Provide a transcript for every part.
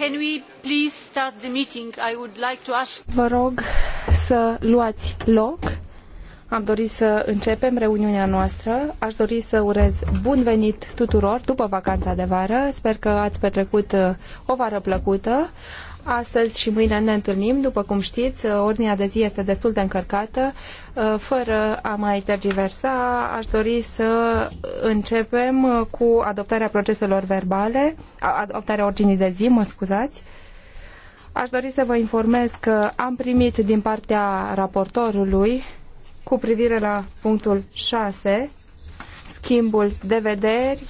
Can we please start the meeting? I would like to ask... Vă rog să luați loc. Am dorit să începem reuniunea noastră. Aș dori să urez bun venit tuturor după vacanța de vară. Sper că ați petrecut uh, o vară plăcută. Astăzi și mâine ne întâlnim. După cum știți, uh, ordinea de zi este destul de încărcată. Uh, fără a mai tergiversa, aș dori să începem cu adoptarea proceselor verbale, adoptarea ordinii de zi, mă scuzați. Aș dori să vă informez că am primit din partea raportorului cu privire la punctul 6, schimbul de vederi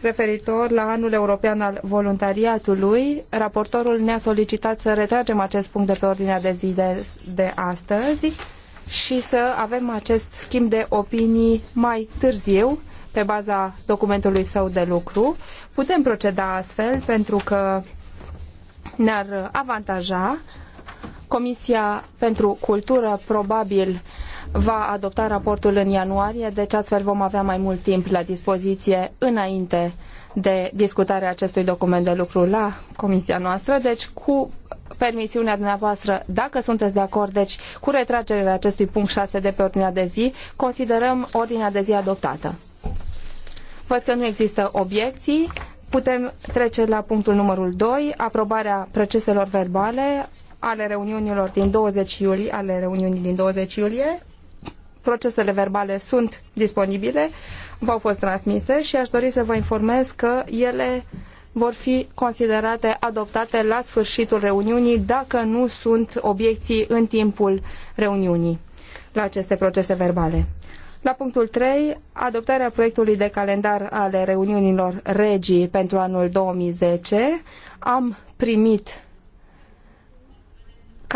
referitor la anul european al voluntariatului. Raportorul ne-a solicitat să retragem acest punct de pe ordinea de zi de, de astăzi și să avem acest schimb de opinii mai târziu pe baza documentului său de lucru. Putem proceda astfel pentru că ne-ar avantaja Comisia pentru Cultură probabil va adopta raportul în ianuarie, deci astfel vom avea mai mult timp la dispoziție înainte de discutarea acestui document de lucru la comisia noastră. Deci, cu permisiunea dumneavoastră, dacă sunteți de acord, deci cu retragerea acestui punct 6 de pe ordinea de zi, considerăm ordinea de zi adoptată. Văd că nu există obiecții. Putem trece la punctul numărul 2, aprobarea proceselor verbale ale reuniunilor din 20 iulie, ale reuniunii din 20 iulie procesele verbale sunt disponibile, v-au fost transmise și aș dori să vă informez că ele vor fi considerate adoptate la sfârșitul reuniunii dacă nu sunt obiecții în timpul reuniunii la aceste procese verbale. La punctul 3, adoptarea proiectului de calendar ale reuniunilor regii pentru anul 2010, am primit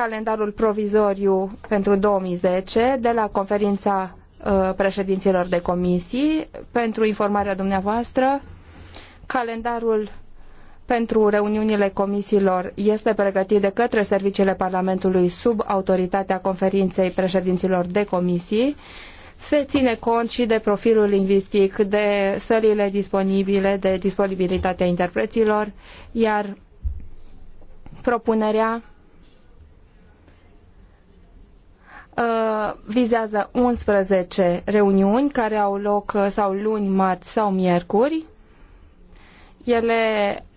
calendarul provizoriu pentru 2010 de la conferința uh, președinților de comisii pentru informarea dumneavoastră. Calendarul pentru reuniunile comisiilor este pregătit de către serviciile Parlamentului sub autoritatea conferinței președinților de comisii. Se ține cont și de profilul lingvistic, de sălile disponibile, de disponibilitatea interpreților, iar propunerea Uh, vizează 11 reuniuni care au loc uh, sau luni, marți sau miercuri. Ele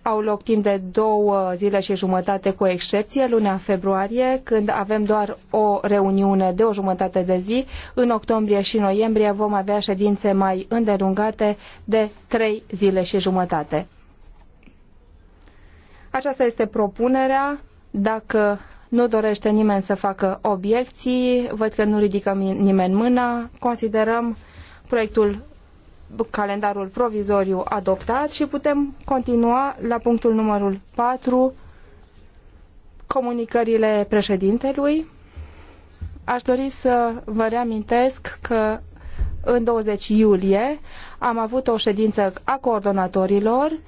au loc timp de două zile și jumătate cu excepție, luna februarie, când avem doar o reuniune de o jumătate de zi. În octombrie și noiembrie vom avea ședințe mai îndelungate de trei zile și jumătate. Aceasta este propunerea. Dacă nu dorește nimeni să facă obiecții, văd că nu ridică nimeni mâna. Considerăm proiectul calendarul provizoriu adoptat și putem continua la punctul numărul 4, comunicările președintelui. Aș dori să vă reamintesc că în 20 iulie am avut o ședință a coordonatorilor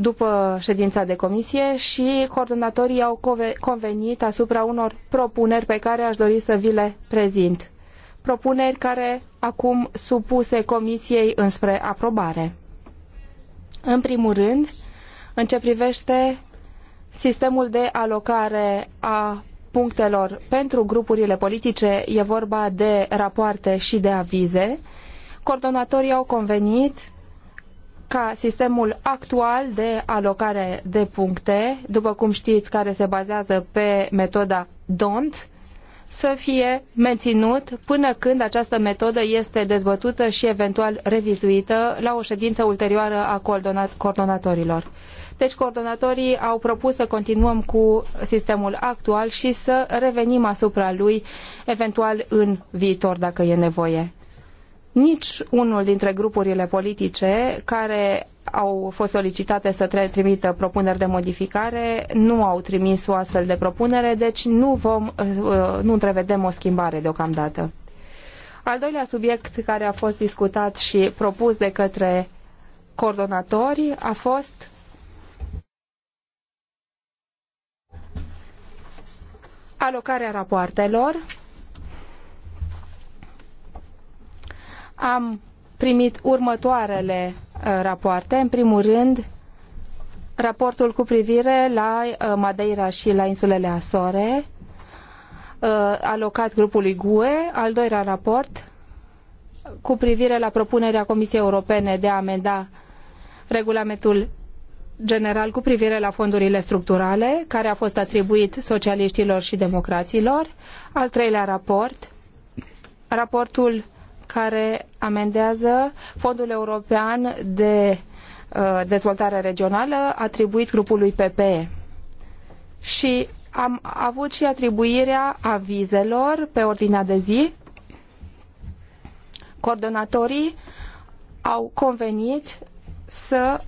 după ședința de comisie și coordonatorii au convenit asupra unor propuneri pe care aș dori să vi le prezint. Propuneri care acum supuse comisiei înspre aprobare. În primul rând, în ce privește sistemul de alocare a punctelor pentru grupurile politice, e vorba de rapoarte și de avize, coordonatorii au convenit ca sistemul actual de alocare de puncte, după cum știți, care se bazează pe metoda DONT, să fie menținut până când această metodă este dezbătută și eventual revizuită la o ședință ulterioară a coordonatorilor. Deci coordonatorii au propus să continuăm cu sistemul actual și să revenim asupra lui eventual în viitor dacă e nevoie nici unul dintre grupurile politice care au fost solicitate să trimită propuneri de modificare, nu au trimis o astfel de propunere, deci nu, vom, uh, uh, nu întrevedem o schimbare deocamdată. Al doilea subiect care a fost discutat și propus de către coordonatori a fost alocarea rapoartelor am primit următoarele uh, rapoarte. În primul rând, raportul cu privire la uh, Madeira și la insulele Asore, uh, alocat grupului GUE, al doilea raport cu privire la propunerea Comisiei Europene de a amenda regulamentul general cu privire la fondurile structurale, care a fost atribuit socialiștilor și democraților. Al treilea raport, raportul care amendează Fondul European de uh, Dezvoltare Regională atribuit grupului PPE. Și am avut și atribuirea avizelor pe ordinea de zi. Coordonatorii au convenit să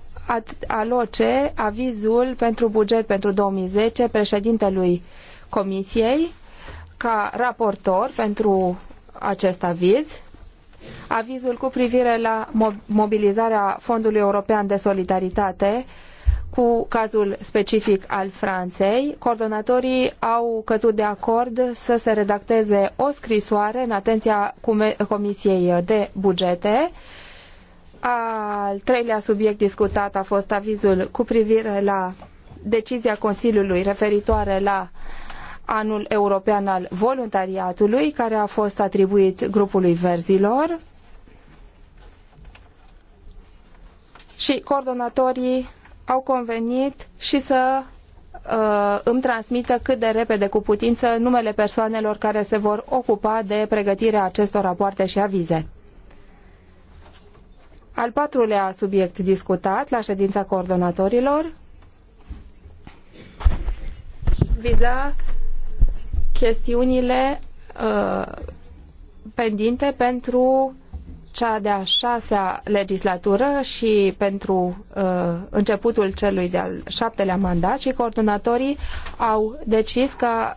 aloce avizul pentru buget pentru 2010 președintelui Comisiei ca raportor pentru acest aviz avizul cu privire la mobilizarea Fondului European de Solidaritate cu cazul specific al Franței. Coordonatorii au căzut de acord să se redacteze o scrisoare în atenția Comisiei de Bugete. Al treilea subiect discutat a fost avizul cu privire la decizia Consiliului referitoare la anul european al voluntariatului, care a fost atribuit grupului verzilor. Și coordonatorii au convenit și să uh, îmi transmită cât de repede cu putință numele persoanelor care se vor ocupa de pregătirea acestor rapoarte și avize. Al patrulea subiect discutat la ședința coordonatorilor viza chestiunile uh, pendinte pentru cea de-a șasea legislatură și pentru uh, începutul celui de-al șaptelea mandat și coordonatorii au decis că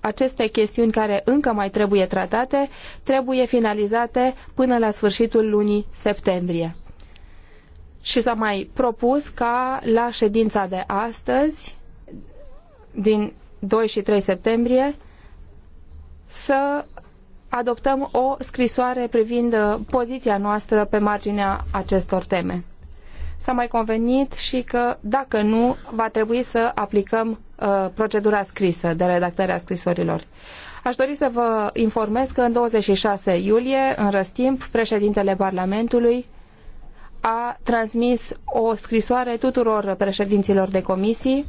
aceste chestiuni care încă mai trebuie tratate trebuie finalizate până la sfârșitul lunii septembrie. Și s-a mai propus ca la ședința de astăzi, din 2 și 3 septembrie, să adoptăm o scrisoare privind uh, poziția noastră pe marginea acestor teme. S-a mai convenit și că, dacă nu, va trebui să aplicăm uh, procedura scrisă de redactare a scrisorilor. Aș dori să vă informez că în 26 iulie, în răstimp, președintele Parlamentului a transmis o scrisoare tuturor președinților de comisii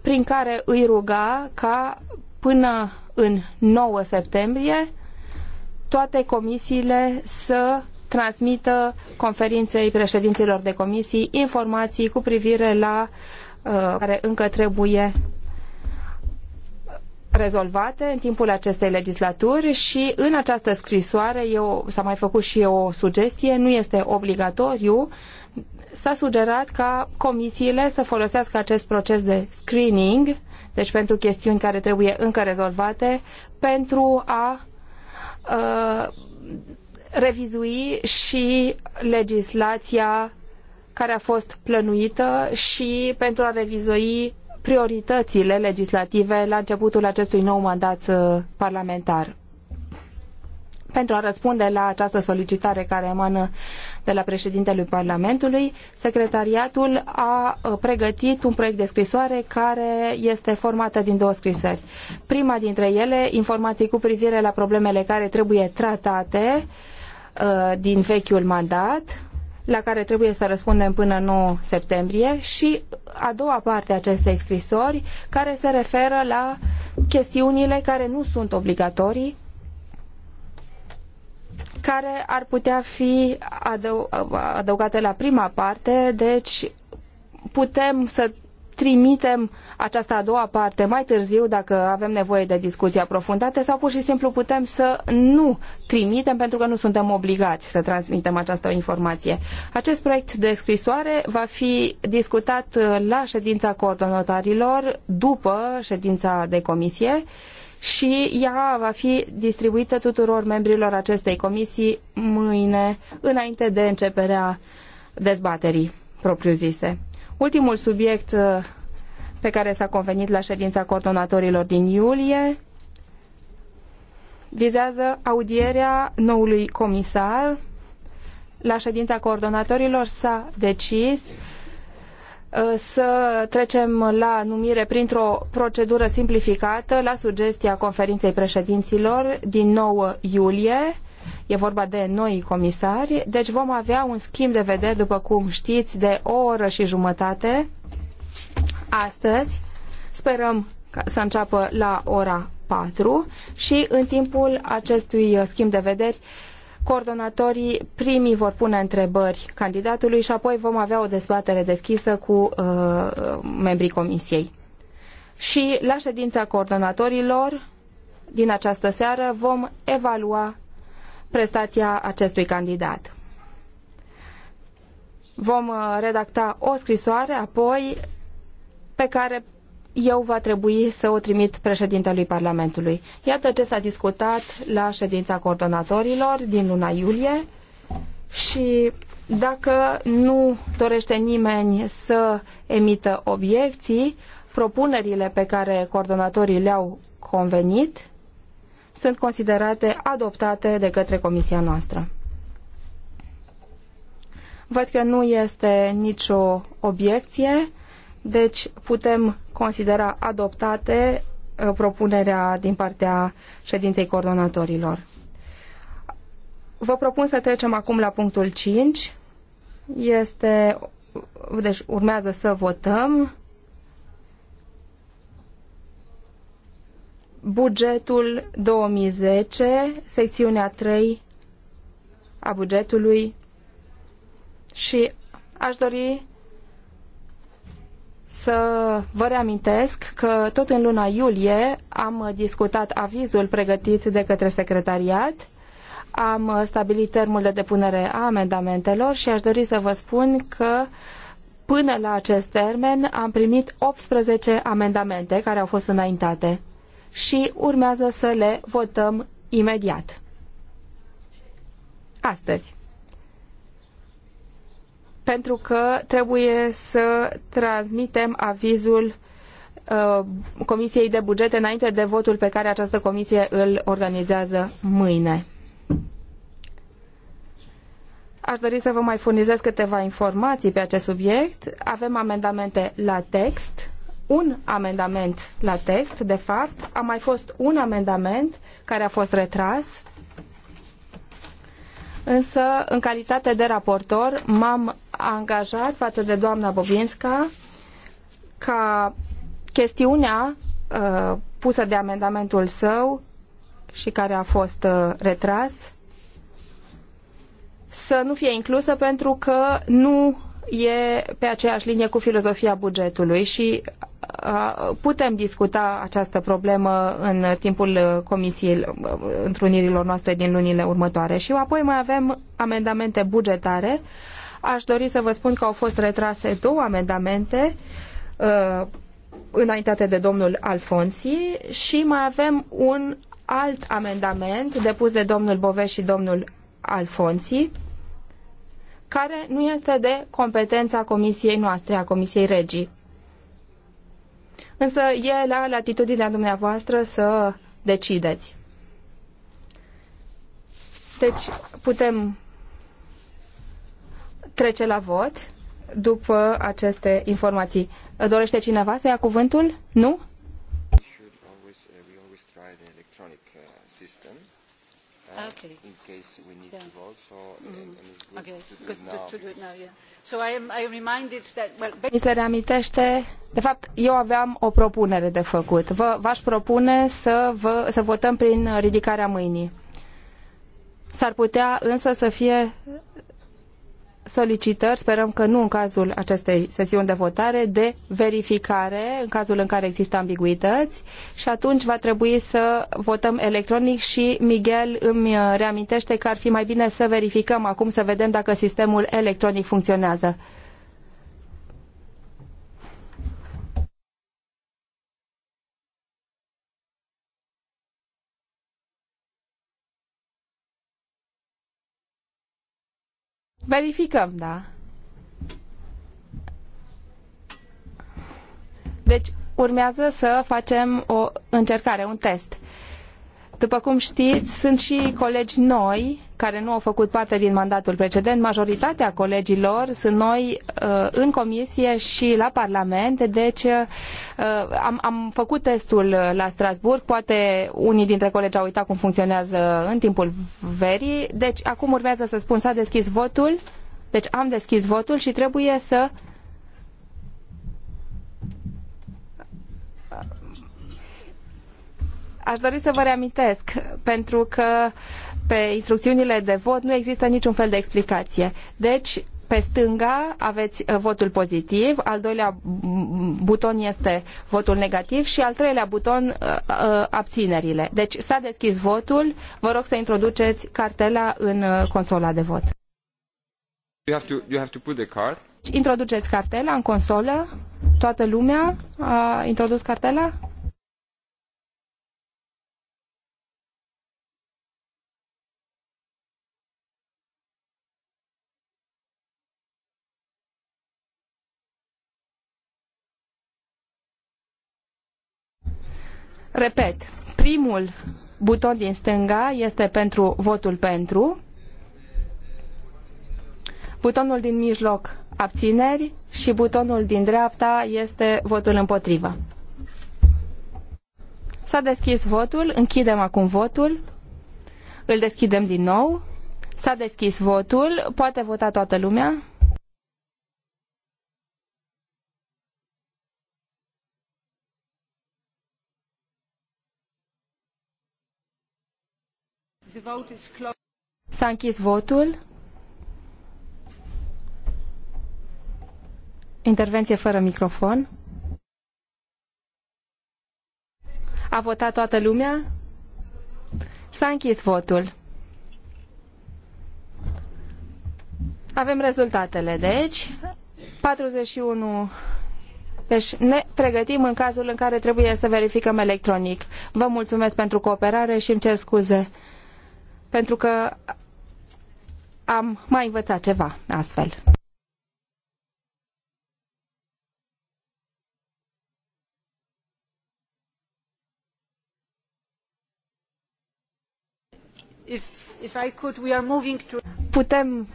prin care îi ruga ca până în 9 septembrie toate comisiile să transmită conferinței președinților de comisii informații cu privire la uh, care încă trebuie rezolvate în timpul acestei legislaturi și în această scrisoare eu s-a mai făcut și eu o sugestie, nu este obligatoriu, s-a sugerat ca comisiile să folosească acest proces de screening deci pentru chestiuni care trebuie încă rezolvate, pentru a uh, revizui și legislația care a fost plănuită și pentru a revizui prioritățile legislative la începutul acestui nou mandat uh, parlamentar pentru a răspunde la această solicitare care emană de la președintele Parlamentului, secretariatul a uh, pregătit un proiect de scrisoare care este formată din două scrisări. Prima dintre ele, informații cu privire la problemele care trebuie tratate uh, din vechiul mandat, la care trebuie să răspundem până 9 septembrie și a doua parte a acestei scrisori care se referă la chestiunile care nu sunt obligatorii care ar putea fi adăugate la prima parte, deci putem să trimitem această a doua parte mai târziu dacă avem nevoie de discuții aprofundate sau pur și simplu putem să nu trimitem pentru că nu suntem obligați să transmitem această informație. Acest proiect de scrisoare va fi discutat la ședința coordonatorilor după ședința de comisie și ea va fi distribuită tuturor membrilor acestei comisii mâine, înainte de începerea dezbaterii propriu-zise. Ultimul subiect uh, pe care s-a convenit la ședința coordonatorilor din iulie vizează audierea noului comisar. La ședința coordonatorilor s-a decis Uh, să trecem la numire printr-o procedură simplificată la sugestia conferinței președinților din 9 iulie. E vorba de noi comisari, deci vom avea un schimb de vedere, după cum știți, de o oră și jumătate astăzi. Sperăm să înceapă la ora 4 și în timpul acestui schimb de vederi Coordonatorii primii vor pune întrebări candidatului și apoi vom avea o dezbatere deschisă cu uh, membrii comisiei. Și la ședința coordonatorilor din această seară vom evalua prestația acestui candidat. Vom uh, redacta o scrisoare apoi pe care eu va trebui să o trimit președintelui Parlamentului. Iată ce s-a discutat la ședința coordonatorilor din luna iulie și dacă nu dorește nimeni să emită obiecții, propunerile pe care coordonatorii le-au convenit sunt considerate adoptate de către comisia noastră. Văd că nu este nicio obiecție deci putem considera adoptate uh, propunerea din partea ședinței coordonatorilor. Vă propun să trecem acum la punctul 5. Este, deci urmează să votăm bugetul 2010, secțiunea 3 a bugetului și aș dori să vă reamintesc că tot în luna iulie am discutat avizul pregătit de către secretariat, am stabilit termul de depunere a amendamentelor și aș dori să vă spun că până la acest termen am primit 18 amendamente care au fost înaintate și urmează să le votăm imediat. Astăzi pentru că trebuie să transmitem avizul uh, Comisiei de Bugete înainte de votul pe care această comisie îl organizează mâine. Aș dori să vă mai furnizez câteva informații pe acest subiect. Avem amendamente la text, un amendament la text, de fapt. A mai fost un amendament care a fost retras însă în calitate de raportor m-am angajat față de doamna Bovinska ca chestiunea uh, pusă de amendamentul său și care a fost uh, retras să nu fie inclusă pentru că nu e pe aceeași linie cu filozofia bugetului și putem discuta această problemă în timpul comisiei întrunirilor noastre din lunile următoare. Și apoi mai avem amendamente bugetare. Aș dori să vă spun că au fost retrase două amendamente înaintate de domnul Alfonsi și mai avem un alt amendament depus de domnul Bove și domnul Alfonsi care nu este de competența comisiei noastre, a comisiei regii. Însă e la latitudinea dumneavoastră să decideți. Deci putem trece la vot după aceste informații. Dorește cineva să ia cuvântul? Nu? Uh, uh, okay. in case we need yeah. to vote. So mm. Mi se reamintește, de fapt, eu aveam o propunere de făcut. Vă, v-aș propune să, vă, să votăm prin ridicarea mâinii. S-ar putea însă să fie solicitări, sperăm că nu în cazul acestei sesiuni de votare, de verificare, în cazul în care există ambiguități și atunci va trebui să votăm electronic și Miguel îmi reamintește că ar fi mai bine să verificăm acum, să vedem dacă sistemul electronic funcționează. Verificăm, da. Deci, urmează să facem o încercare, un test. După cum știți, sunt și colegi noi care nu au făcut parte din mandatul precedent. Majoritatea colegilor sunt noi uh, în comisie și la Parlament, deci uh, am, am făcut testul la Strasbourg. Poate unii dintre colegi au uitat cum funcționează în timpul verii. Deci acum urmează să spun s-a deschis votul. Deci am deschis votul și trebuie să aș dori să vă reamintesc, pentru că pe instrucțiunile de vot nu există niciun fel de explicație. Deci, pe stânga aveți uh, votul pozitiv, al doilea buton este votul negativ și al treilea buton uh, uh, abținerile. Deci s-a deschis votul, vă rog să introduceți cartela în consola de vot. You have to, you have to put the card. Deci, introduceți cartela în consolă, toată lumea a introdus cartela? Repet, primul buton din stânga este pentru votul pentru, butonul din mijloc abțineri și butonul din dreapta este votul împotrivă. S-a deschis votul, închidem acum votul, îl deschidem din nou, s-a deschis votul, poate vota toată lumea. S-a închis votul. Intervenție fără microfon. A votat toată lumea? S-a închis votul. Avem rezultatele, deci 41 deci ne pregătim în cazul în care trebuie să verificăm electronic. Vă mulțumesc pentru cooperare și îmi cer scuze pentru că am mai învățat ceva astfel. If, if I could, we are moving to... Putem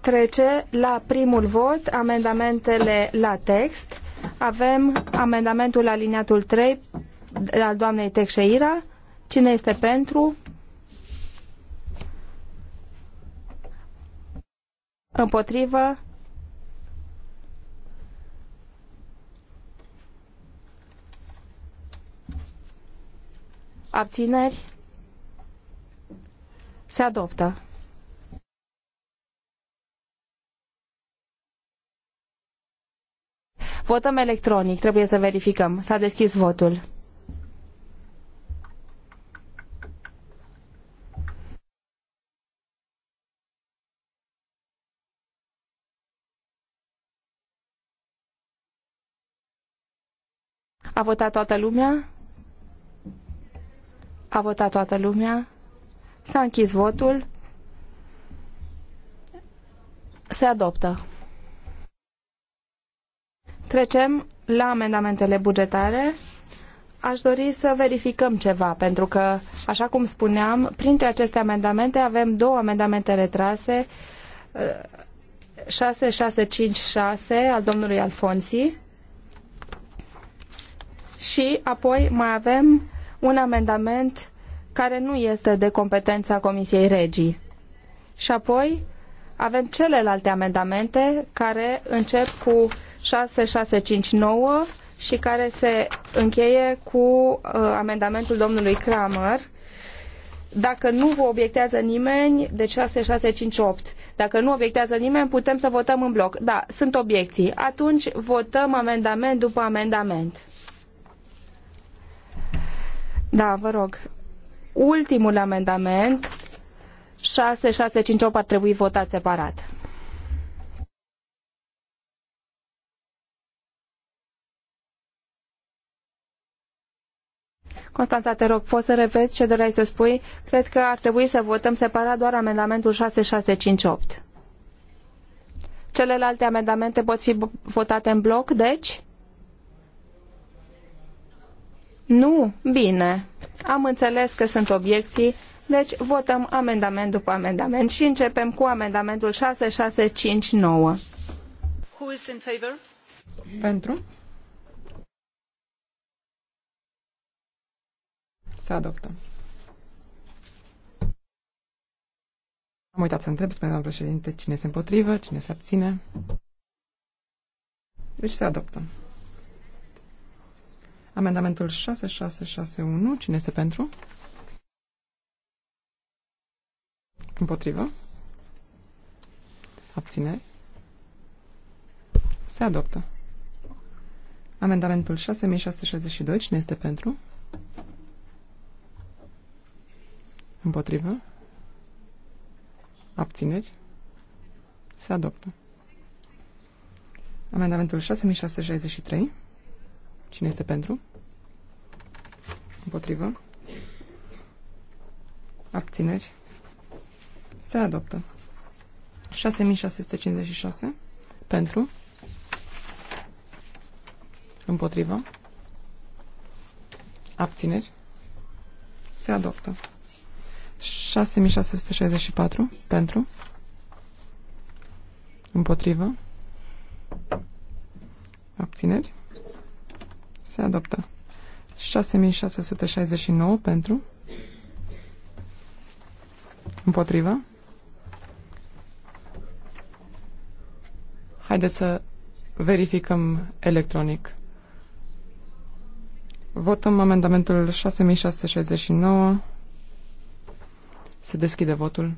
trece la primul vot, amendamentele la text. Avem amendamentul aliniatul 3 al doamnei Texeira. Cine este pentru? Împotrivă. Abțineri. Se adoptă. Votăm electronic. Trebuie să verificăm. S-a deschis votul. A votat toată lumea? A votat toată lumea? S-a închis votul. Se adoptă. Trecem la amendamentele bugetare. Aș dori să verificăm ceva, pentru că, așa cum spuneam, printre aceste amendamente avem două amendamente retrase, 6656 uh, al domnului Alfonsi și apoi mai avem un amendament care nu este de competența Comisiei Regii. Și apoi avem celelalte amendamente care încep cu 6659 și care se încheie cu uh, amendamentul domnului Kramer. Dacă nu vă obiectează nimeni, de deci 6658. Dacă nu obiectează nimeni, putem să votăm în bloc. Da, sunt obiecții. Atunci votăm amendament după amendament. Da, vă rog. Ultimul amendament, 6658, ar trebui votat separat. Constanța, te rog, poți să repeți ce doreai să spui? Cred că ar trebui să votăm separat doar amendamentul 6658. Celelalte amendamente pot fi votate în bloc, deci? Nu? Bine. Am înțeles că sunt obiecții, deci votăm amendament după amendament și începem cu amendamentul 6659. Who is in favor? Pentru. Se adoptă. Am uitat să întreb, spune doamna președinte, cine se împotrivă, cine se abține. Deci se adoptă. Amendamentul 6661. Cine este pentru? Împotrivă? Abțineri? Se adoptă. Amendamentul 6662. Cine este pentru? Împotrivă? Abțineri? Se adoptă. Amendamentul 6663. Cine este pentru? Împotrivă. Abțineri. Se adoptă. 6656. Pentru. Împotrivă. Abțineri. Se adoptă. 6664. Pentru. Împotrivă. Abțineri. Se adoptă. 6669 pentru. Împotrivă. Haideți să verificăm electronic. Votăm amendamentul 6669. Se deschide votul.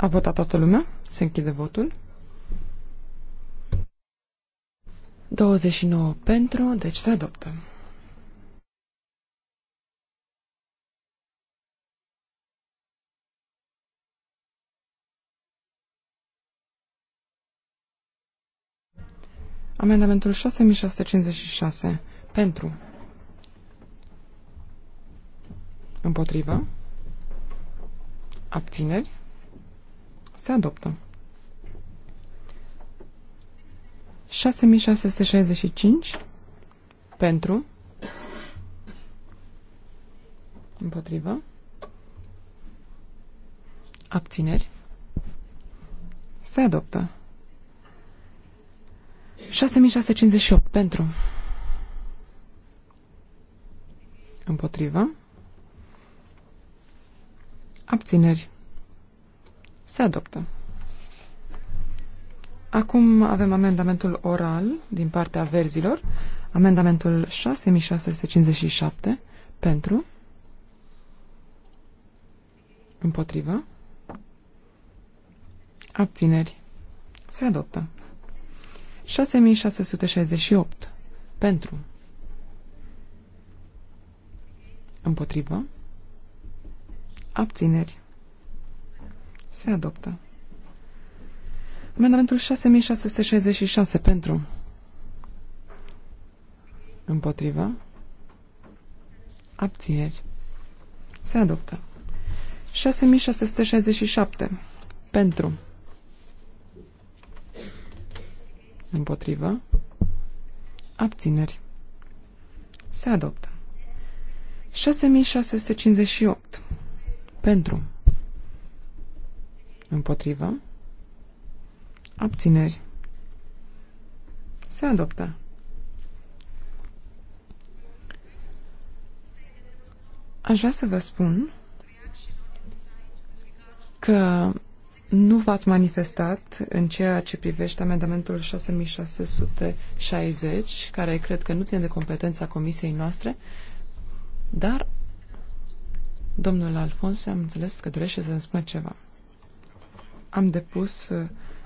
A votat toată lumea? Se închide votul. 29 pentru, deci se adoptă. Amendamentul 6656. Pentru. Împotrivă. Abțineri. Se adoptă. 6665 pentru împotrivă abțineri se adoptă 6658 pentru împotrivă abțineri se adoptă. Acum avem amendamentul oral din partea verzilor. Amendamentul 6657 pentru. Împotrivă. Abțineri. Se adoptă. 6668 pentru. Împotrivă. Abțineri. Se adoptă. Amendamentul 6666 pentru. Împotrivă. Abțineri. Se adoptă. 6667 pentru. Împotrivă. Abțineri. Se adoptă. 6658 pentru. Împotrivă. Abțineri. Se adoptă. Aș vrea să vă spun că nu v-ați manifestat în ceea ce privește amendamentul 6660, care cred că nu ține de competența comisiei noastre, dar domnul Alfonso am înțeles că dorește să mi spună ceva. Am depus uh,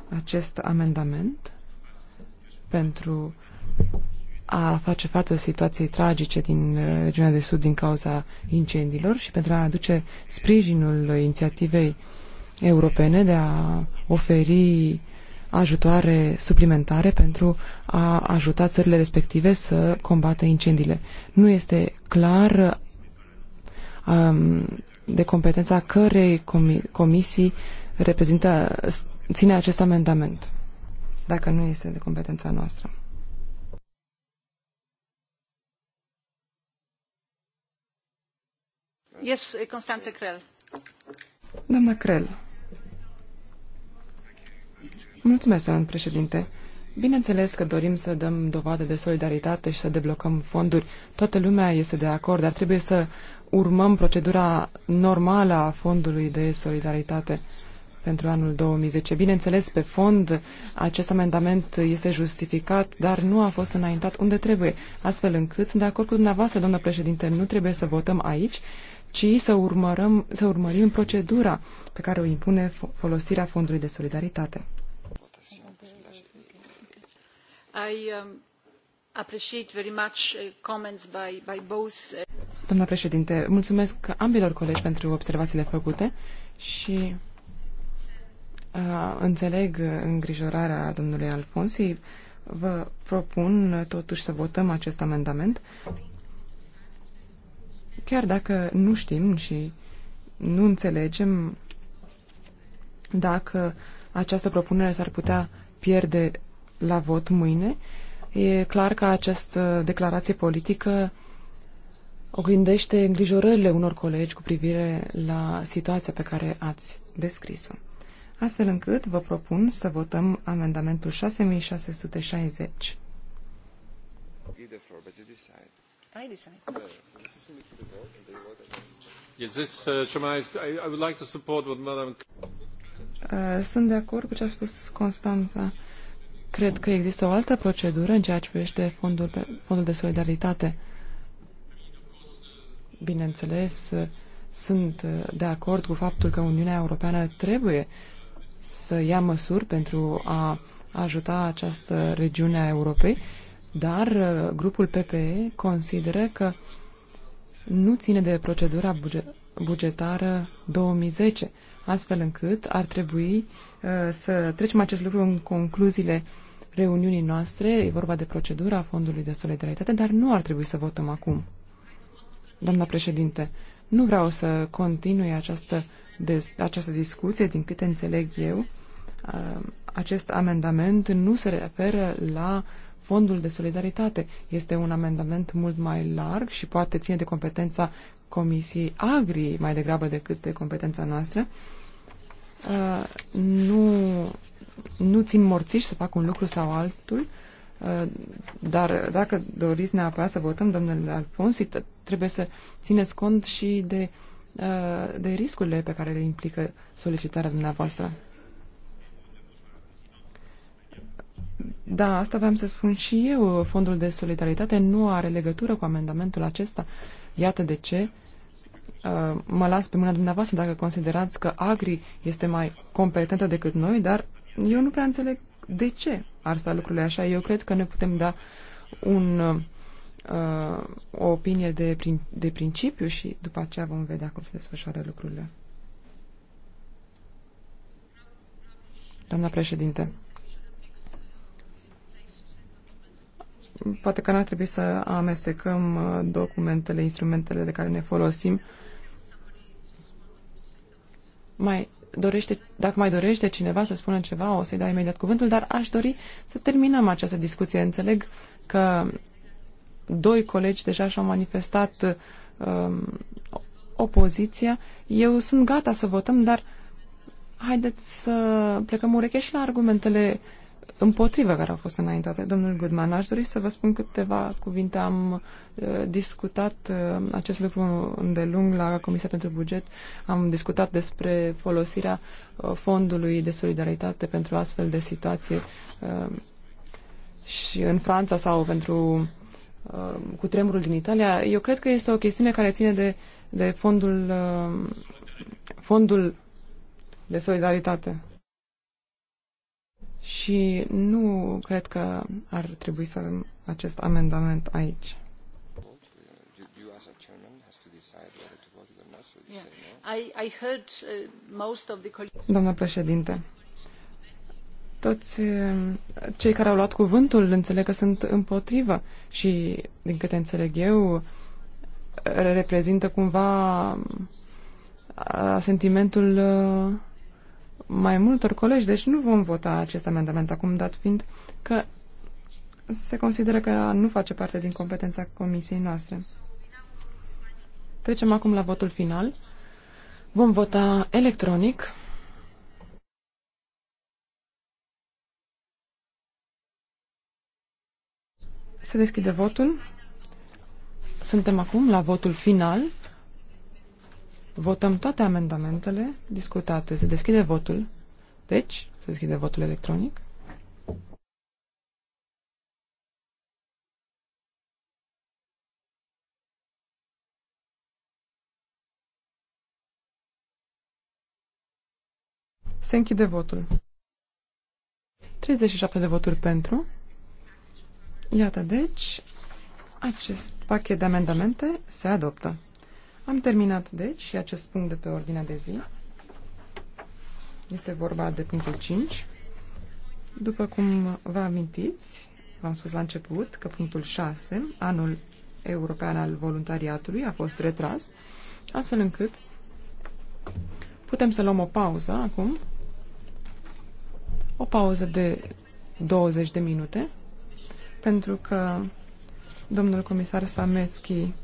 acest amendament pentru a face față situației tragice din uh, regiunea de sud din cauza incendiilor și pentru a aduce sprijinul inițiativei europene de a oferi ajutoare suplimentare pentru a ajuta țările respective să combată incendiile. Nu este clar um, de competența cărei comisii reprezintă, ține acest amendament, dacă nu este de competența noastră. Yes, eh, Constanță Crel. Doamna Crel. Mulțumesc, doamnă președinte. Bineînțeles că dorim să dăm dovadă de solidaritate și să deblocăm fonduri. Toată lumea este de acord, dar trebuie să urmăm procedura normală a fondului de solidaritate pentru anul 2010. Bineînțeles, pe fond, acest amendament este justificat, dar nu a fost înaintat unde trebuie, astfel încât sunt de acord cu dumneavoastră, doamnă președinte, nu trebuie să votăm aici, ci să, urmărăm, să urmărim procedura pe care o impune folosirea Fondului de Solidaritate. I, um... Uh, uh, Doamna președinte, mulțumesc ambilor colegi pentru observațiile făcute și Uh, înțeleg îngrijorarea domnului Alfonsi. Vă propun uh, totuși să votăm acest amendament. Chiar dacă nu știm și nu înțelegem dacă această propunere s-ar putea pierde la vot mâine, e clar că această declarație politică oglindește îngrijorările unor colegi cu privire la situația pe care ați descris-o astfel încât vă propun să votăm amendamentul 6660. Uh, uh, sunt de acord cu ce a spus Constanța. Cred că există o altă procedură în ceea ce privește fondul, fondul de solidaritate. Bineînțeles, sunt uh, de acord cu faptul că Uniunea Europeană trebuie să ia măsuri pentru a ajuta această regiune a Europei, dar uh, grupul PPE consideră că nu ține de procedura bugetară 2010, astfel încât ar trebui uh, să trecem acest lucru în concluziile reuniunii noastre, e vorba de procedura Fondului de Solidaritate, dar nu ar trebui să votăm acum. Doamna președinte, nu vreau să continui această de această discuție, din câte înțeleg eu, uh, acest amendament nu se referă la fondul de solidaritate. Este un amendament mult mai larg și poate ține de competența Comisiei Agri mai degrabă decât de competența noastră. Uh, nu, nu țin morțiși să fac un lucru sau altul, uh, dar dacă doriți neapărat să votăm, domnule Alfonsi, trebuie să țineți cont și de uh, Uh, de riscurile pe care le implică solicitarea dumneavoastră. Da, asta vreau să spun și eu. Fondul de solidaritate nu are legătură cu amendamentul acesta. Iată de ce uh, mă las pe mâna dumneavoastră dacă considerați că Agri este mai competentă decât noi, dar eu nu prea înțeleg de ce ar sta lucrurile așa. Eu cred că ne putem da un uh, uh, o opinie de, prin, de principiu și după aceea vom vedea cum se desfășoară lucrurile. Doamna președinte, poate că n-ar trebui să amestecăm uh, documentele, instrumentele de care ne folosim. Mai dorește, dacă mai dorește cineva să spună ceva, o să-i dau imediat cuvântul, dar aș dori să terminăm această discuție. Înțeleg că doi colegi deja și-au manifestat uh, opoziția. Eu sunt gata să votăm, dar haideți să plecăm ureche și la argumentele împotrivă care au fost înaintate. Domnul Goodman, aș dori să vă spun câteva cuvinte. Am uh, discutat uh, acest lucru îndelung la Comisia pentru Buget. Am discutat despre folosirea uh, fondului de solidaritate pentru astfel de situații uh, și în Franța sau pentru Um, cu tremurul din Italia, eu cred că este o chestiune care ține de, de fondul, um, fondul de solidaritate. Și nu cred că ar trebui să avem acest amendament aici. Uh, Doamna președinte, toți eh, cei care au luat cuvântul înțeleg că sunt împotrivă și, din câte înțeleg eu, reprezintă cumva eh, sentimentul eh, mai multor colegi, deci nu vom vota acest amendament acum, dat fiind că se consideră că nu face parte din competența comisiei noastre. Trecem acum la votul final. Vom vota electronic. Se deschide votul. Suntem acum la votul final. Votăm toate amendamentele discutate. Se deschide votul. Deci, se deschide votul electronic. Se închide votul. 37 de voturi pentru, Iată, deci, acest pachet de amendamente se adoptă. Am terminat, deci, și acest punct de pe ordinea de zi. Este vorba de punctul 5. După cum vă amintiți, v-am spus la început că punctul 6, anul european al voluntariatului, a fost retras, astfel încât putem să luăm o pauză acum, o pauză de 20 de minute, pentru că domnul comisar Samețchi uh,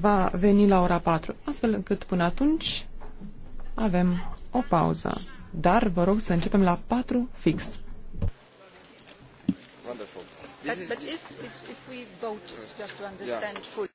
va veni la ora 4, astfel încât până atunci avem o pauză. Dar vă rog să începem la 4 fix. Wonderful. But, but if, if, if we vote just to understand yeah. fully.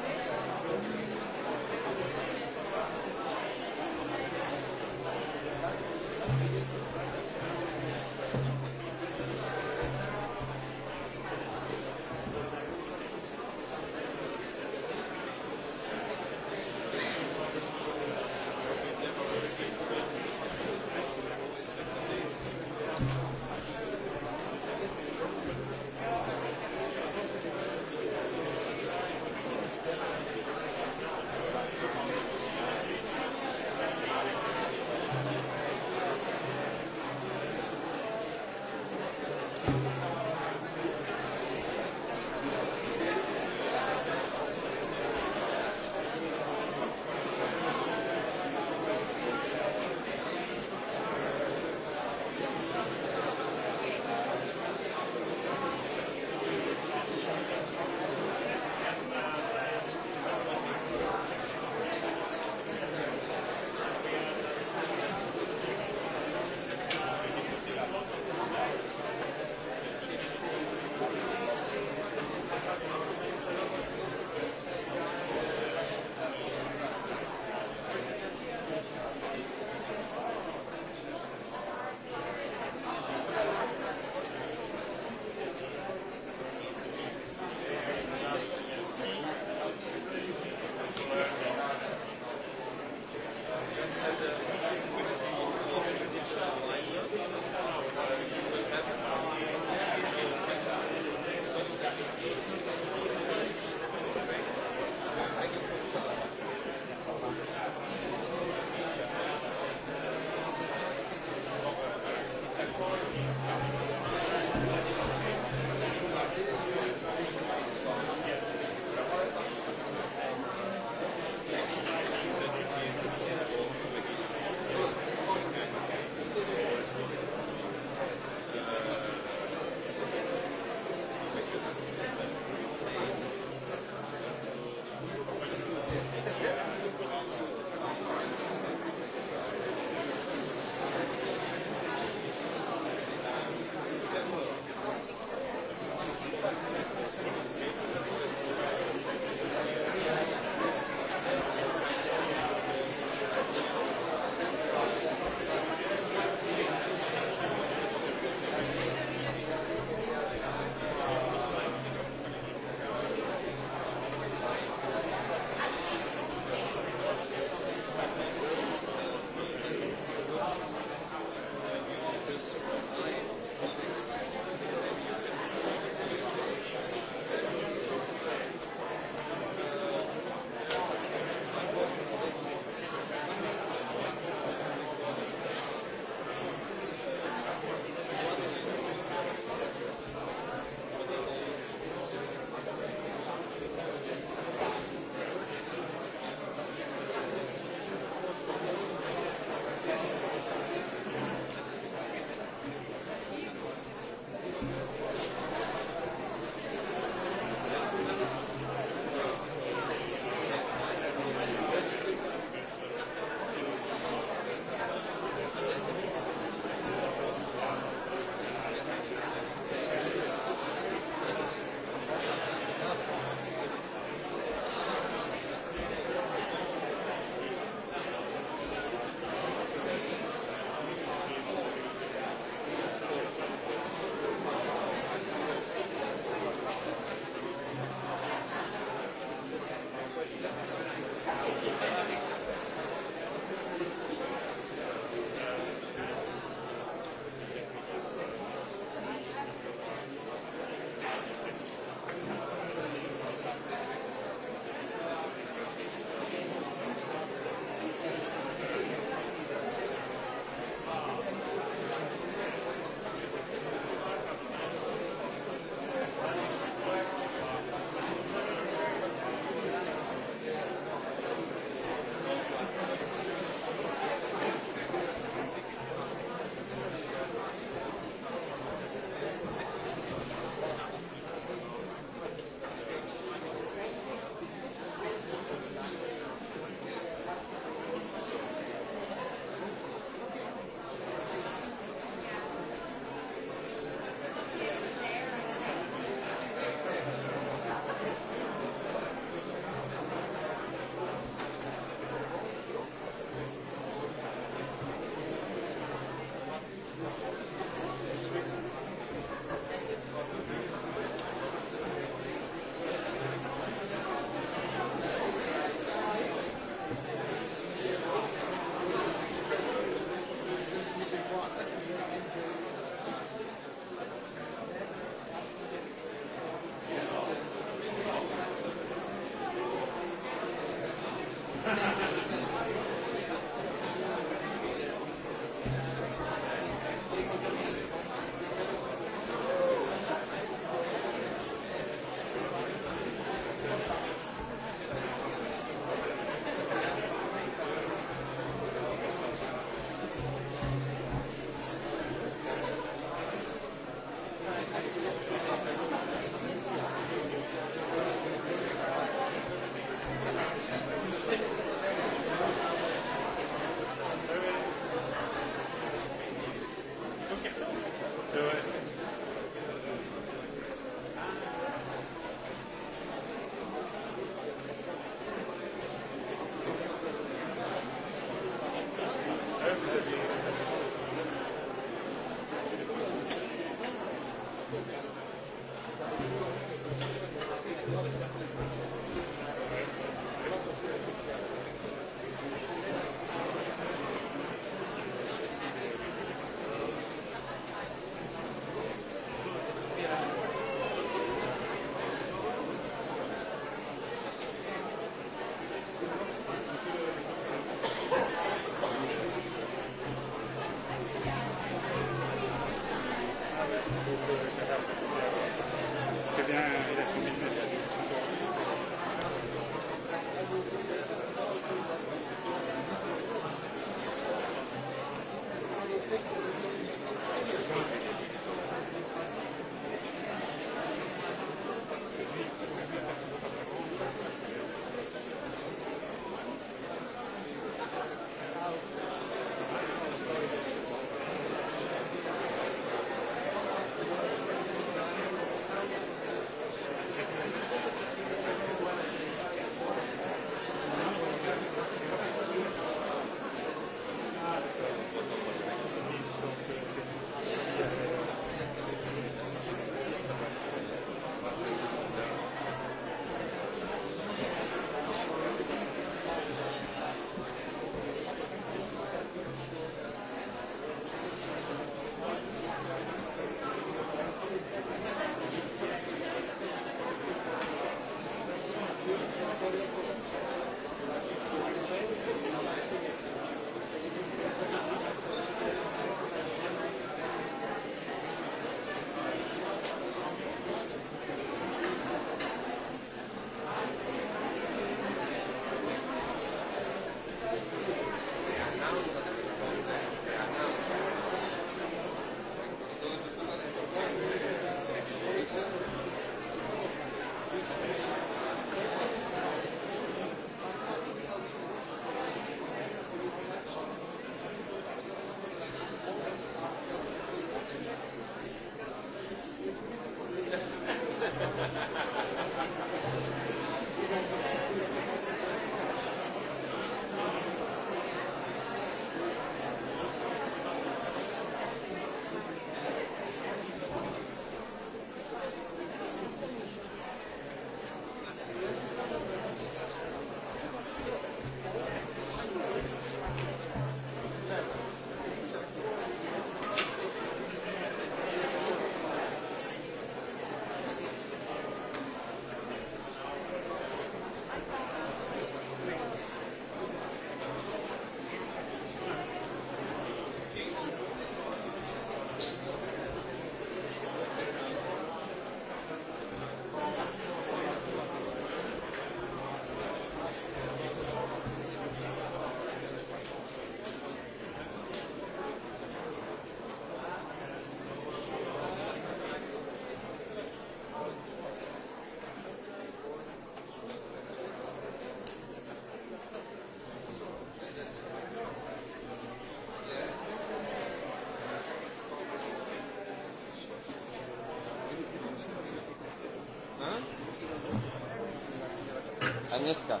Dneska.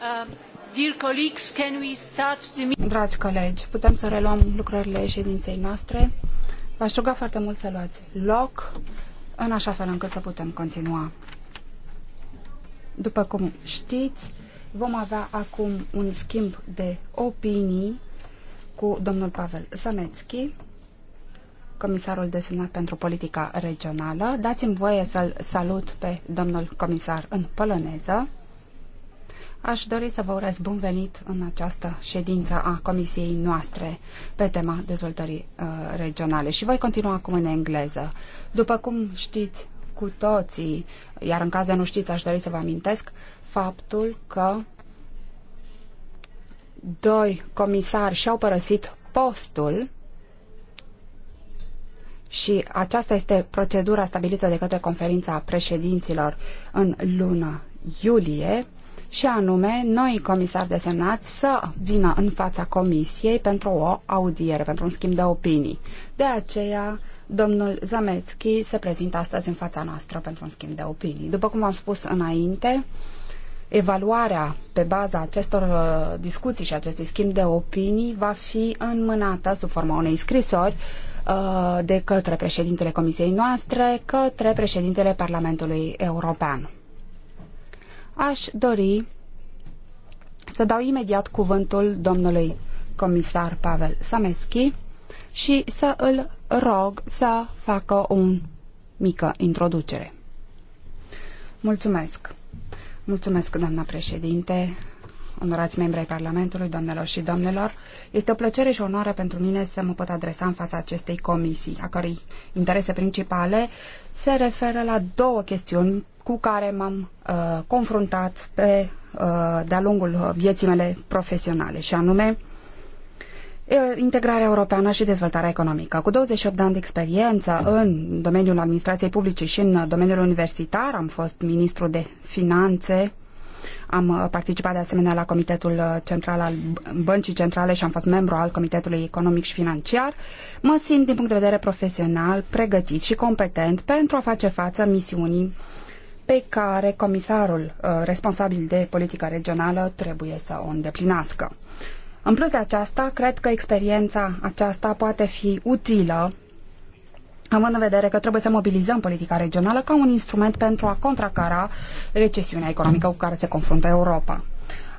Uh, Dragi colegi, putem să reluăm lucrările ședinței noastre. V-aș ruga foarte mult să luați loc, în așa fel încât să putem continua. După cum știți, vom avea acum un schimb de opinii cu domnul Pavel Zamețchi, comisarul desemnat pentru politica regională. Dați-mi voie să-l salut pe domnul comisar în poloneză. Aș dori să vă urez bun venit în această ședință a comisiei noastre pe tema dezvoltării uh, regionale și voi continua acum în engleză. După cum știți cu toții, iar în caz de nu știți, aș dori să vă amintesc faptul că doi comisari și-au părăsit postul și aceasta este procedura stabilită de către conferința președinților în luna iulie și anume noi comisari desemnați să vină în fața comisiei pentru o audiere, pentru un schimb de opinii. De aceea, domnul Zamețchi se prezintă astăzi în fața noastră pentru un schimb de opinii. După cum am spus înainte, evaluarea pe baza acestor uh, discuții și acestui schimb de opinii va fi înmânată sub forma unei scrisori uh, de către președintele comisiei noastre, către președintele Parlamentului European. Aș dori să dau imediat cuvântul domnului comisar Pavel Sameschi și să îl rog să facă o mică introducere. Mulțumesc! Mulțumesc, doamna președinte, onorați membri ai Parlamentului, doamnelor și domnilor. Este o plăcere și o onoare pentru mine să mă pot adresa în fața acestei comisii, a cărei interese principale se referă la două chestiuni cu care m-am uh, confruntat pe, uh, de-a lungul vieții mele profesionale, și anume integrarea europeană și dezvoltarea economică. Cu 28 de ani de experiență în domeniul administrației publice și în domeniul universitar, am fost ministru de finanțe, am uh, participat de asemenea la Comitetul uh, Central al Băncii Centrale și am fost membru al Comitetului Economic și Financiar. Mă simt, din punct de vedere profesional, pregătit și competent pentru a face față misiunii pe care comisarul uh, responsabil de politica regională trebuie să o îndeplinească. În plus de aceasta, cred că experiența aceasta poate fi utilă având în vedere că trebuie să mobilizăm politica regională ca un instrument pentru a contracara recesiunea economică cu care se confruntă Europa.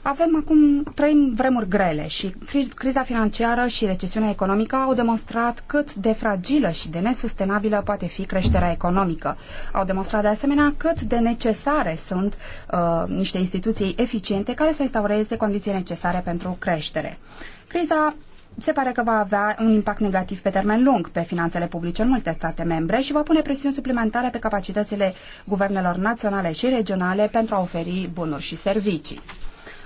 Avem acum trei vremuri grele și criza financiară și recesiunea economică au demonstrat cât de fragilă și de nesustenabilă poate fi creșterea economică. Au demonstrat de asemenea cât de necesare sunt uh, niște instituții eficiente care să instaureze condiții necesare pentru creștere. Criza se pare că va avea un impact negativ pe termen lung pe finanțele publice în multe state membre și va pune presiuni suplimentare pe capacitățile guvernelor naționale și regionale pentru a oferi bunuri și servicii.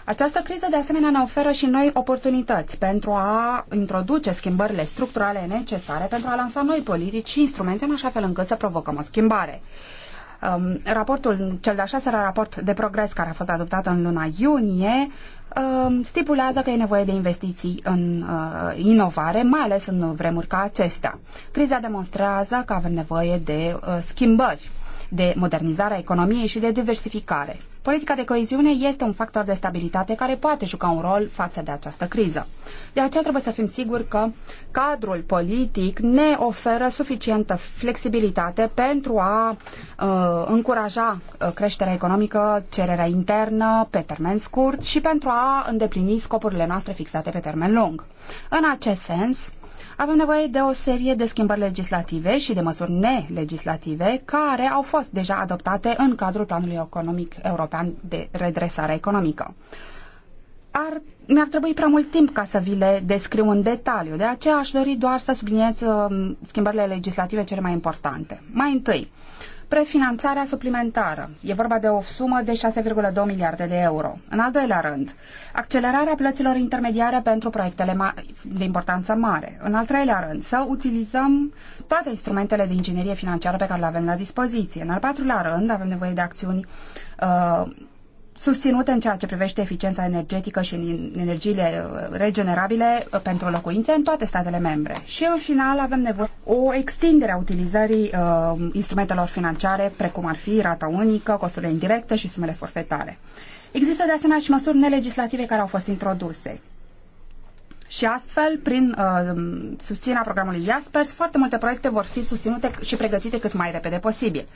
Această criză, de asemenea, ne oferă și noi oportunități pentru a introduce schimbările structurale necesare pentru a lansa noi politici și instrumente în așa fel încât să provocăm o schimbare. Um, raportul, cel de a șaselea raport de progres care a fost adoptat în luna iunie, um, stipulează că e nevoie de investiții în uh, inovare, mai ales în vremuri ca acestea. Criza demonstrează că avem nevoie de uh, schimbări de modernizare a economiei și de diversificare. Politica de coeziune este un factor de stabilitate care poate juca un rol față de această criză. De aceea trebuie să fim siguri că cadrul politic ne oferă suficientă flexibilitate pentru a uh, încuraja uh, creșterea economică, cererea internă pe termen scurt și pentru a îndeplini scopurile noastre fixate pe termen lung. În acest sens, avem nevoie de o serie de schimbări legislative și de măsuri nelegislative care au fost deja adoptate în cadrul Planului Economic European de Redresare Economică. Ar, mi-ar trebui prea mult timp ca să vi le descriu în detaliu, de aceea aș dori doar să subliniez uh, schimbările legislative cele mai importante. Mai întâi, uh, prefinanțarea suplimentară. E vorba de o sumă de 6,2 miliarde de euro. În al doilea rând, accelerarea plăților intermediare pentru proiectele de importanță mare. În al treilea rând, să utilizăm toate instrumentele de inginerie financiară pe care le avem la dispoziție. În al patrulea rând, avem nevoie de acțiuni uh, susținute în ceea ce privește eficiența energetică și energiile uh, regenerabile uh, pentru locuințe în toate statele membre. Și în final avem nevoie o extindere a utilizării uh, instrumentelor financiare, precum ar fi rata unică, costurile indirecte și sumele forfetare. Există de asemenea și măsuri nelegislative care au fost introduse. Și astfel, prin uh, susținerea programului Jaspers, foarte multe proiecte vor fi susținute și pregătite cât mai repede posibil.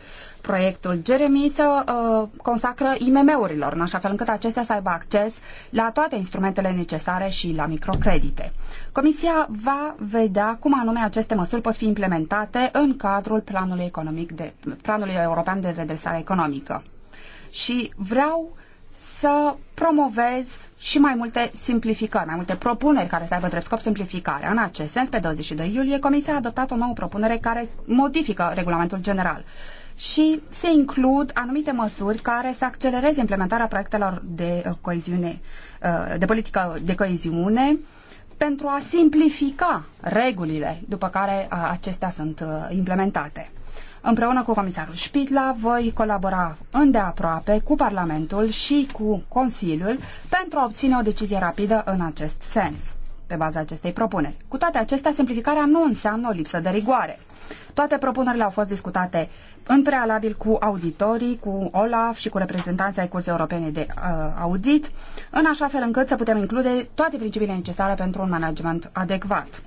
Proiectul Jeremy se uh, consacră IMM-urilor, în așa fel încât acestea să aibă acces la toate instrumentele necesare și la microcredite. Comisia va vedea cum anume aceste măsuri pot fi implementate în cadrul planului, economic de, planului european de redresare economică. Și vreau să promovez și mai multe simplificări, mai multe propuneri care să aibă drept scop simplificarea. În acest sens, pe 22 iulie, Comisia a adoptat o nouă propunere care modifică regulamentul general și se includ anumite măsuri care să accelereze implementarea proiectelor de uh, coeziune, uh, de politică de coeziune, pentru a simplifica regulile după care uh, acestea sunt implementate. Împreună cu comisarul Spidla voi colabora îndeaproape cu Parlamentul și cu Consiliul pentru a obține o decizie rapidă în acest sens pe baza acestei propuneri. Cu toate acestea, simplificarea nu înseamnă o lipsă de rigoare. Toate propunerile au fost discutate în prealabil cu auditorii, cu OLAF și cu reprezentanții ai Curții Europene de uh, Audit, în așa fel încât să putem include toate principiile necesare pentru un management adecvat.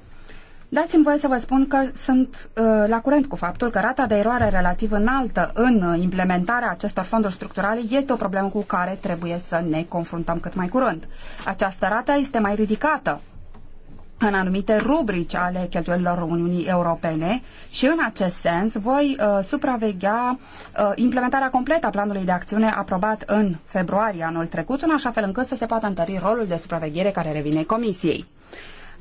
Dați-mi voie să vă spun că sunt uh, la curent cu faptul că rata de eroare relativ înaltă în uh, implementarea acestor fonduri structurale este o problemă cu care trebuie să ne confruntăm cât mai curând. Această rată este mai ridicată în anumite rubrici ale cheltuielilor Uniunii Europene și în acest sens voi uh, supraveghea uh, implementarea completă a planului de acțiune aprobat în februarie anul trecut, în așa fel încât să se poată întări rolul de supraveghere care revine Comisiei.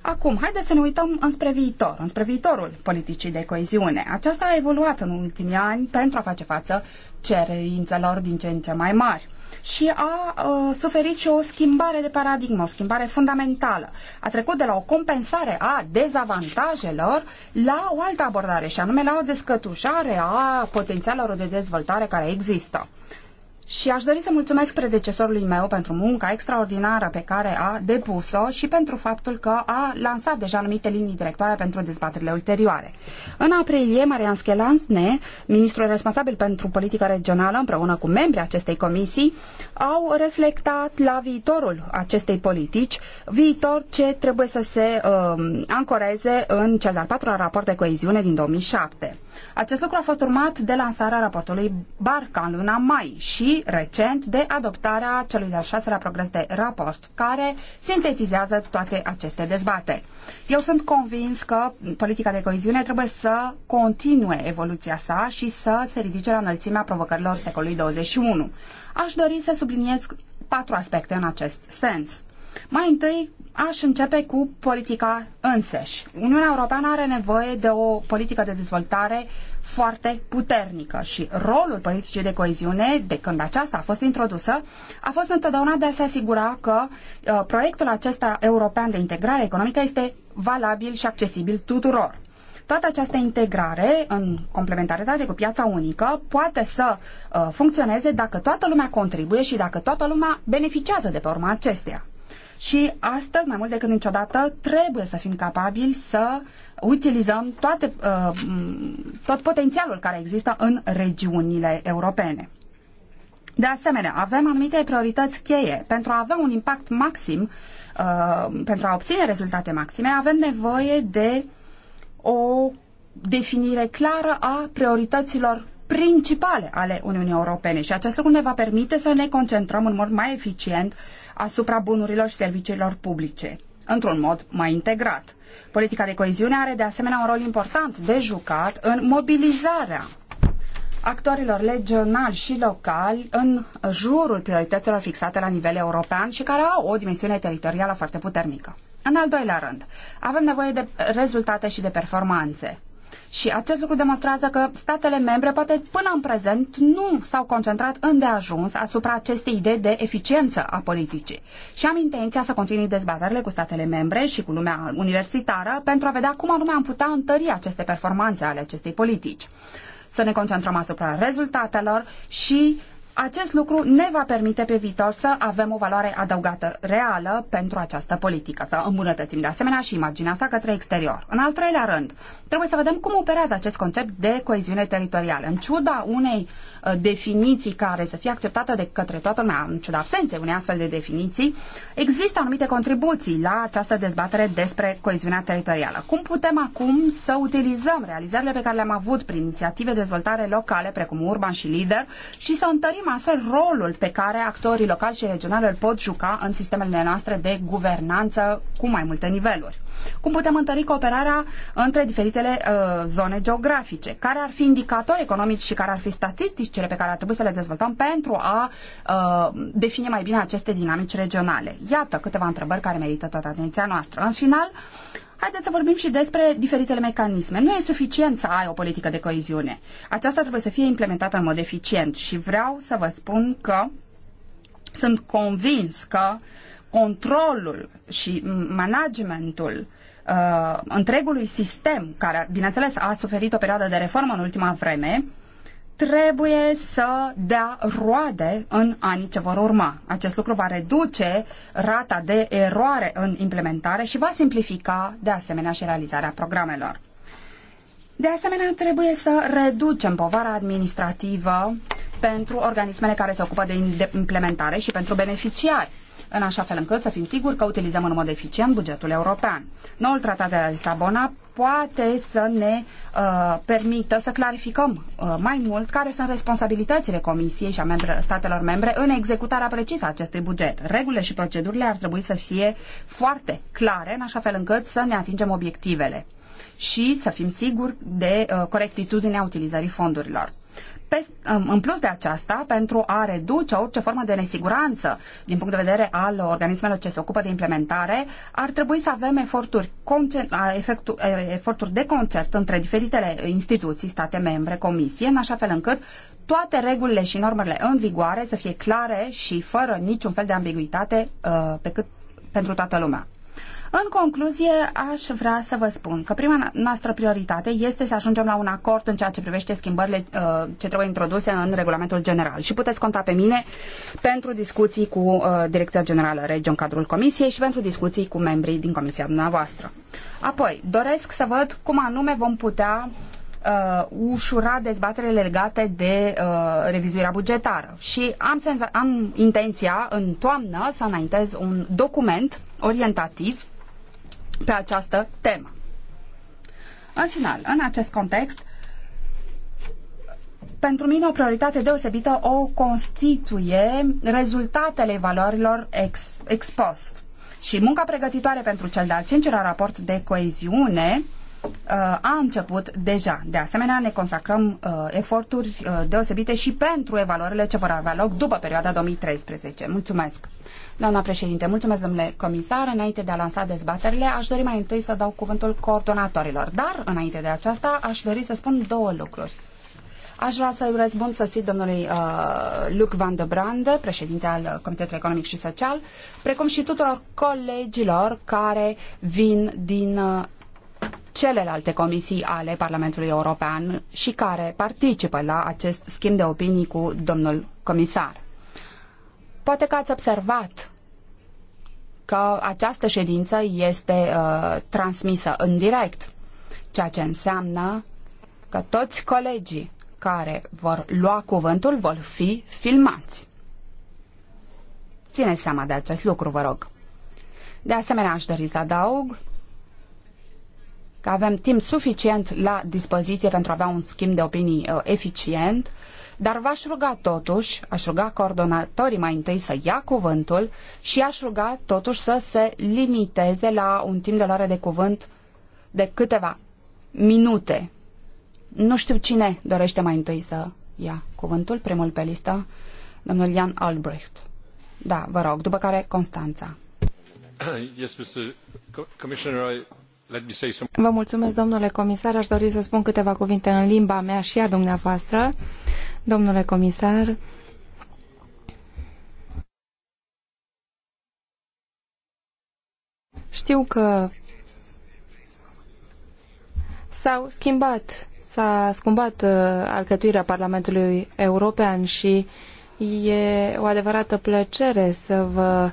Acum, haideți să ne uităm înspre viitor, înspre viitorul politicii de coeziune. Aceasta a evoluat în ultimii ani pentru a face față cerințelor din ce în ce mai mari și a uh, suferit și o schimbare de paradigmă, o schimbare fundamentală. A trecut de la o compensare a dezavantajelor la o altă abordare, și anume la o descătușare a potențialelor de dezvoltare care există. Și aș dori să mulțumesc predecesorului meu pentru munca extraordinară pe care a depus-o și pentru faptul că a lansat deja anumite linii directoare pentru dezbaterile ulterioare. În aprilie, Marian Schelansne, ministrul responsabil pentru politică regională, împreună cu membrii acestei comisii, au reflectat la viitorul acestei politici, viitor ce trebuie să se um, ancoreze în cel de-al patrulea raport de coeziune din 2007. Acest lucru a fost urmat de lansarea raportului Barca în luna mai și recent de adoptarea celui de-al șaselea progres de raport, care sintetizează toate aceste dezbateri. Eu sunt convins că politica de coeziune trebuie să continue evoluția sa și să se ridice la înălțimea provocărilor secolului 21. Aș dori să subliniez patru aspecte în acest sens. Mai întâi, aș începe cu politica însăși. Uniunea Europeană are nevoie de o politică de dezvoltare foarte puternică și rolul politicii de coeziune, de când aceasta a fost introdusă, a fost întotdeauna de a se asigura că uh, proiectul acesta european de integrare economică este valabil și accesibil tuturor. Toată această integrare, în complementaritate cu piața unică, poate să uh, funcționeze dacă toată lumea contribuie și dacă toată lumea beneficiază de pe urma acesteia și astăzi, mai mult decât niciodată, trebuie să fim capabili să utilizăm toate, uh, tot potențialul care există în regiunile europene. De asemenea, avem anumite priorități cheie. Pentru a avea un impact maxim, uh, pentru a obține rezultate maxime, avem nevoie de o definire clară a priorităților principale ale Uniunii Europene și acest lucru ne va permite să ne concentrăm în mod mai eficient asupra bunurilor și serviciilor publice într-un mod mai integrat. Politica de coeziune are de asemenea un rol important de jucat în mobilizarea actorilor regionali și locali în jurul priorităților fixate la nivel european și care au o dimensiune teritorială foarte puternică. În al doilea rând, avem nevoie de rezultate și de performanțe. Și acest lucru demonstrează că statele membre, poate până în prezent, nu s-au concentrat îndeajuns asupra acestei idei de eficiență a politicii. Și am intenția să continui dezbaterile cu statele membre și cu lumea universitară pentru a vedea cum anume am putea întări aceste performanțe ale acestei politici să ne concentrăm asupra rezultatelor și acest lucru ne va permite pe viitor să avem o valoare adăugată reală pentru această politică, să îmbunătățim de asemenea și imaginea sa către exterior. În al treilea rând, trebuie să vedem cum operează acest concept de coeziune teritorială. În ciuda unei uh, definiții care să fie acceptată de către toată lumea, în ciuda absenței unei astfel de definiții, există anumite contribuții la această dezbatere despre coeziunea teritorială. Cum putem acum să utilizăm realizările pe care le-am avut prin inițiative de dezvoltare locale, precum Urban și Lider, și să întărim astfel rolul pe care actorii locali și regionali îl pot juca în sistemele noastre de guvernanță cu mai multe niveluri. Cum putem întări cooperarea între diferitele uh, zone geografice? Care ar fi indicatori economici și care ar fi statisticile pe care ar trebui să le dezvoltăm pentru a uh, defini mai bine aceste dinamici regionale? Iată câteva întrebări care merită toată atenția noastră. În final, Haideți să vorbim și despre diferitele mecanisme. Nu e suficient să ai o politică de coeziune. Aceasta trebuie să fie implementată în mod eficient și vreau să vă spun că sunt convins că controlul și managementul uh, întregului sistem, care, bineînțeles, a suferit o perioadă de reformă în ultima vreme, trebuie să dea roade în anii ce vor urma. Acest lucru va reduce rata de eroare în implementare și va simplifica de asemenea și realizarea programelor. De asemenea, trebuie să reducem povara administrativă pentru organismele care se ocupă de implementare și pentru beneficiari în așa fel încât să fim siguri că utilizăm în mod eficient bugetul european. Noul tratat de la Lisabona poate să ne uh, permită să clarificăm uh, mai mult care sunt responsabilitățile Comisiei și a statelor membre în executarea precisă a acestui buget. Regulile și procedurile ar trebui să fie foarte clare, în așa fel încât să ne atingem obiectivele și să fim siguri de uh, corectitudinea utilizării fondurilor în plus de aceasta, pentru a reduce orice formă de nesiguranță din punct de vedere al organismelor ce se ocupă de implementare, ar trebui să avem eforturi, eforturi de concert între diferitele instituții, state membre, comisie, în așa fel încât toate regulile și normele în vigoare să fie clare și fără niciun fel de ambiguitate uh, pe cât pentru toată lumea. În concluzie, aș vrea să vă spun că prima noastră prioritate este să ajungem la un acord în ceea ce privește schimbările uh, ce trebuie introduse în regulamentul general. Și puteți conta pe mine pentru discuții cu uh, Direcția Generală Regio în cadrul Comisiei și pentru discuții cu membrii din Comisia dumneavoastră. Apoi, doresc să văd cum anume vom putea uh, ușura dezbaterele legate de uh, revizuirea bugetară. Și am, am intenția în toamnă să înaintez un document orientativ pe această temă. În final, în acest context, pentru mine o prioritate deosebită o constituie rezultatele valorilor ex, expost. Și munca pregătitoare pentru cel de-al cincilea raport de coeziune Uh, a început deja. De asemenea, ne consacrăm uh, eforturi uh, deosebite și pentru evaluările ce vor avea loc după perioada 2013. Mulțumesc! Doamna președinte, mulțumesc, domnule comisar. Înainte de a lansa dezbaterile, aș dori mai întâi să dau cuvântul coordonatorilor. Dar, înainte de aceasta, aș dori să spun două lucruri. Aș vrea să răspund sosit domnului uh, Luc Van de Brande, președinte al Comitetului Economic și Social, precum și tuturor colegilor care vin din uh, celelalte comisii ale Parlamentului European și care participă la acest schimb de opinii cu domnul comisar. Poate că ați observat că această ședință este uh, transmisă în direct, ceea ce înseamnă că toți colegii care vor lua cuvântul vor fi filmați. Țineți seama de acest lucru, vă rog. De asemenea, aș dori să adaug că avem timp suficient la dispoziție pentru a avea un schimb de opinii uh, eficient, dar v-aș ruga totuși, aș ruga coordonatorii mai întâi să ia cuvântul și aș ruga totuși să se limiteze la un timp de luare de cuvânt de câteva minute. Nu știu cine dorește mai întâi să ia cuvântul, primul pe listă, domnul Jan Albrecht. Da, vă rog, după care Constanța. Yes, Mr. Commissioner, I Vă mulțumesc, domnule comisar. Aș dori să spun câteva cuvinte în limba mea și a dumneavoastră. Domnule comisar, știu că s-au schimbat, s-a schimbat uh, alcătuirea Parlamentului European și e o adevărată plăcere să vă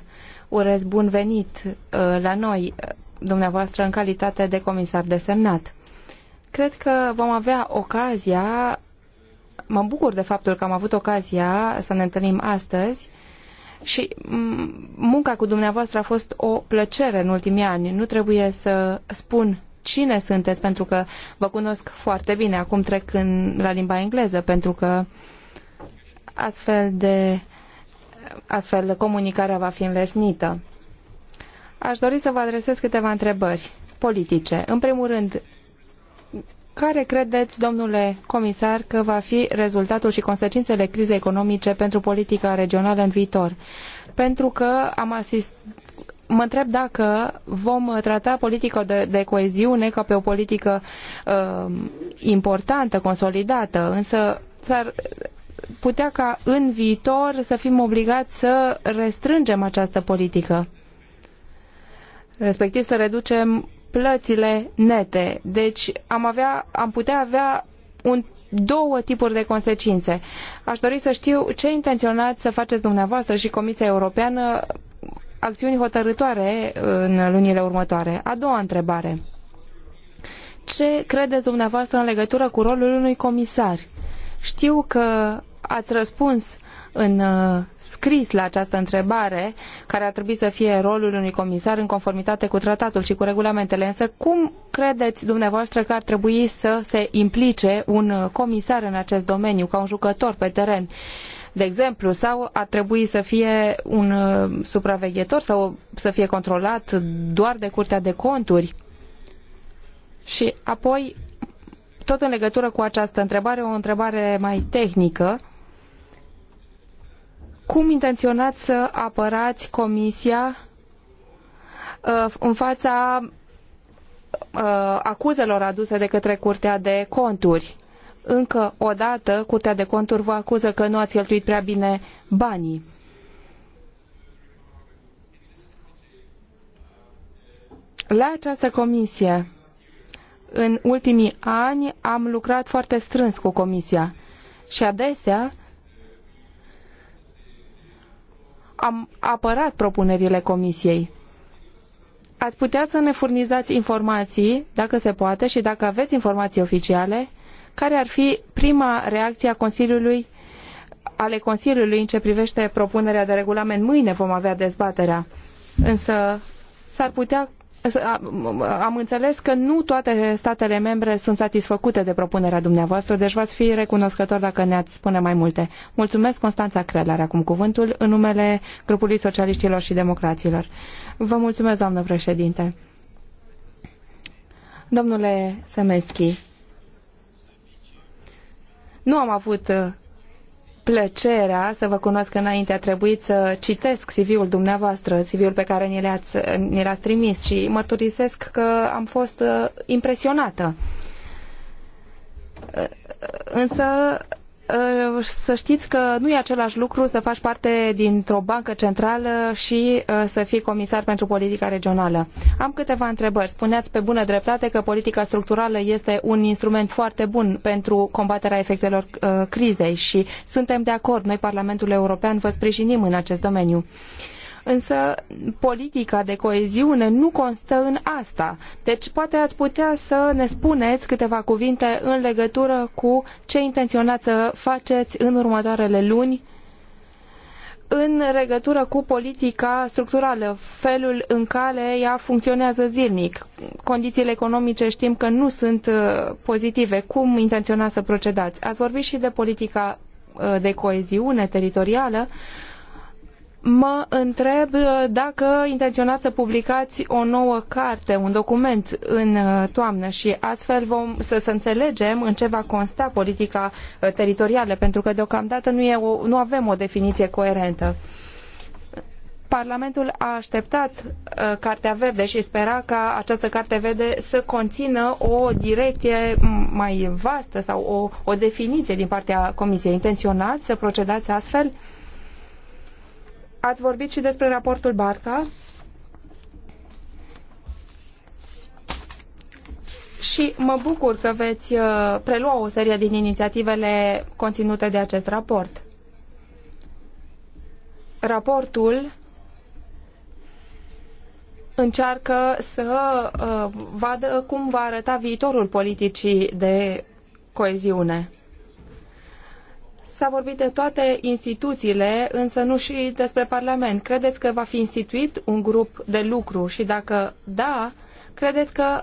urez bun venit uh, la noi, uh, dumneavoastră, în calitate de comisar desemnat. Cred că vom avea ocazia, mă bucur de faptul că am avut ocazia să ne întâlnim astăzi și munca cu dumneavoastră a fost o plăcere în ultimii ani. Nu trebuie să spun cine sunteți, pentru că vă cunosc foarte bine. Acum trec în, la limba engleză, pentru că astfel de uh, Astfel, comunicarea va fi înlesnită. Aș dori să vă adresez câteva întrebări politice. În primul rând, care credeți, domnule comisar, că va fi rezultatul și consecințele crizei economice pentru politica regională în viitor? Pentru că am asist... mă întreb dacă vom trata politica de, de coeziune ca pe o politică uh, importantă, consolidată, însă putea ca în viitor să fim obligați să restrângem această politică, respectiv să reducem plățile nete. Deci am, avea, am putea avea un, două tipuri de consecințe. Aș dori să știu ce intenționați să faceți dumneavoastră și Comisia Europeană acțiuni hotărătoare în lunile următoare. A doua întrebare. Ce credeți dumneavoastră în legătură cu rolul unui comisar? Știu că ați răspuns în uh, scris la această întrebare, care ar trebui să fie rolul unui comisar în conformitate cu tratatul și cu regulamentele. Însă cum credeți dumneavoastră că ar trebui să se implice un uh, comisar în acest domeniu, ca un jucător pe teren? de exemplu, sau ar trebui să fie un uh, supraveghetor sau să fie controlat doar de Curtea de Conturi? Și apoi, tot în legătură cu această întrebare, o întrebare mai tehnică, cum intenționați să apărați Comisia uh, în fața uh, acuzelor aduse de către Curtea de Conturi? Încă o dată, Curtea de Conturi vă acuză că nu ați cheltuit prea bine banii. La această comisie, în ultimii ani, am lucrat foarte strâns cu comisia și adesea am apărat propunerile Comisiei. Ați putea să ne furnizați informații, dacă se poate, și dacă aveți informații oficiale, care ar fi prima reacție a Consiliului ale Consiliului în ce privește propunerea de regulament. Mâine vom avea dezbaterea. Însă s-ar putea am înțeles că nu toate statele membre sunt satisfăcute de propunerea dumneavoastră, deci v-ați fi recunoscător dacă ne-ați spune mai multe. Mulțumesc, Constanța Crel, are acum cuvântul în numele grupului socialiștilor și democraților. Vă mulțumesc, doamnă președinte. Domnule Semeschi, nu am avut plăcerea să vă cunosc înainte. A trebuit să citesc CV-ul dumneavoastră, CV-ul pe care ni l-ați, ni l-ați trimis și mărturisesc că am fost uh, impresionată. Uh, însă Ă, să știți că nu e același lucru să faci parte dintr-o bancă centrală și ă, să fii comisar pentru politica regională. Am câteva întrebări. Spuneați pe bună dreptate că politica structurală este un instrument foarte bun pentru combaterea efectelor ă, crizei și suntem de acord. Noi, Parlamentul European, vă sprijinim în acest domeniu însă politica de coeziune nu constă în asta. Deci poate ați putea să ne spuneți câteva cuvinte în legătură cu ce intenționați să faceți în următoarele luni în legătură cu politica structurală, felul în care ea funcționează zilnic. Condițiile economice știm că nu sunt uh, pozitive. Cum intenționați să procedați? Ați vorbit și de politica uh, de coeziune teritorială. Uh, mă întreb uh, dacă intenționați să publicați o nouă carte, un document în uh, toamnă și astfel vom să, să înțelegem în ce va consta politica uh, teritorială, pentru că deocamdată nu, e o, nu avem o definiție coerentă. Parlamentul a așteptat uh, Cartea Verde și spera ca această Carte Verde să conțină o direcție mai vastă sau o, o definiție din partea Comisiei. Intenționați să procedați astfel? Uh, Ați vorbit și despre raportul Barca. Și mă bucur că veți uh, prelua o serie din inițiativele conținute de acest raport. Raportul încearcă să uh, vadă cum va arăta viitorul politicii de coeziune. S-a vorbit de toate instituțiile, însă nu și despre Parlament. Credeți că va fi instituit un grup de lucru și dacă da, credeți că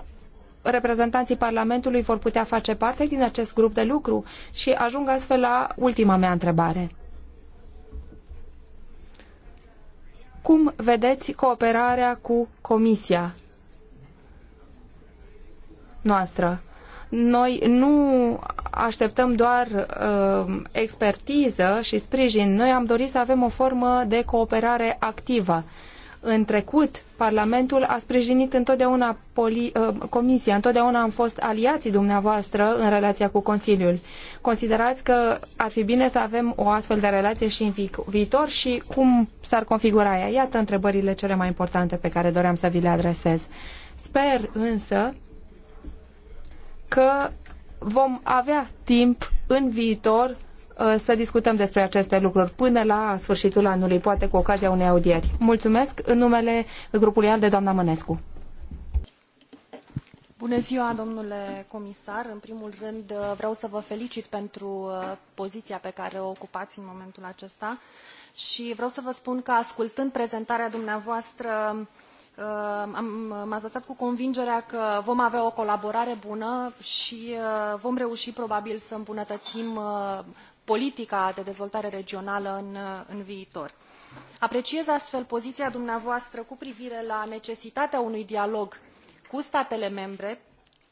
reprezentanții Parlamentului vor putea face parte din acest grup de lucru? Și ajung astfel la ultima mea întrebare. Cum vedeți cooperarea cu Comisia noastră? Noi nu așteptăm doar uh, expertiză și sprijin. Noi am dorit să avem o formă de cooperare activă. În trecut, Parlamentul a sprijinit întotdeauna poli, uh, Comisia, întotdeauna am fost aliații dumneavoastră în relația cu Consiliul. Considerați că ar fi bine să avem o astfel de relație și în viitor și cum s-ar configura ea? Iată întrebările cele mai importante pe care doream să vi le adresez. Sper însă că vom avea timp în viitor uh, să discutăm despre aceste lucruri până la sfârșitul anului, poate cu ocazia unei audieri. Mulțumesc în numele grupului al de doamna Mănescu. Bună ziua, domnule comisar. În primul rând uh, vreau să vă felicit pentru uh, poziția pe care o ocupați în momentul acesta și vreau să vă spun că ascultând prezentarea dumneavoastră m-ați lăsat cu convingerea că vom avea o colaborare bună și uh, vom reuși probabil să îmbunătățim uh, politica de dezvoltare regională în, uh, în viitor. Apreciez astfel poziția dumneavoastră cu privire la necesitatea unui dialog cu statele membre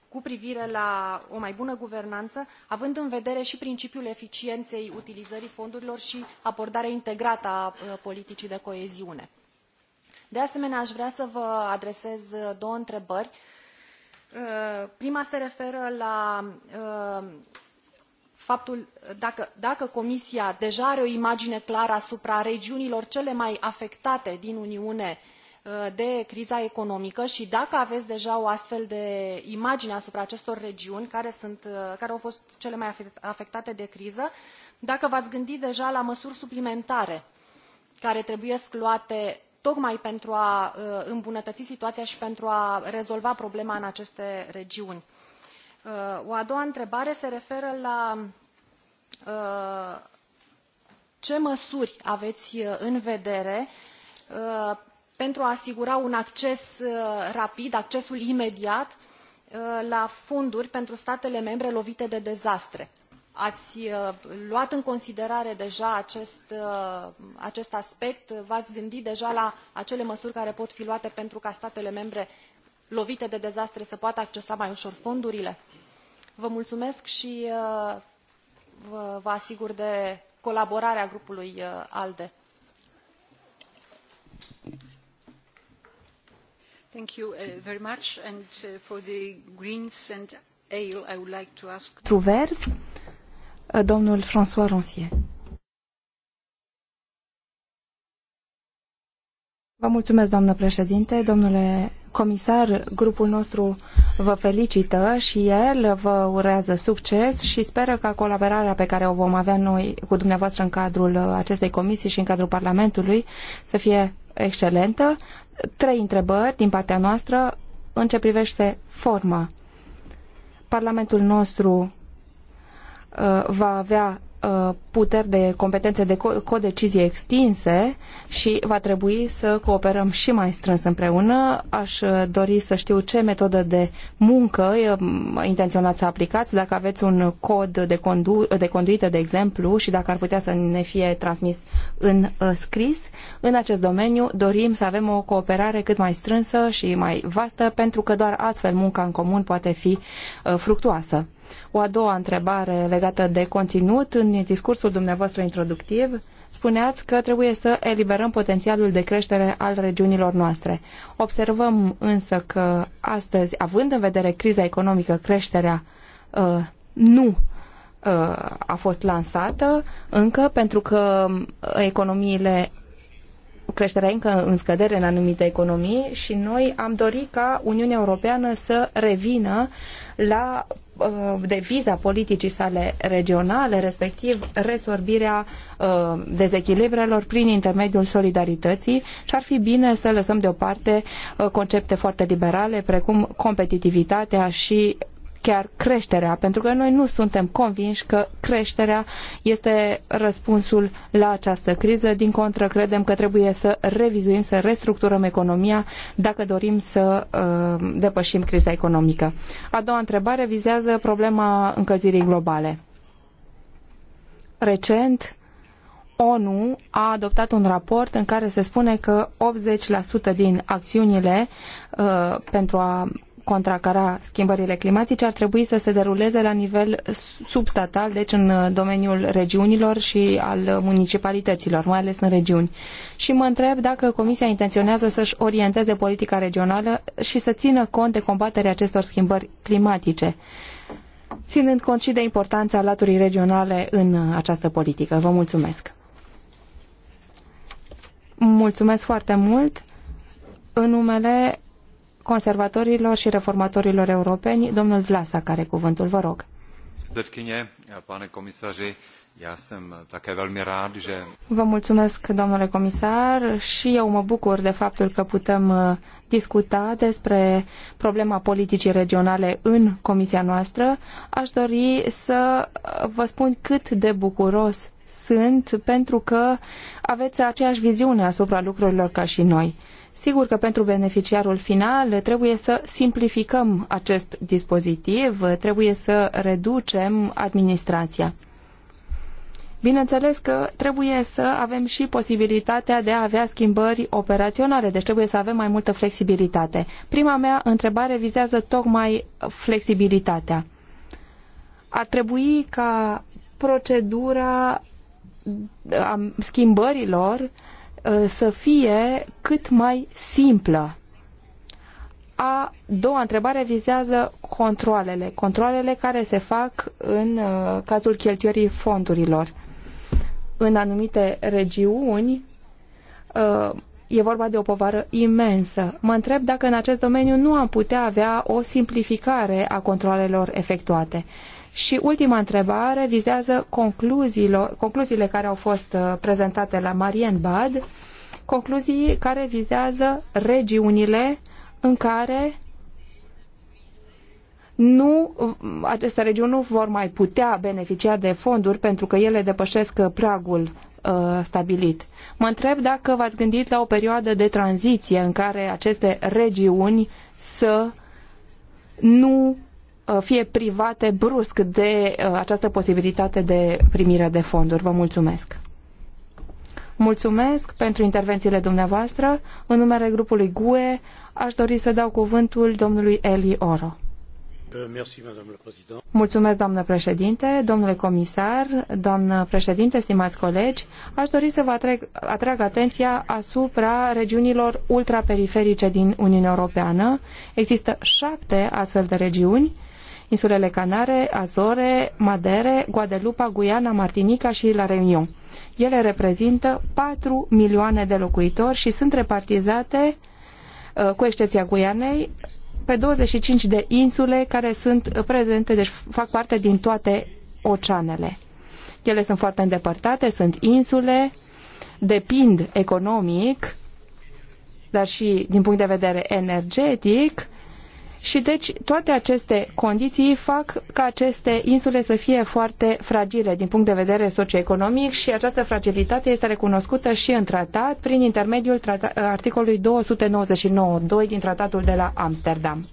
cu privire la o mai bună guvernanță, având în vedere și principiul eficienței utilizării fondurilor și abordarea integrată a politicii de coeziune. De asemenea, aș vrea să vă adresez uh, două întrebări. Uh, prima se referă la uh, faptul dacă, dacă Comisia deja are o imagine clară asupra regiunilor cele mai afectate din Uniune de criza economică și dacă aveți deja o astfel de imagine asupra acestor regiuni care, sunt, care au fost cele mai afectate de criză, dacă v-ați gândit deja la măsuri suplimentare care trebuie luate tocmai pentru a uh, îmbunătăți situația și pentru a rezolva problema în aceste regiuni. Uh, o a doua întrebare se referă la uh, ce măsuri aveți în vedere pentru a asigura un acces rapid, accesul imediat la fonduri pentru statele membre lovite de dezastre Ați uh, luat în considerare deja acest, uh, acest aspect? V-ați gândit deja la acele măsuri care pot fi luate pentru ca statele membre lovite de dezastre să poată accesa mai ușor fondurile? Vă mulțumesc și uh, vă asigur de colaborarea grupului ALDE. Thank domnul François Ronsier. Vă mulțumesc, doamnă președinte, domnule comisar, grupul nostru vă felicită și el vă urează succes și speră că colaborarea pe care o vom avea noi cu dumneavoastră în cadrul acestei comisii și în cadrul Parlamentului să fie excelentă. Trei întrebări din partea noastră în ce privește forma. Parlamentul nostru Uh, va avea uh, puteri de competențe de codecizie extinse și va trebui să cooperăm și mai strâns împreună. Aș uh, dori să știu ce metodă de muncă intenționați să aplicați, dacă aveți un cod de, condu- de conduită, de exemplu, și dacă ar putea să ne fie transmis în scris. În acest domeniu dorim să avem o cooperare cât mai strânsă și mai vastă, pentru că doar astfel munca în comun poate fi fructuoasă. O a doua întrebare legată de conținut. În discursul dumneavoastră introductiv spuneați că trebuie să eliberăm potențialul de creștere al regiunilor noastre. Observăm însă că astăzi, având în vedere criza economică, creșterea uh, nu uh, a fost lansată încă pentru că uh, economiile creșterea încă în scădere în anumite economii și noi am dorit ca Uniunea Europeană să revină la Uh, de viza politicii sale regionale, respectiv resorbirea uh, dezechilibrelor prin intermediul solidarității și ar fi bine să lăsăm deoparte uh, concepte foarte liberale precum competitivitatea și chiar creșterea, pentru că noi nu suntem convinși că creșterea este răspunsul la această criză. Din contră, credem că trebuie să revizuim, să restructurăm economia dacă dorim să uh, depășim criza economică. A doua întrebare vizează problema încălzirii globale. Recent, ONU a adoptat un raport în care se spune că 80% din acțiunile uh, pentru a contracara schimbările climatice ar trebui să se deruleze la nivel substatal, deci în uh, domeniul regiunilor și al municipalităților, mai ales în regiuni. Și mă întreb dacă Comisia intenționează să-și orienteze politica regională și să țină cont de combaterea acestor schimbări climatice, ținând cont și de importanța laturii regionale în uh, această politică. Vă mulțumesc! Mulțumesc foarte mult! În numele conservatorilor și reformatorilor europeni, domnul Vlasa, care cuvântul, vă rog. pane comisari, Vă mulțumesc, domnule comisar, și eu mă bucur de faptul că putem uh, discuta despre problema politicii regionale în comisia noastră. Aș dori să uh, vă spun cât de bucuros sunt pentru că aveți aceeași viziune asupra lucrurilor ca și noi. Sigur că pentru beneficiarul final trebuie să simplificăm acest dispozitiv, trebuie să reducem administrația. Bineînțeles că trebuie să avem și posibilitatea de a avea schimbări operaționale, deci trebuie să avem mai multă flexibilitate. Prima mea întrebare vizează tocmai flexibilitatea. Ar trebui ca procedura schimbărilor Uh, să fie cât mai simplă. A doua întrebare vizează controlele, controlele care se fac în uh, cazul cheltuierii fondurilor. În anumite regiuni uh, e vorba de o povară imensă. Mă întreb dacă în acest domeniu nu am putea avea o simplificare a controlelor efectuate. Și ultima întrebare vizează concluziile care au fost uh, prezentate la Marienbad, concluzii care vizează regiunile în care nu, aceste regiuni nu vor mai putea beneficia de fonduri pentru că ele depășesc uh, pragul uh, stabilit. Mă întreb dacă v-ați gândit la o perioadă de tranziție în care aceste regiuni să nu Uh, fie private brusc de uh, această posibilitate de primire de fonduri. Vă mulțumesc! Mulțumesc pentru intervențiile dumneavoastră. În numele grupului GUE aș dori să dau cuvântul domnului Eli Oro. Euh, mulțumesc, doamnă președinte, domnule comisar, doamnă președinte, stimați colegi. Aș dori să vă atrag, atrag atenția asupra regiunilor ultraperiferice din Uniunea Europeană. Există șapte astfel de regiuni insulele Canare, Azore, Madere, Guadelupa, Guiana, Martinica și La Reunion. Ele reprezintă 4 milioane de locuitori și sunt repartizate, uh, cu excepția Guianei, pe 25 de insule care sunt uh, prezente, deci fac parte din toate oceanele. Ele sunt foarte îndepărtate, sunt insule, depind economic, dar și din punct de vedere energetic și deci toate aceste condiții fac ca aceste insule să fie foarte fragile din punct de vedere socioeconomic și această fragilitate este recunoscută și în tratat prin intermediul trata- articolului 299.2 din tratatul de la Amsterdam.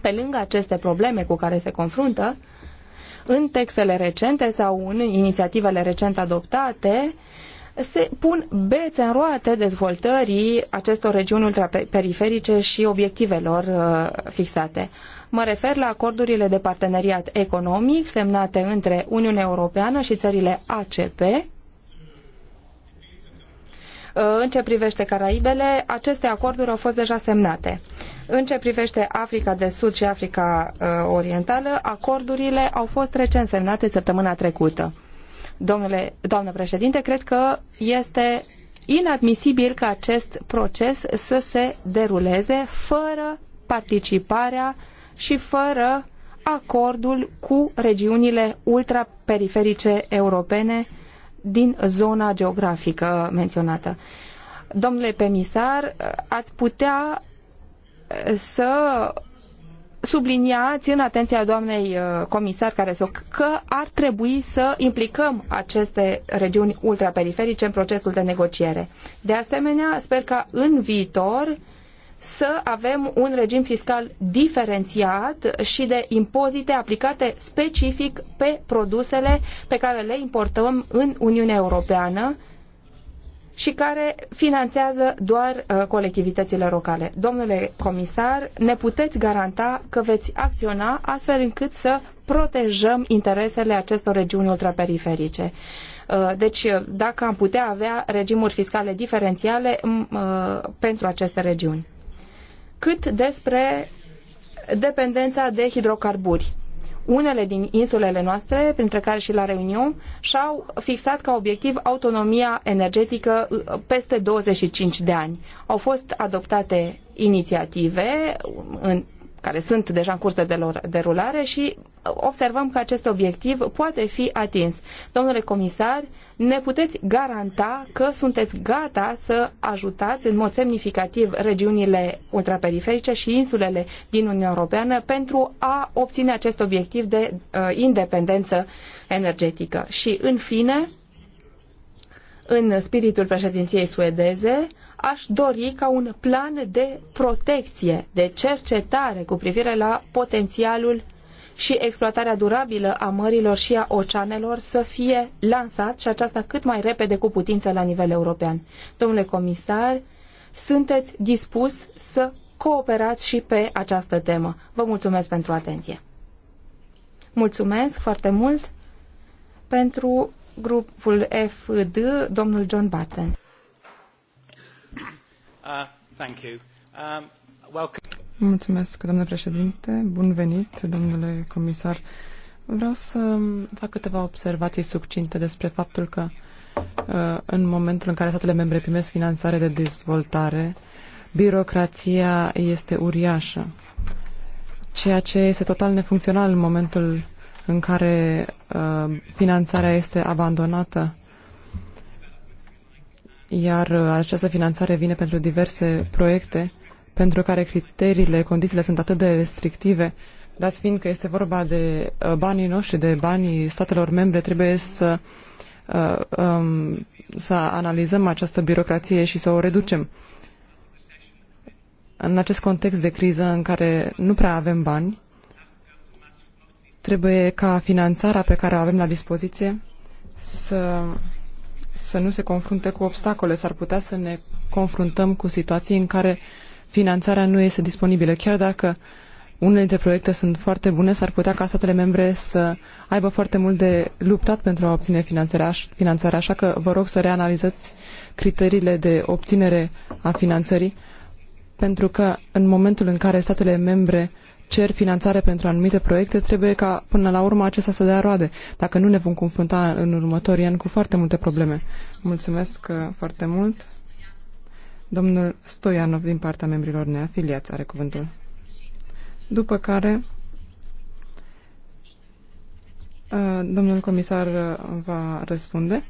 Pe lângă aceste probleme cu care se confruntă, în textele recente sau în inițiativele recent adoptate, se pun bețe în roate dezvoltării acestor regiuni ultraperiferice și obiectivelor uh, fixate. Mă refer la acordurile de parteneriat economic semnate între Uniunea Europeană și țările ACP. Uh, în ce privește Caraibele, aceste acorduri au fost deja semnate. În ce privește Africa de Sud și Africa uh, Orientală, acordurile au fost recent semnate săptămâna trecută. Domnule, doamnă președinte, cred că este inadmisibil ca acest proces să se deruleze fără participarea și fără acordul cu regiunile ultraperiferice europene din zona geografică menționată. Domnule Pemisar, ați putea să subliniați în atenția doamnei uh, comisar care că ar trebui să implicăm aceste regiuni ultraperiferice în procesul de negociere. De asemenea, sper ca în viitor să avem un regim fiscal diferențiat și de impozite aplicate specific pe produsele pe care le importăm în Uniunea Europeană și care finanțează doar uh, colectivitățile locale. Domnule comisar, ne puteți garanta că veți acționa astfel încât să protejăm interesele acestor regiuni ultraperiferice. Uh, deci, uh, dacă am putea avea regimuri fiscale diferențiale pentru aceste regiuni. Cât despre dependența de hidrocarburi unele din insulele noastre, printre care și la Reunion, și-au fixat ca obiectiv autonomia energetică uh, peste 25 de ani. Au fost adoptate inițiative în care sunt deja în curs de derulare și observăm că acest obiectiv poate fi atins. Domnule comisar, ne puteți garanta că sunteți gata să ajutați în mod semnificativ regiunile ultraperiferice și insulele din Uniunea Europeană pentru a obține acest obiectiv de uh, independență energetică. Și, în fine, în spiritul președinției suedeze, aș dori ca un plan de protecție, de cercetare cu privire la potențialul și exploatarea durabilă a mărilor și a oceanelor să fie lansat și aceasta cât mai repede cu putință la nivel european. Domnule comisar, sunteți dispus să cooperați și pe această temă. Vă mulțumesc pentru atenție. Mulțumesc foarte mult pentru grupul FD, domnul John Barton. Uh, um, Mulțumesc, domnule președinte. Bun venit, domnule comisar. Vreau să fac câteva observații succinte despre faptul că uh, în momentul în care statele membre primesc finanțare de dezvoltare, birocrația este uriașă, ceea ce este total nefuncțional în momentul în care uh, finanțarea este abandonată iar uh, această finanțare vine pentru diverse proiecte pentru care criteriile, condițiile sunt atât de restrictive, dat fiind că este vorba de uh, banii noștri, de banii statelor membre, trebuie să, uh, um, să analizăm această birocrație și să o reducem. În acest context de criză în care nu prea avem bani, trebuie ca finanțarea pe care o avem la dispoziție să să nu se confrunte cu obstacole. S-ar putea să ne confruntăm cu situații în care finanțarea nu este disponibilă. Chiar dacă unele dintre proiecte sunt foarte bune, s-ar putea ca statele membre să aibă foarte mult de luptat pentru a obține finanțarea, finanțarea. Așa că vă rog să reanalizați criteriile de obținere a finanțării, pentru că în momentul în care statele membre uh, cer finanțare pentru anumite proiecte, trebuie ca până la urmă acesta să dea roade. Dacă nu ne vom confrunta în următorii ani cu foarte multe probleme. Mulțumesc uh, foarte mult. Domnul Stoianov din partea membrilor neafiliați are cuvântul. După care uh, domnul comisar uh, va răspunde.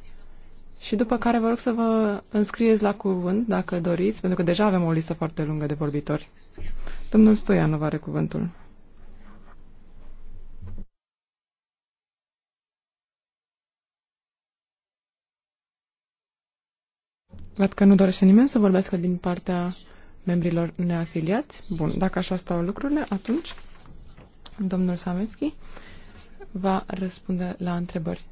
Și după care vă rog să vă înscrieți la cuvânt, dacă doriți, pentru că deja avem o listă foarte lungă de vorbitori. Domnul Stoianov are cuvântul. Văd că nu dorește nimeni să vorbească din partea membrilor neafiliați. Bun, dacă așa stau lucrurile, atunci domnul Sametski va răspunde la întrebări.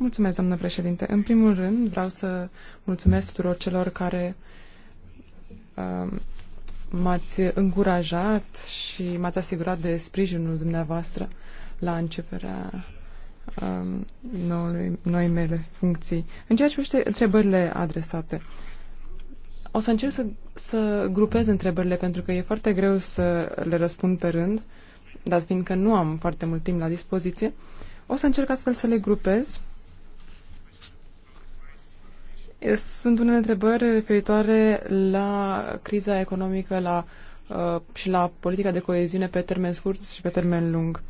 Mulțumesc, doamnă președinte. În primul rând, vreau să mulțumesc tuturor celor care uh, m-ați încurajat și m-ați asigurat de sprijinul dumneavoastră la începerea um, noi mele funcții. În ceea ce privește întrebările adresate, o să încerc să, să grupez întrebările pentru că e foarte greu să le răspund pe rând, dar fiindcă nu am foarte mult timp la dispoziție, o să încerc astfel să le grupez sunt unele întrebări referitoare la criza economică la, uh, și la politica de coeziune pe termen scurt și pe termen lung.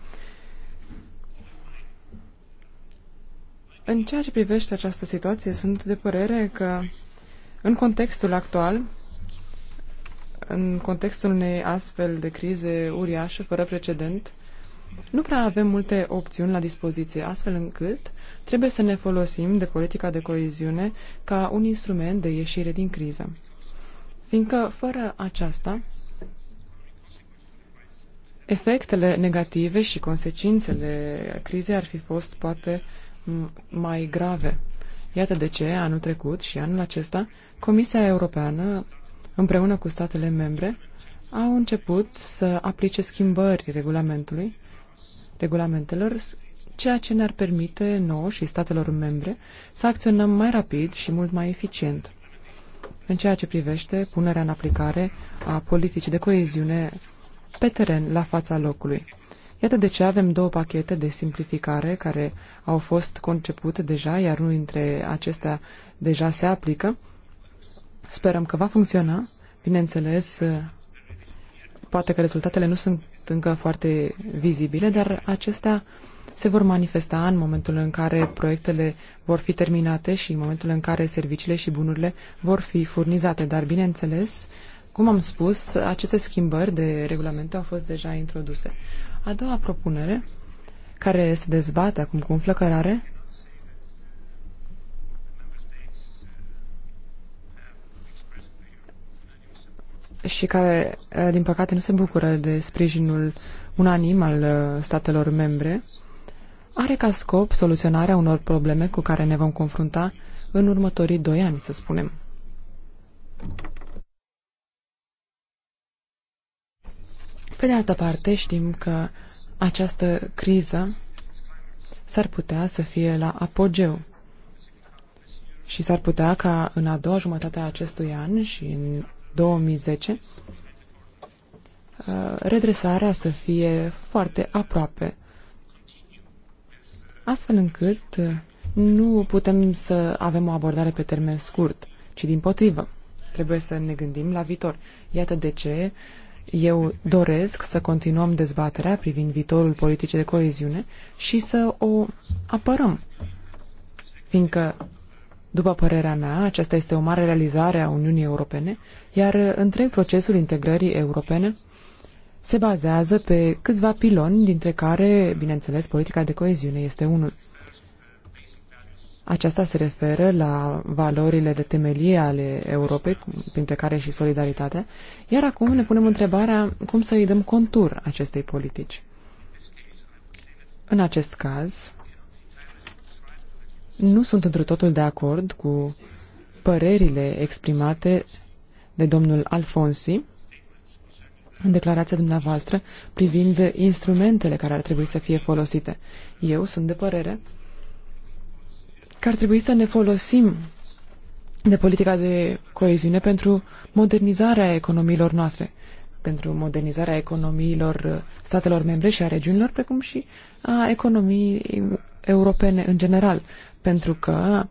În ceea ce privește această situație, sunt de părere că în contextul actual, în contextul unei astfel de crize uriașe, fără precedent, nu prea avem multe opțiuni la dispoziție, astfel încât Trebuie să ne folosim de politica de coeziune ca un instrument de ieșire din criză. Fiindcă fără aceasta, efectele negative și consecințele crizei ar fi fost poate mai grave. Iată de ce, anul trecut și anul acesta, Comisia Europeană, împreună cu statele membre, au început să aplice schimbări regulamentului, regulamentelor ceea ce ne-ar permite nouă și statelor membre să acționăm mai rapid și mult mai eficient în ceea ce privește punerea în aplicare a politicii de coeziune pe teren, la fața locului. Iată de ce avem două pachete de simplificare care au fost concepute deja, iar unul dintre acestea deja se aplică. Sperăm că va funcționa. Bineînțeles, poate că rezultatele nu sunt încă foarte vizibile, dar acestea se vor manifesta în momentul în care proiectele vor fi terminate și în momentul în care serviciile și bunurile vor fi furnizate. Dar, bineînțeles, cum am spus, aceste schimbări de regulamente au fost deja introduse. A doua propunere, care se dezbate acum cu înflăcărare, și care, din păcate, nu se bucură de sprijinul unanim al uh, statelor membre, are ca scop soluționarea unor probleme cu care ne vom confrunta în următorii doi ani, să spunem. Pe de altă parte, știm că această criză s-ar putea să fie la apogeu și s-ar putea ca în a doua jumătate a acestui an și în 2010 uh, redresarea să fie foarte aproape astfel încât uh, nu putem să avem o abordare pe termen scurt, ci din potrivă. Trebuie să ne gândim la viitor. Iată de ce eu doresc să continuăm dezbaterea privind viitorul politicii de coeziune și să o apărăm. Fiindcă, după părerea mea, aceasta este o mare realizare a Uniunii Europene, iar întreg procesul integrării europene se bazează pe câțiva piloni, dintre care, bineînțeles, politica de coeziune este unul. Aceasta se referă la valorile de temelie ale Europei, printre care și solidaritatea, iar acum ne punem întrebarea cum să îi dăm contur acestei politici. În acest caz, nu sunt într totul de acord cu părerile exprimate de domnul Alfonsi, în declarația dumneavoastră privind instrumentele care ar trebui să fie folosite. Eu sunt de părere că ar trebui să ne folosim de politica de coeziune pentru modernizarea economiilor noastre, pentru modernizarea economiilor statelor membre și a regiunilor, precum și a economiei europene în general, pentru că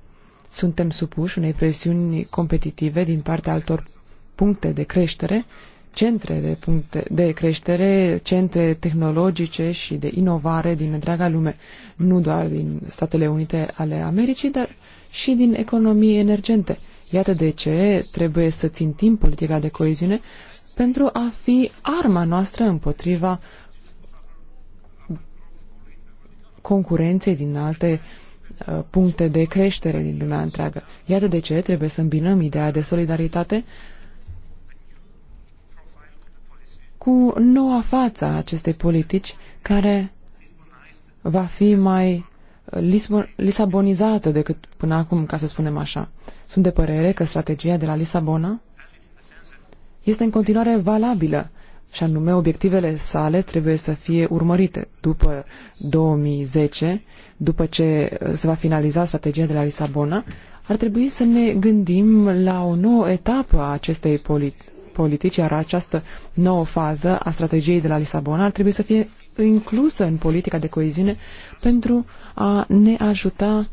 suntem supuși unei presiuni competitive din partea altor puncte de creștere centre de, puncte de creștere, centre tehnologice și de inovare din întreaga lume, nu doar din Statele Unite ale Americii, dar și din economii emergente. Iată de ce trebuie să țintim politica de coeziune pentru a fi arma noastră împotriva concurenței din alte uh, puncte de creștere din lumea întreagă. Iată de ce trebuie să îmbinăm ideea de solidaritate cu noua față a acestei politici care va fi mai lisabonizată decât până acum, ca să spunem așa. Sunt de părere că strategia de la Lisabona este în continuare valabilă și anume obiectivele sale trebuie să fie urmărite după 2010, după ce uh, se va finaliza strategia de la Lisabona, ar trebui să ne gândim la o nouă etapă a acestei, politici politici, iar această nouă fază a strategiei de la Lisabona ar trebui să fie inclusă în politica de coeziune pentru a ne ajuta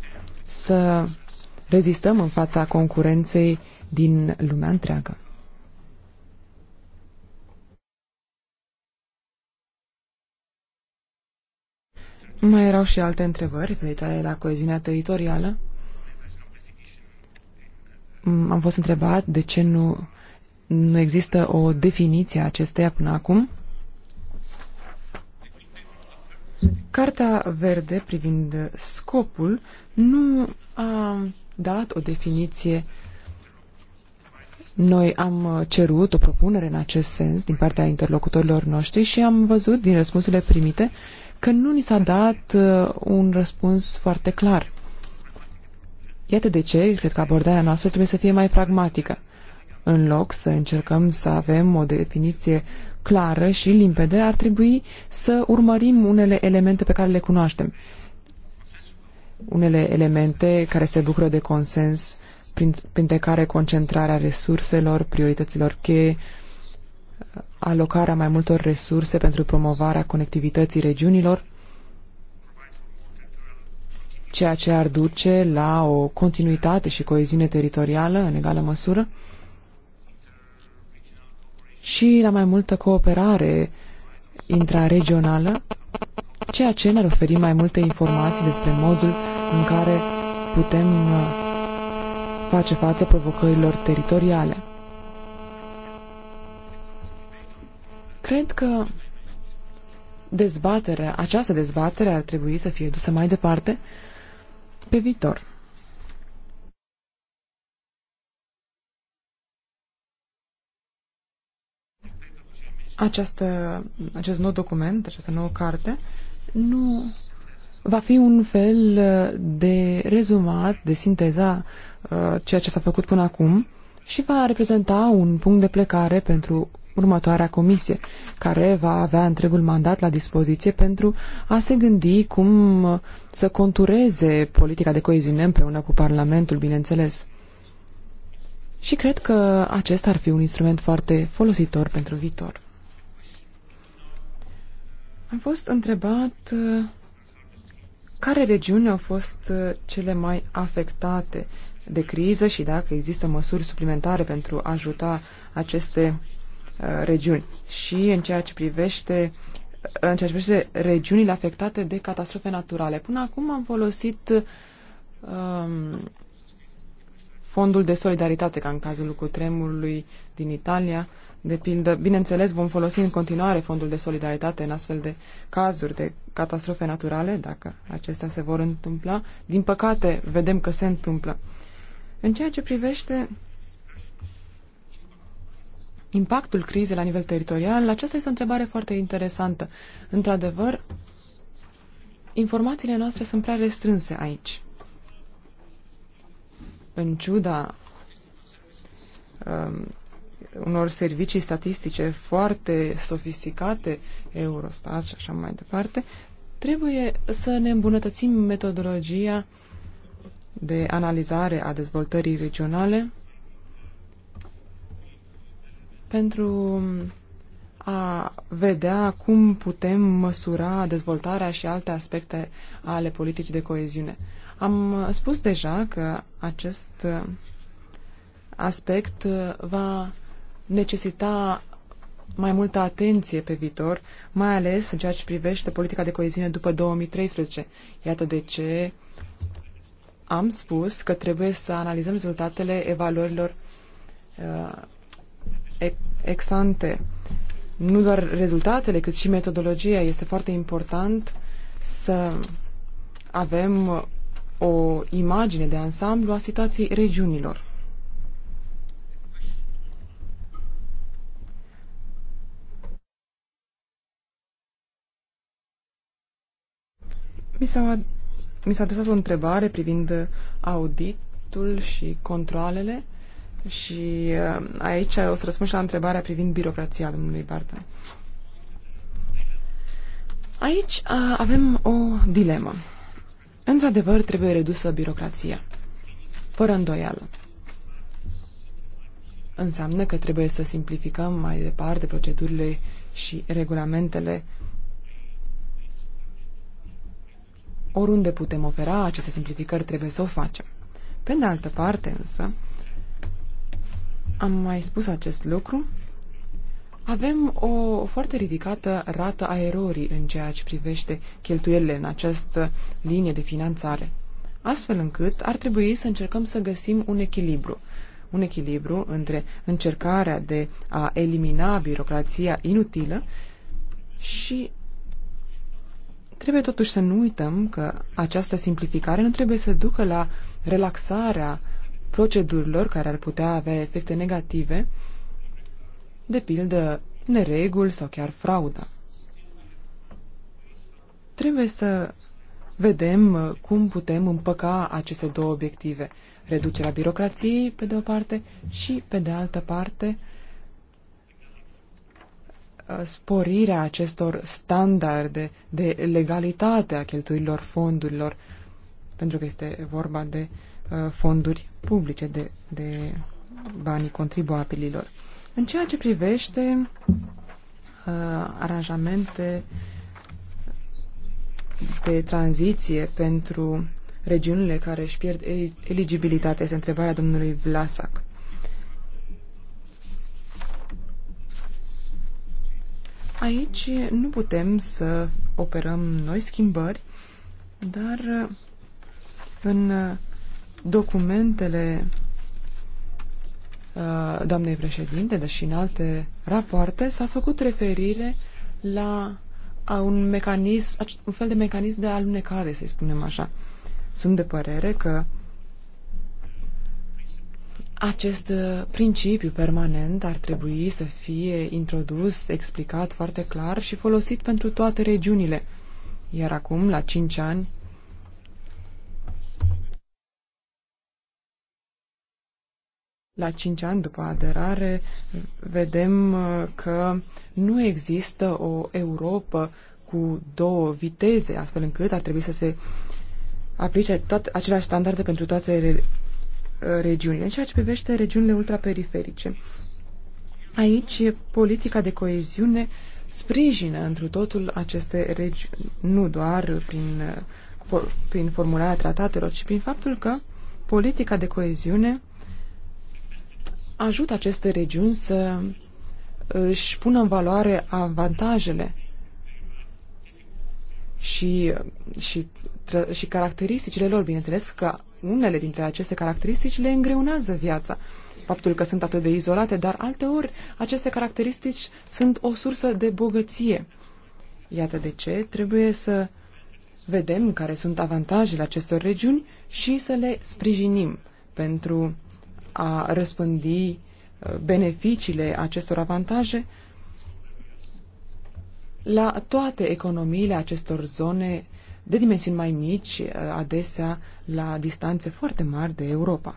să rezistăm în fața concurenței din lumea întreagă. Mai erau și alte întrebări referitoare la coeziunea teritorială. Mm, am fost întrebat de ce nu nu există o definiție a acesteia până acum. Carta verde privind scopul nu a dat o definiție. Noi am cerut o propunere în acest sens din partea interlocutorilor noștri și am văzut din răspunsurile primite că nu ni s-a dat uh, un răspuns foarte clar. Iată de ce cred că abordarea noastră trebuie să fie mai pragmatică. În loc să încercăm să avem o definiție clară și limpede, ar trebui să urmărim unele elemente pe care le cunoaștem. Unele elemente care se bucură de consens, printre care concentrarea resurselor, priorităților cheie, alocarea mai multor resurse pentru promovarea conectivității regiunilor, ceea ce ar duce la o continuitate și coeziune teritorială în egală măsură, și la mai multă cooperare intraregională, ceea ce ne-ar oferi mai multe informații despre modul în care putem uh, face față provocărilor teritoriale. Cred că dezbaterea, această dezbatere ar trebui să fie dusă mai departe pe viitor. Această, acest nou document, această nouă carte, nu va fi un fel uh, de rezumat, de sinteza uh, ceea ce s-a făcut până acum și va reprezenta un punct de plecare pentru următoarea comisie, care va avea întregul mandat la dispoziție pentru a se gândi cum uh, să contureze politica de coeziune împreună cu Parlamentul, bineînțeles. Și cred că acesta ar fi un instrument foarte folositor pentru viitor. Am fost întrebat uh, care regiuni au fost uh, cele mai afectate de criză și dacă există măsuri suplimentare pentru a ajuta aceste uh, regiuni. Și în ceea ce privește în ceea ce privește regiunile afectate de catastrofe naturale. Până acum am folosit um, fondul de solidaritate, ca în cazul cutremurului din Italia, de pildă, bineînțeles, vom folosi în continuare fondul de solidaritate în astfel de cazuri de catastrofe naturale, dacă acestea se vor întâmpla. Din păcate, vedem că se întâmplă. În ceea ce privește impactul crizei la nivel teritorial, aceasta este o întrebare foarte interesantă. Într-adevăr, informațiile noastre sunt prea restrânse aici. În ciuda um, unor servicii statistice foarte sofisticate, Eurostat și așa mai departe, trebuie să ne îmbunătățim metodologia de analizare a dezvoltării regionale pentru a vedea cum putem măsura dezvoltarea și alte aspecte ale politicii de coeziune. Am spus deja că acest aspect va necesita mai multă atenție pe viitor, mai ales în ceea ce privește politica de coeziune după 2013. Iată de ce am spus că trebuie să analizăm rezultatele evaluărilor uh, ex ante. Nu doar rezultatele, cât și metodologia. Este foarte important să avem o imagine de ansamblu a situației regiunilor. Mi s-a, mi s-a adresat o întrebare privind auditul și controlele și uh, aici o să răspund și la întrebarea privind birocrația domnului Barton. Aici uh, avem o dilemă. Într-adevăr, trebuie redusă birocrația. Fără îndoială. Înseamnă că trebuie să simplificăm mai departe procedurile și regulamentele Oriunde putem opera, aceste simplificări trebuie să o facem. Pe de altă parte, însă, am mai spus acest lucru, avem o foarte ridicată rată a erorii în ceea ce privește cheltuielile în această linie de finanțare. Astfel încât ar trebui să încercăm să găsim un echilibru. Un echilibru între încercarea de a elimina birocrația inutilă și Trebuie totuși să nu uităm că această simplificare nu trebuie să ducă la relaxarea procedurilor care ar putea avea efecte negative, de pildă nereguli sau chiar frauda. Trebuie să vedem uh, cum putem împăca aceste două obiective, reducerea birocrației pe de o parte și pe de altă parte Uh, sporirea acestor standarde de legalitate a cheltuielor fondurilor, pentru că este vorba de uh, fonduri publice, de, de banii contribuabililor. În ceea ce privește uh, aranjamente de tranziție pentru regiunile care își pierd eligibilitatea, este întrebarea domnului Vlasac. Aici nu putem să operăm noi schimbări, dar în documentele uh, doamnei președinte, dar și în alte rapoarte, s-a făcut referire la a un mecanism, un fel de mecanism de alunecare, să spunem așa. Sunt de părere că acest uh, principiu permanent ar trebui să fie introdus, explicat foarte clar și folosit pentru toate regiunile. Iar acum, la 5 ani, la 5 ani după aderare, vedem uh, că nu există o Europa cu două viteze, astfel încât ar trebui să se aplice toate aceleași standarde pentru toate regiunile, în ceea ce privește regiunile ultraperiferice. Aici, politica de coeziune sprijină întru totul aceste regiuni, nu doar prin, for, prin formularea tratatelor, ci prin faptul că politica de coeziune ajută aceste regiuni să își pună în valoare avantajele și, și, și caracteristicile lor. Bineînțeles că unele dintre aceste caracteristici le îngreunează viața. Faptul că sunt atât de izolate, dar alteori aceste caracteristici sunt o sursă de bogăție. Iată de ce trebuie să vedem care sunt avantajele acestor regiuni și să le sprijinim pentru a răspândi uh, beneficiile acestor avantaje la toate economiile acestor zone de dimensiuni mai mici, eh, adesea la distanțe foarte mari de Europa.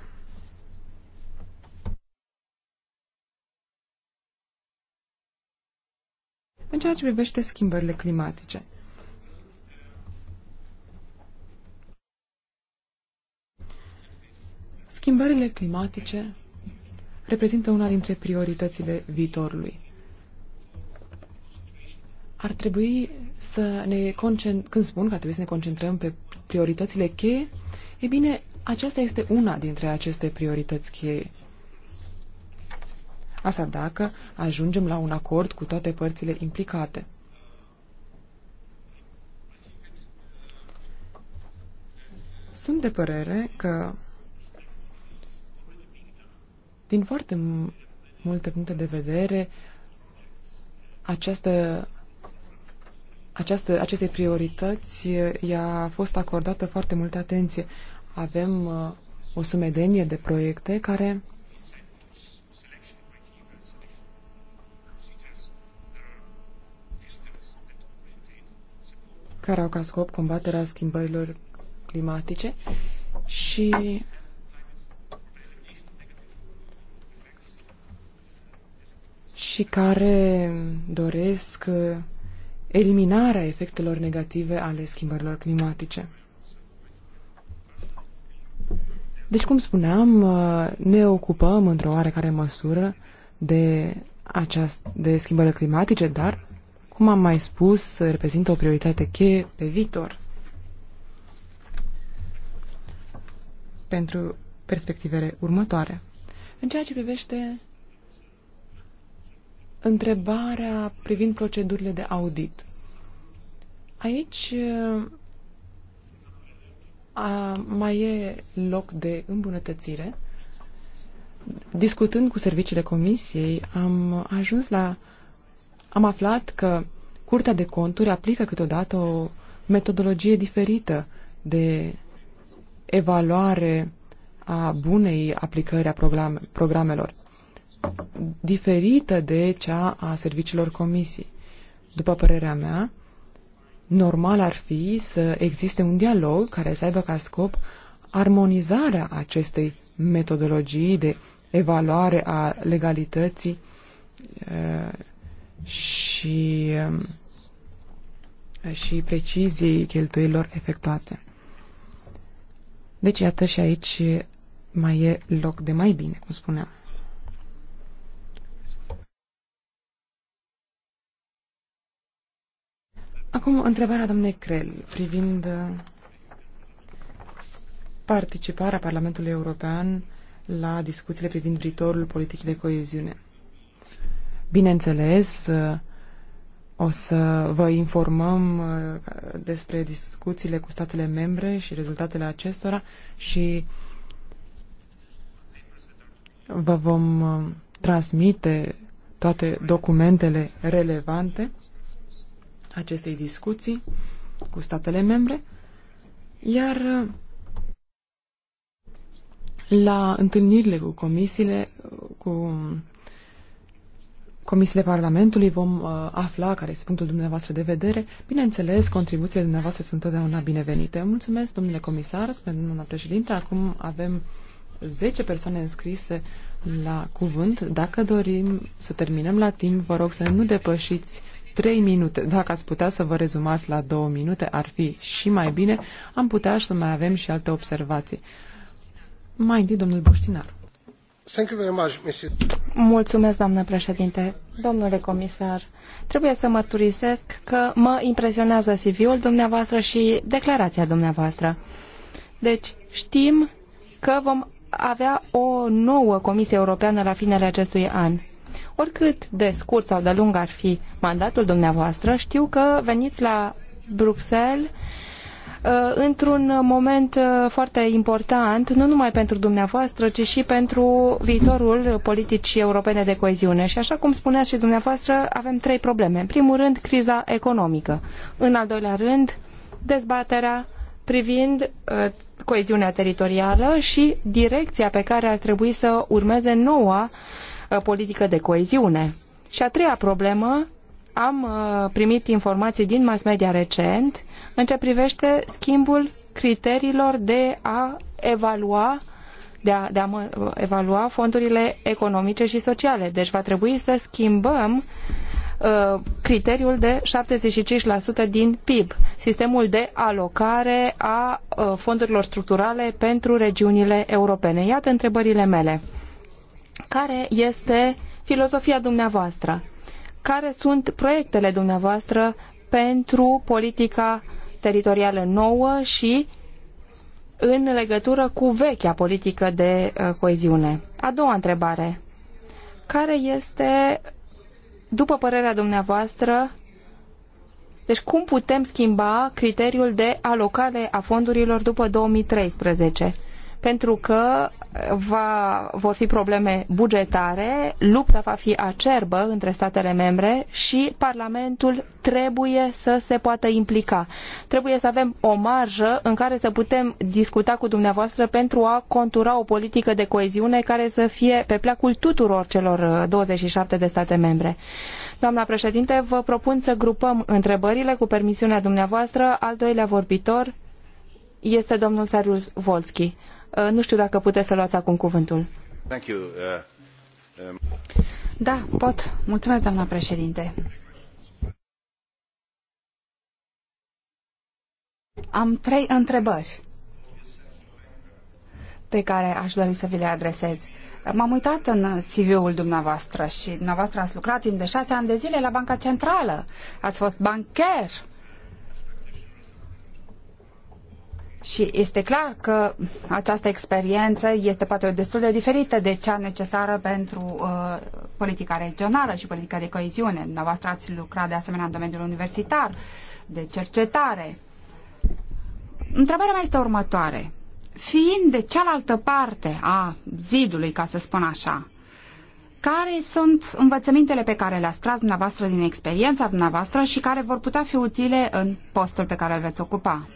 În ceea ce privește schimbările climatice, schimbările climatice reprezintă una dintre prioritățile viitorului ar trebui să ne concentrăm, când spun că ar trebui să ne concentrăm pe prioritățile cheie, e bine, aceasta este una dintre aceste priorități cheie. Asta dacă ajungem la un acord cu toate părțile implicate. Sunt de părere că din foarte multe puncte de vedere această această, aceste priorități i-a fost acordată foarte multă atenție. Avem uh, o sumedenie de proiecte care care au ca scop combaterea schimbărilor climatice și și care doresc uh, eliminarea efectelor negative ale schimbărilor climatice. Deci, cum spuneam, uh, ne ocupăm într-o oarecare măsură de, aceast, de schimbările climatice, dar, cum am mai spus, reprezintă o prioritate cheie pe viitor. Pentru perspectivele următoare. În ceea ce privește întrebarea privind procedurile de audit. Aici a, mai e loc de îmbunătățire. Discutând cu serviciile comisiei, am ajuns la. am aflat că Curtea de Conturi aplică câteodată o metodologie diferită de evaluare a bunei aplicări a programe, programelor diferită de cea a serviciilor comisii. După părerea mea, normal ar fi să existe un dialog care să aibă ca scop armonizarea acestei metodologii de evaluare a legalității uh, și, um, și preciziei cheltuielor efectuate. Deci, iată și aici mai e loc de mai bine, cum spuneam. Acum, întrebarea domnului Crel privind uh, participarea Parlamentului European la discuțiile privind viitorul politicii de coeziune. Bineînțeles, uh, o să vă informăm uh, despre discuțiile cu statele membre și rezultatele acestora și vă vom transmite toate documentele relevante acestei discuții cu statele membre, iar uh, la întâlnirile cu comisiile, uh, cu comisiile Parlamentului vom uh, afla care este punctul dumneavoastră de vedere. Bineînțeles, contribuțiile dumneavoastră sunt întotdeauna binevenite. Mulțumesc, domnule comisar, spune domnul președinte. Acum avem 10 persoane înscrise la cuvânt. Dacă dorim să terminăm la timp, vă rog să nu depășiți trei minute. Dacă ați putea să vă rezumați la două minute, ar fi și mai bine. Am putea să mai avem și alte observații. Mai întâi, domnul Boștinar. Mulțumesc, doamnă președinte. Domnule comisar, trebuie să mărturisesc că mă impresionează CV-ul dumneavoastră și declarația dumneavoastră. Deci, știm că vom avea o nouă Comisie Europeană la finele acestui an. Oricât de scurt sau de lung ar fi mandatul dumneavoastră, știu că veniți la Bruxelles uh, într-un moment uh, foarte important, nu numai pentru dumneavoastră, ci și pentru viitorul politicii europene de coeziune. Și așa cum spuneați și dumneavoastră, avem trei probleme. În primul rând, criza economică. În al doilea rând, dezbaterea privind uh, coeziunea teritorială și direcția pe care ar trebui să urmeze noua uh, Uh, politică de coeziune. Și a treia problemă, am uh, primit informații din mass media recent în ce privește schimbul criteriilor de a evalua de a, de a evalua fondurile economice și sociale. Deci va trebui să schimbăm uh, criteriul de 75% din PIB, sistemul de alocare a uh, fondurilor structurale pentru regiunile europene. Iată întrebările mele care este filozofia dumneavoastră, care sunt proiectele dumneavoastră pentru politica teritorială nouă și în legătură cu vechea politică de uh, coeziune. A doua întrebare. Care este, după părerea dumneavoastră, deci cum putem schimba criteriul de alocare a fondurilor după 2013? Pentru că va, vor fi probleme bugetare, lupta va fi acerbă între statele membre și Parlamentul trebuie să se poată implica. Trebuie să avem o marjă în care să putem discuta cu dumneavoastră pentru a contura o politică de coeziune care să fie pe placul tuturor celor 27 uh, de state membre. Doamna președinte, vă propun să grupăm întrebările cu permisiunea dumneavoastră. Al doilea vorbitor este domnul Sarius Volski. Uh, nu știu dacă puteți să luați acum cuvântul. Uh, um, da, pot. Mulțumesc, doamna președinte. Am trei întrebări pe care aș dori să vi le adresez. M-am uitat în CV-ul dumneavoastră și dumneavoastră ați lucrat timp de șase ani de zile la Banca Centrală. Ați fost bancher Și este clar că această experiență este poate destul de diferită de cea necesară pentru uh, politica regională și politica de coeziune. Dumneavoastră ați lucrat de asemenea în domeniul universitar, de cercetare. Întrebarea mea este următoare. Fiind de cealaltă parte a zidului, ca să spun așa, care sunt învățămintele pe care le-ați tras dumneavoastră din experiența dumneavoastră și care vor putea fi utile în postul pe care îl veți ocupa?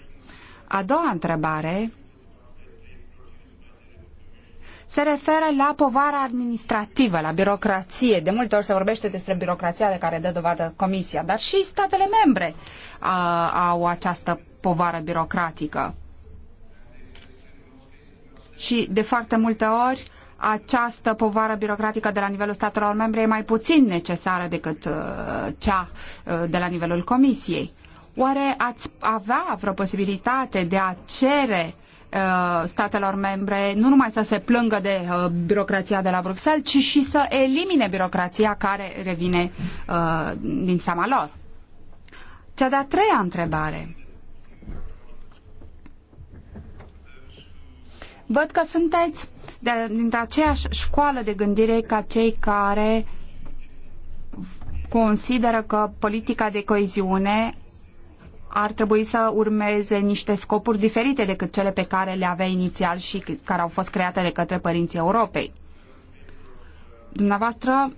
A doua întrebare se referă la povara administrativă, la birocrație. De multe ori se vorbește despre birocrația de care dă dovadă Comisia, dar și statele membre au această povară birocratică. Și de foarte multe ori această povară birocratică de la nivelul statelor membre e mai puțin necesară decât uh, cea uh, de la nivelul Comisiei. Oare ați avea vreo posibilitate de a cere uh, statelor membre nu numai să se plângă de uh, birocrația de la Bruxelles, ci și să elimine birocrația care revine uh, din seama lor? Cea de-a treia întrebare. Văd că sunteți de, dintre aceeași școală de gândire ca cei care consideră că politica de coeziune ar trebui să urmeze niște scopuri diferite decât cele pe care le avea inițial și care au fost create de către părinții Europei. Dumneavoastră,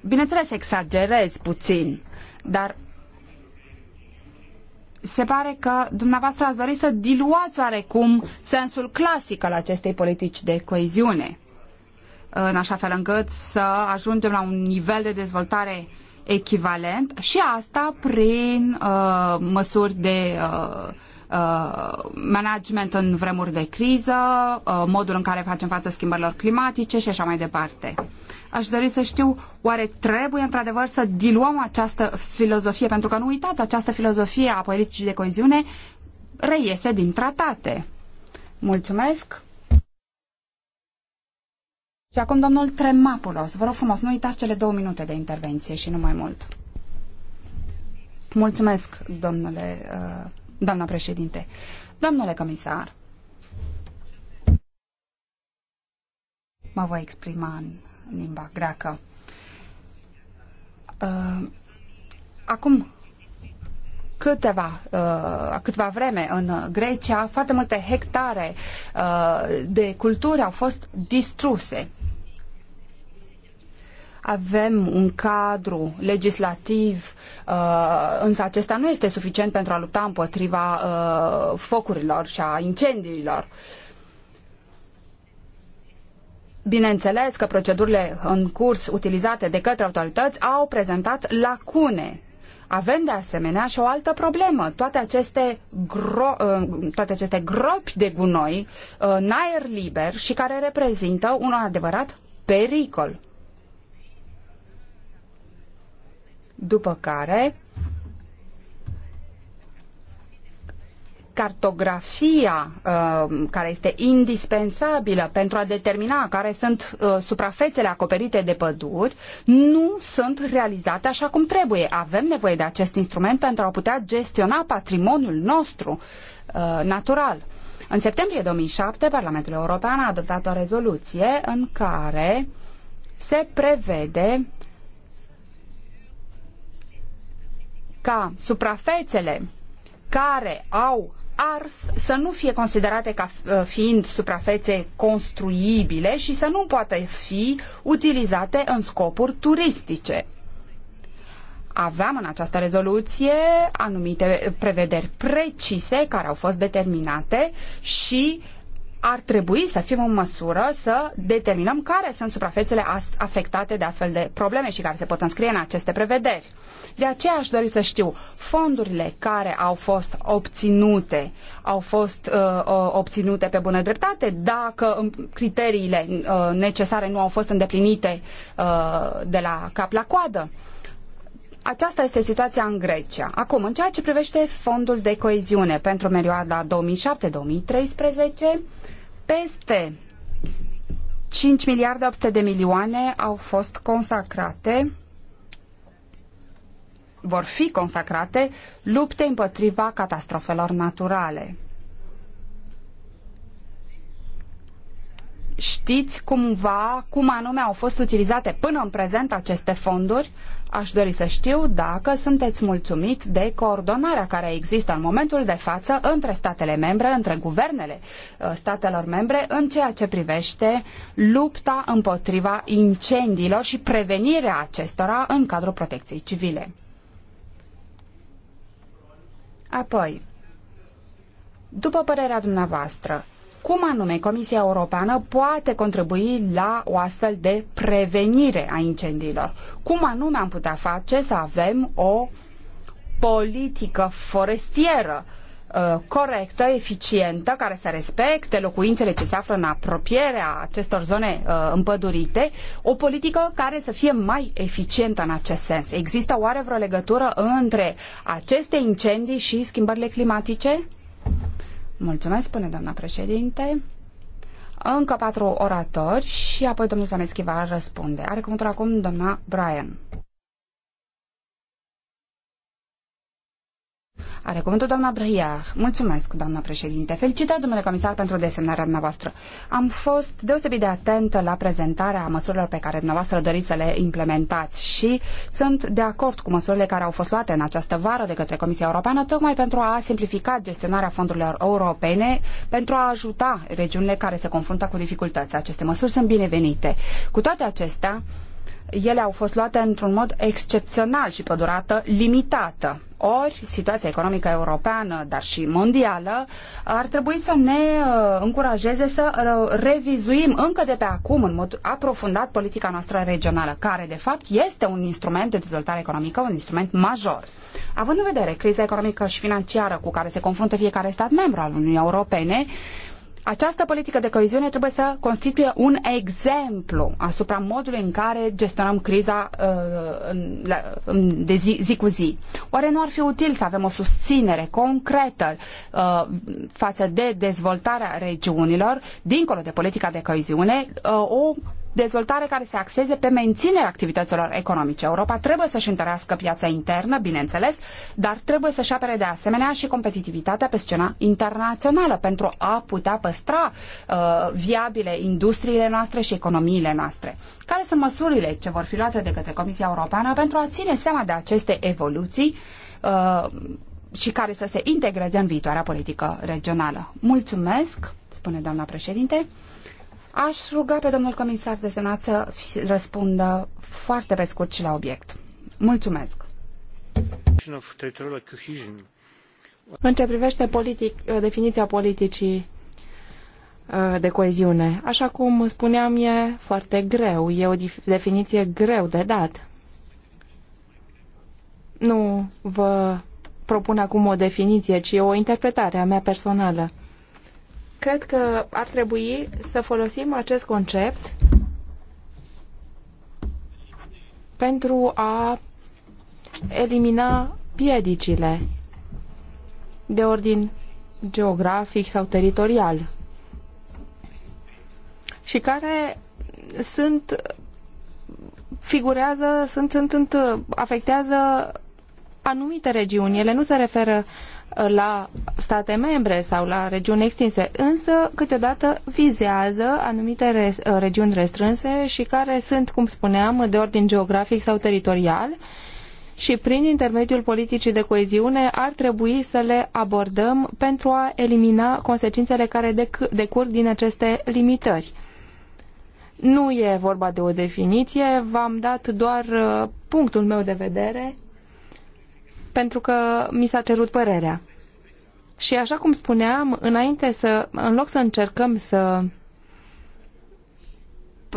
bineînțeles, exagerez puțin, dar se pare că dumneavoastră ați dori să diluați oarecum sensul clasic al acestei politici de coeziune, în așa fel încât să ajungem la un nivel de dezvoltare echivalent și asta prin uh, măsuri de uh, uh management în vremuri de criză, uh, modul în care facem față schimbărilor climatice și așa mai departe. Aș dori să știu, oare trebuie într-adevăr să diluăm această filozofie, pentru că nu uitați, această filozofie a politicii de coeziune reiese din tratate. Mulțumesc! Și acum domnul Tremapulos, vă rog frumos, nu uitați cele două minute de intervenție și nu mai mult. Mulțumesc, domnule, uh, doamna președinte. Domnule comisar, mă voi exprima în limba greacă. Uh, acum câteva, uh, câteva vreme în Grecia, foarte multe hectare de culturi au fost distruse avem un cadru legislativ, uh, însă acesta nu este suficient pentru a lupta împotriva uh, focurilor și a incendiilor. Bineînțeles că procedurile în curs utilizate de către autorități au prezentat lacune. Avem de asemenea și o altă problemă. Toate aceste, gro- uh, toate aceste gropi de gunoi în aer liber și care reprezintă un adevărat pericol după care cartografia uh, care este indispensabilă pentru a determina care sunt uh, suprafețele acoperite de păduri nu sunt realizate așa cum trebuie. Avem nevoie de acest instrument pentru a putea gestiona patrimoniul nostru uh, natural. În septembrie 2007, Parlamentul European a adoptat o rezoluție în care se prevede ca suprafețele care au ars să nu fie considerate ca uh, fiind suprafețe construibile și să nu poată fi utilizate în scopuri turistice. Aveam în această rezoluție anumite prevederi precise care au fost determinate și uh, ar trebui să fim în măsură să determinăm care sunt suprafețele afectate de astfel de probleme și care se pot înscrie în aceste prevederi. De aceea aș dori să știu, fondurile care au fost obținute, au fost uh, uh obținute pe bună dreptate, dacă criteriile uh, necesare nu au fost îndeplinite uh, de la cap la coadă. Aceasta este situația în Grecia. Acum, în ceea ce privește fondul de coeziune pentru perioada 2007-2013, peste 5 miliarde 800 de milioane au fost consacrate vor fi consacrate lupte împotriva catastrofelor naturale. Știți cumva cum anume au fost utilizate până în prezent aceste fonduri? Aș dori să știu dacă sunteți mulțumit de coordonarea care există în momentul de față între statele membre, între guvernele uh, statelor membre, în ceea ce privește lupta împotriva incendiilor și prevenirea acestora în cadrul protecției civile. Apoi, după părerea dumneavoastră, cum anume Comisia Europeană poate contribui la o astfel de prevenire a incendiilor. Cum anume am putea face să avem o politică forestieră uh, corectă, eficientă, care să respecte locuințele ce se află în apropierea acestor zone uh, împădurite, o politică care să fie mai eficientă în acest sens. Există oare vreo legătură între aceste incendii și schimbările climatice? Mulțumesc, spune doamna președinte. Încă patru oratori și apoi domnul Zameschi va răspunde. Are cuvântul acum doamna Brian. Are cuvântul doamna Brăiar. Mulțumesc, doamna președinte. Felicitări, domnule comisar, pentru desemnarea dumneavoastră. Am fost deosebit de atentă la prezentarea măsurilor pe care dumneavoastră doriți să le implementați și sunt de acord cu măsurile care au fost luate în această vară de către Comisia Europeană, tocmai pentru a simplifica gestionarea fondurilor europene, pentru a ajuta regiunile care se confruntă cu dificultăți. Aceste măsuri sunt binevenite. Cu toate acestea, ele au fost luate într-un mod excepțional și pe o durată limitată. Ori, situația economică europeană, dar și mondială, ar trebui să ne uh, încurajeze să uh, revizuim încă de pe acum, în mod aprofundat, politica noastră regională, care, de fapt, este un instrument de dezvoltare economică, un instrument major. Având în vedere criza economică și financiară cu care se confruntă fiecare stat membru al Uniunii Europene, această politică de coeziune trebuie să constituie un exemplu asupra modului în care gestionăm criza uh, de zi, zi cu zi. Oare nu ar fi util să avem o susținere concretă uh, față de dezvoltarea regiunilor, dincolo de politica de coeziune, uh, o dezvoltare care se axeze pe menținerea activităților economice. Europa trebuie să-și întărească piața internă, bineînțeles, dar trebuie să-și apere de asemenea și competitivitatea pe scena internațională pentru a putea păstra uh, viabile industriile noastre și economiile noastre. Care sunt măsurile ce vor fi luate de către Comisia Europeană pentru a ține seama de aceste evoluții uh, și care să se integreze în viitoarea politică regională? Mulțumesc, spune doamna președinte. Aș ruga pe domnul comisar desemnat să răspundă foarte pe scurt și la obiect. Mulțumesc! În ce privește politic, definiția politicii uh, de coeziune, așa cum spuneam, e foarte greu, e o definiție greu de dat. Nu vă propun acum o definiție, ci o interpretare a mea personală. Cred că ar trebui să folosim acest concept pentru a elimina piedicile de ordin geografic sau teritorial și care sunt figurează, sunt, sunt, sunt afectează anumite regiuni. Ele nu se referă la state membre sau la regiuni extinse, însă câteodată vizează anumite uh, regiuni restrânse și care sunt, cum spuneam, de ordin geografic sau teritorial și prin intermediul politicii de coeziune ar trebui să le abordăm pentru a elimina consecințele care decurg din aceste limitări. Nu e vorba de o definiție, v-am dat doar uh, punctul meu de vedere pentru că mi s-a cerut părerea. Și așa cum spuneam, înainte să, în loc să încercăm să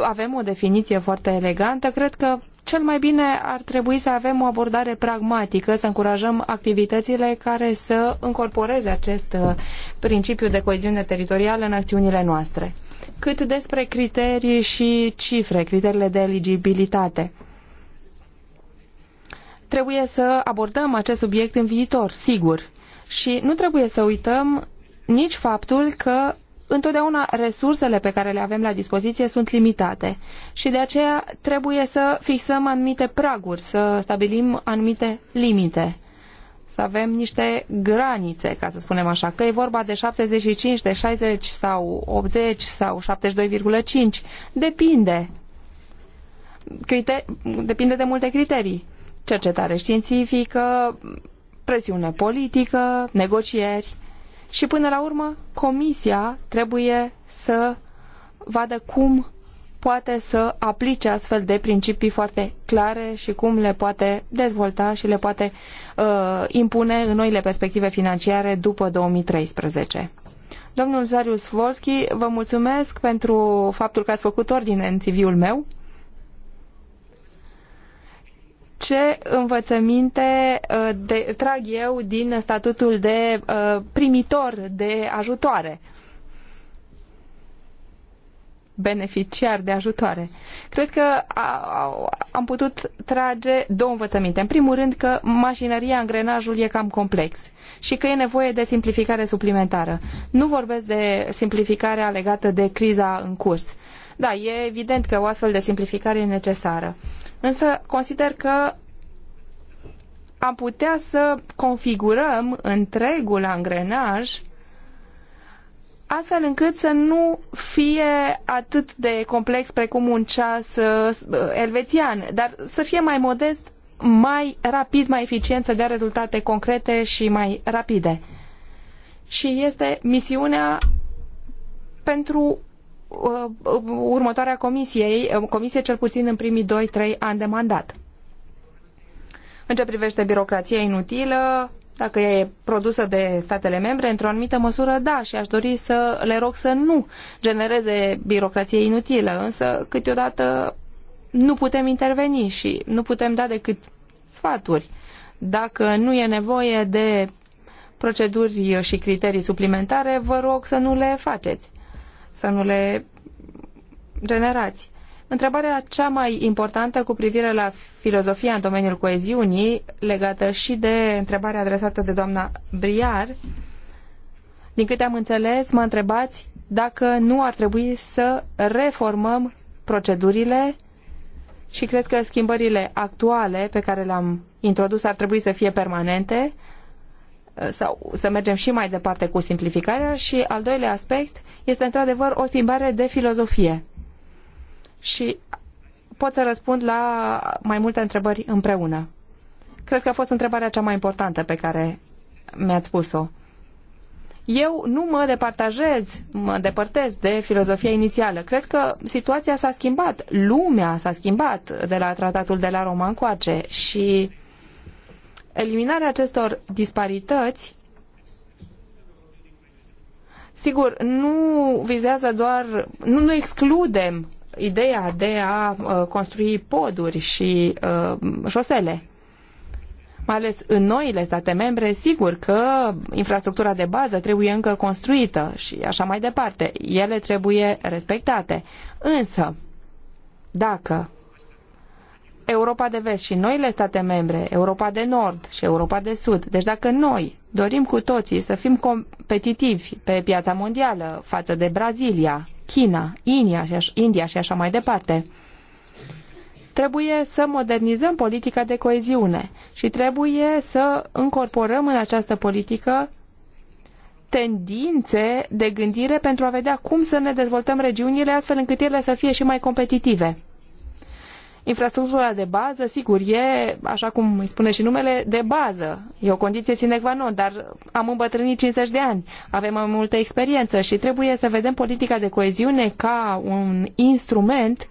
avem o definiție foarte elegantă, cred că cel mai bine ar trebui să avem o abordare pragmatică, să încurajăm activitățile care să încorporeze acest uh, principiu de coeziune teritorială în acțiunile noastre. Cât despre criterii și cifre, criteriile de eligibilitate – Trebuie să abordăm acest subiect în viitor, sigur. Și nu trebuie să uităm nici faptul că întotdeauna resursele pe care le avem la dispoziție sunt limitate și de aceea trebuie să fixăm anumite praguri, să stabilim anumite limite, să avem niște granițe, ca să spunem așa, că e vorba de 75, de 60 sau 80 sau 72,5, depinde. Criter- depinde de multe criterii cercetare științifică, presiune politică, negocieri și până la urmă comisia trebuie să vadă cum poate să aplice astfel de principii foarte clare și cum le poate dezvolta și le poate uh, impune în noile perspective financiare după 2013. Domnul Zarius Volski, vă mulțumesc pentru faptul că ați făcut ordine în CV-ul meu ce învățăminte uh, de, trag eu din statutul de uh, primitor de ajutoare? beneficiar de ajutoare. Cred că am putut trage două învățăminte. În primul rând că mașinăria, îngrenajul e cam complex și că e nevoie de simplificare suplimentară. Nu vorbesc de simplificarea legată de criza în curs. Da, e evident că o astfel de simplificare e necesară. Însă consider că am putea să configurăm întregul angrenaj astfel încât să nu fie atât de complex precum un ceas uh, uh, elvețian, dar să fie mai modest, mai rapid, mai eficient, să dea rezultate concrete și mai rapide. Și este misiunea pentru Uh, următoarea comisie, uh, comisie cel puțin în primii doi trei ani de mandat. În ce privește birocrația inutilă, dacă e produsă de statele membre, într-o anumită măsură, da, și aș dori să le rog să nu genereze birocrație inutilă, însă câteodată nu putem interveni și nu putem da decât sfaturi. Dacă nu e nevoie de proceduri și criterii suplimentare, vă rog să nu le faceți să nu le generați. Întrebarea cea mai importantă cu privire la filozofia în domeniul coeziunii, legată și de întrebarea adresată de doamna Briar, din câte am înțeles, mă întrebați dacă nu ar trebui să reformăm procedurile și cred că schimbările actuale pe care le-am introdus ar trebui să fie permanente sau să mergem și mai departe cu simplificarea și al doilea aspect este într-adevăr o schimbare de filozofie. Și pot să răspund la mai multe întrebări împreună. Cred că a fost întrebarea cea mai importantă pe care mi-ați pus-o. Eu nu mă departajez, mă depărtez de filozofia inițială. Cred că situația s-a schimbat, lumea s-a schimbat de la tratatul de la Roma încoace și uh, eliminarea acestor disparități Sigur, nu vizează doar, nu, nu excludem ideea de a uh, construi poduri și uh, șosele. Mai ales în noile state membre, sigur că infrastructura de bază trebuie încă construită și așa mai departe. Ele trebuie respectate. Însă, dacă Europa de Vest și noile state membre, Europa de Nord și Europa de Sud. Deci dacă noi dorim cu toții să fim competitivi pe piața mondială față de Brazilia, China, India și, așa, India și așa mai departe, trebuie să modernizăm politica de coeziune și trebuie să încorporăm în această politică tendințe de gândire pentru a vedea cum să ne dezvoltăm regiunile astfel încât ele să fie și mai competitive. Infrastructura de bază, sigur, e, așa cum îi spune și numele, de bază. E o condiție sine qua non, dar am îmbătrânit 50 de ani, avem mai multă experiență și trebuie să vedem politica de coeziune ca un instrument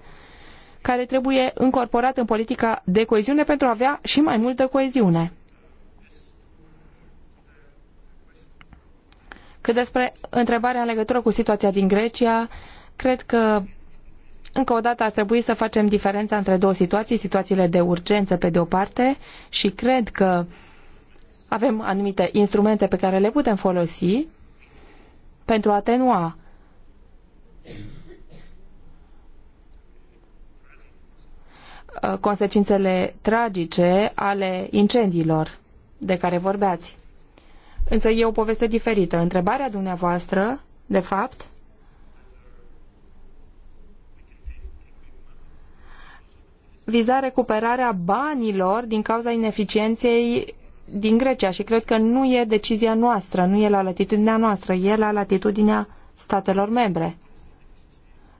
care trebuie incorporat în politica de coeziune pentru a avea și mai multă coeziune. Cât despre întrebarea în legătură cu situația din Grecia, cred că încă o dată ar trebui să facem diferența între două situații, situațiile de urgență pe de o parte și cred că avem anumite instrumente pe care le putem folosi pentru a atenua consecințele tragice ale incendiilor de care vorbeați. Însă e o poveste diferită. Întrebarea dumneavoastră, de fapt, viza recuperarea banilor din cauza ineficienței din Grecia și cred că nu e decizia noastră, nu e la latitudinea noastră, e la latitudinea statelor membre.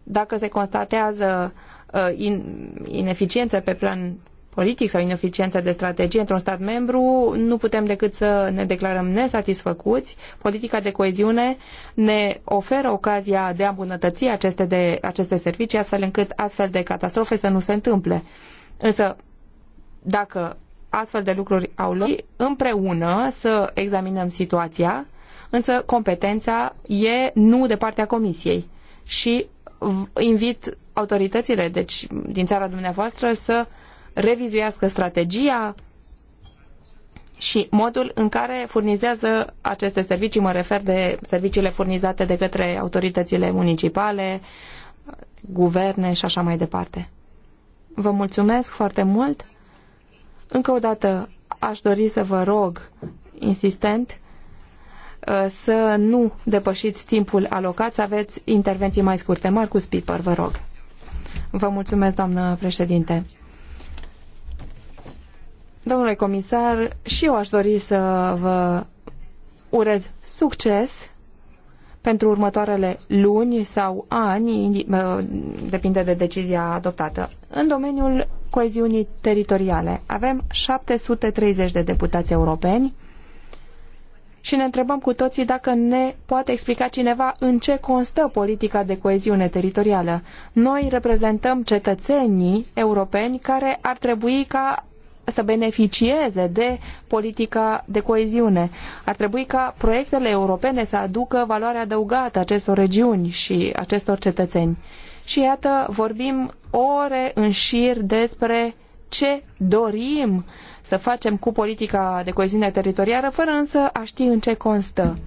Dacă se constatează uh, in, ineficiențe pe plan politic sau ineficiență de strategie într-un stat membru, nu putem decât să ne declarăm nesatisfăcuți. Politica de coeziune ne oferă ocazia de a îmbunătăți aceste, de, aceste servicii, astfel încât astfel de catastrofe să nu se întâmple. Însă, dacă astfel de lucruri au loc, împreună să examinăm situația, însă competența e nu de partea Comisiei. Și invit autoritățile deci, din țara dumneavoastră să revizuiască strategia și modul în care furnizează aceste servicii, mă refer de serviciile furnizate de către autoritățile municipale, guverne și așa mai departe. Vă mulțumesc foarte mult. Încă o dată aș dori să vă rog insistent uh, să nu depășiți timpul alocat, să aveți intervenții mai scurte. Marcus Piper, vă rog. Vă mulțumesc, doamnă președinte. Domnule comisar, și eu aș dori să vă urez succes pentru următoarele luni sau ani, depinde de decizia adoptată. În domeniul coeziunii teritoriale avem 730 de deputați europeni și ne întrebăm cu toții dacă ne poate explica cineva în ce constă politica de coeziune teritorială. Noi reprezentăm cetățenii europeni care ar trebui ca să beneficieze de politica de coeziune. Ar trebui ca proiectele europene să aducă valoare adăugată acestor regiuni și acestor cetățeni. Și iată, vorbim ore în șir despre ce dorim să facem cu politica de coeziune teritorială, fără însă a ști în ce constă.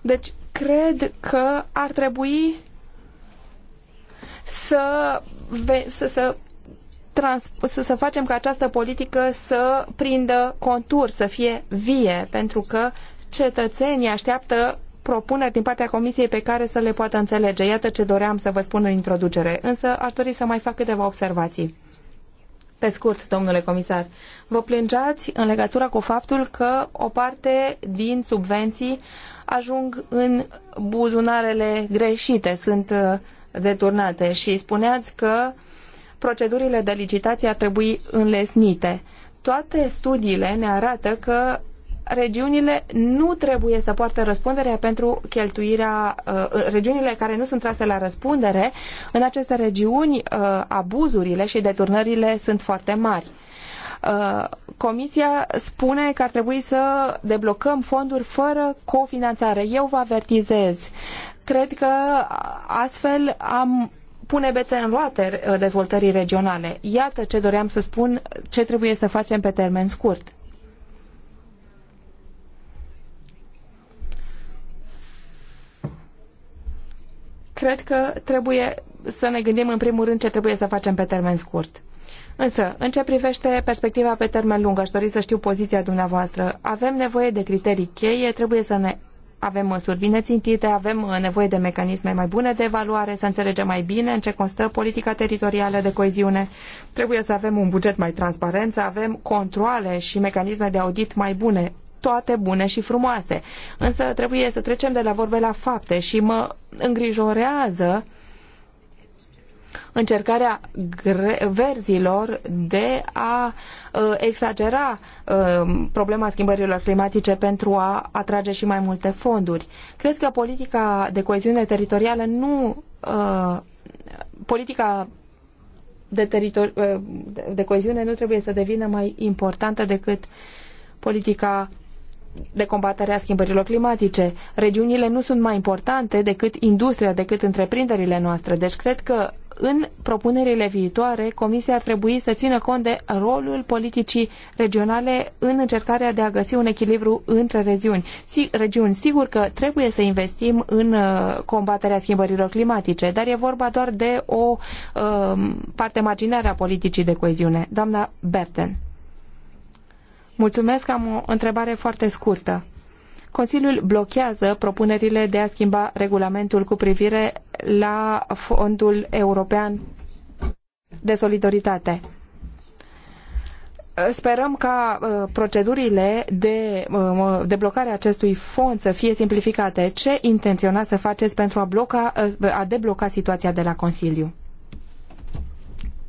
Deci, cred că ar trebui să, să, să trans- să facem ca această politică să prindă contur, să fie vie, pentru că cetățenii așteaptă propuneri din partea Comisiei pe care să le poată înțelege. Iată ce doream să vă spun în introducere, însă aș dori să mai fac câteva observații. Pe scurt, domnule comisar, vă plângeați în legătură cu faptul că o parte din subvenții ajung în buzunarele greșite, sunt uh, deturnate și spuneați că uh, procedurile de licitație ar trebui înlesnite. Toate studiile ne arată că regiunile nu trebuie să poartă răspunderea pentru cheltuirea, uh, regiunile care nu sunt trase la răspundere, în aceste regiuni uh, abuzurile și deturnările sunt foarte mari. Uh, comisia spune că ar trebui să deblocăm fonduri fără cofinanțare. Eu vă avertizez. Cred că astfel am pune bețe în roate uh, dezvoltării regionale. Iată ce doream să spun, ce trebuie să facem pe termen scurt. Cred că trebuie să ne gândim în primul rând ce trebuie să facem pe termen scurt. Însă, în ce privește perspectiva pe termen lung, aș dori să știu poziția dumneavoastră. Avem nevoie de criterii cheie, trebuie să ne avem măsuri bine țintite, avem uh, nevoie de mecanisme mai bune de evaluare, să înțelegem mai bine în ce constă politica teritorială de coeziune. Trebuie să avem un buget mai transparent, să avem controle și mecanisme de audit mai bune toate bune și frumoase. Însă trebuie să trecem de la vorbe la fapte și mă îngrijorează uh, încercarea verzilor de a uh, exagera uh, problema schimbărilor climatice pentru a atrage și mai multe fonduri. Cred că politica de coeziune teritorială nu. Uh, politica de, teritori- de coeziune nu trebuie să devină mai importantă decât politica de combatere a schimbărilor climatice. Regiunile nu sunt mai importante decât industria, decât întreprinderile noastre. Deci cred că în propunerile viitoare Comisia ar trebui să țină cont de rolul politicii regionale în încercarea de a găsi un echilibru între regiuni. Si, regiuni sigur că trebuie să investim în uh, combaterea schimbărilor climatice, dar e vorba doar de o um, parte marginară a politicii de coeziune. Doamna Berten. Mulțumesc, am o întrebare foarte scurtă. Consiliul blochează propunerile de a schimba regulamentul cu privire la Fondul European de Solidaritate. Sperăm ca uh, procedurile de uh, deblocare a acestui fond să fie simplificate. Ce intenționați să faceți pentru a, bloca, uh, a debloca situația de la Consiliu?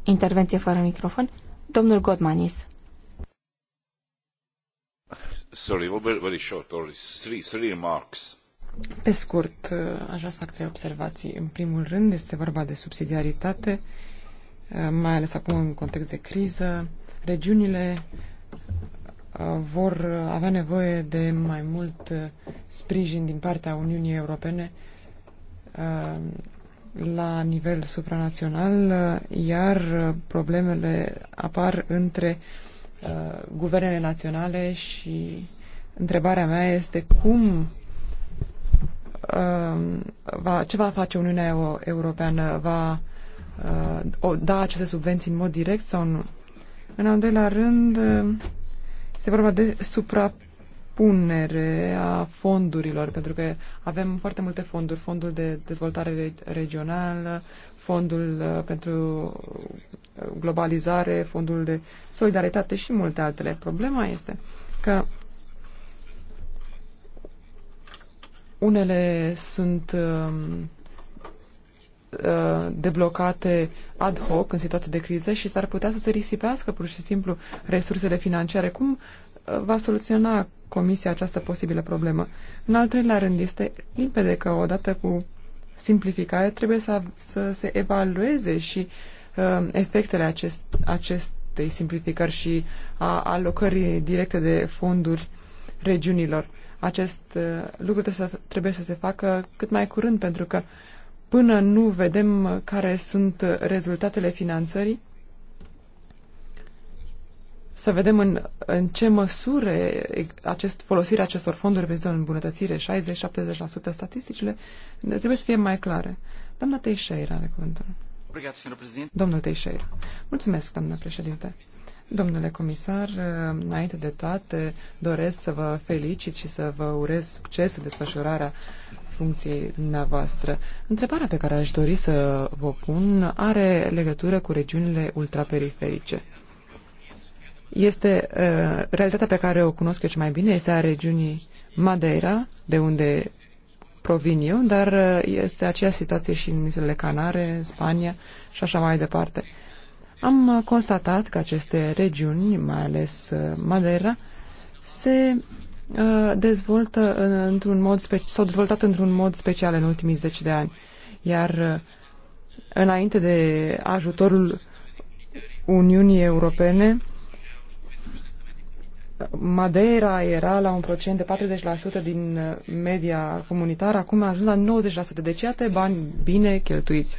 Intervenție fără microfon. Domnul Godmanis. Sorry, very short, or three, three remarks. Pe scurt, uh, aș vrea să fac trei observații. În primul rând, este vorba de subsidiaritate, uh, mai ales acum în context de criză. Regiunile uh, vor avea nevoie de mai mult sprijin din partea Uniunii Europene la nivel supranațional, iar problemele apar între uh, Uh, guvernele naționale și întrebarea mea este cum um, va, ce va face Uniunea Europeană? Va uh, da aceste subvenții în mod direct sau nu? În al doilea rând, este uh, vorba de suprapunere a fondurilor, pentru că avem foarte multe fonduri, fondul de dezvoltare regională, fondul uh, pentru uh, globalizare, fondul de solidaritate și multe altele. Problema este că unele sunt um, uh, deblocate ad hoc în situații de criză și s-ar putea să se risipească pur și simplu resursele financiare. Cum va soluționa Comisia această posibilă problemă? În al treilea rând, este limpede că odată cu simplificare trebuie să, să se evalueze și uh, efectele acest, acestei simplificări și a alocării directe de fonduri regiunilor. Acest uh, lucru trebuie să, trebuie să se facă cât mai curând, pentru că până nu vedem care sunt rezultatele finanțării, să vedem în, în ce măsură acest, folosirea acestor fonduri reprezintă în îmbunătățire, 60-70% statisticile, trebuie să fie mai clare. Doamna Teixeira are cuvântul. Domnul Teixeira. Mulțumesc, doamna președinte. Domnule comisar, înainte de toate, doresc să vă felicit și să vă urez succes în desfășurarea funcției dumneavoastră. Întrebarea pe care aș dori să vă pun are legătură cu regiunile ultraperiferice este uh, realitatea pe care o cunosc eu cel mai bine, este a regiunii Madeira, de unde provin eu, dar uh, este aceeași situație și în insulele Canare, în Spania și așa mai departe. Am uh, constatat că aceste regiuni, mai ales uh, Madeira, se uh, dezvoltă într-un mod s-au dezvoltat într-un mod special în ultimii zeci de ani. Iar înainte de ajutorul Uniunii Europene, Madeira era la un procent de 40% din uh, media comunitară, acum a ajuns la 90%. Deci, iată, bani bine cheltuiți.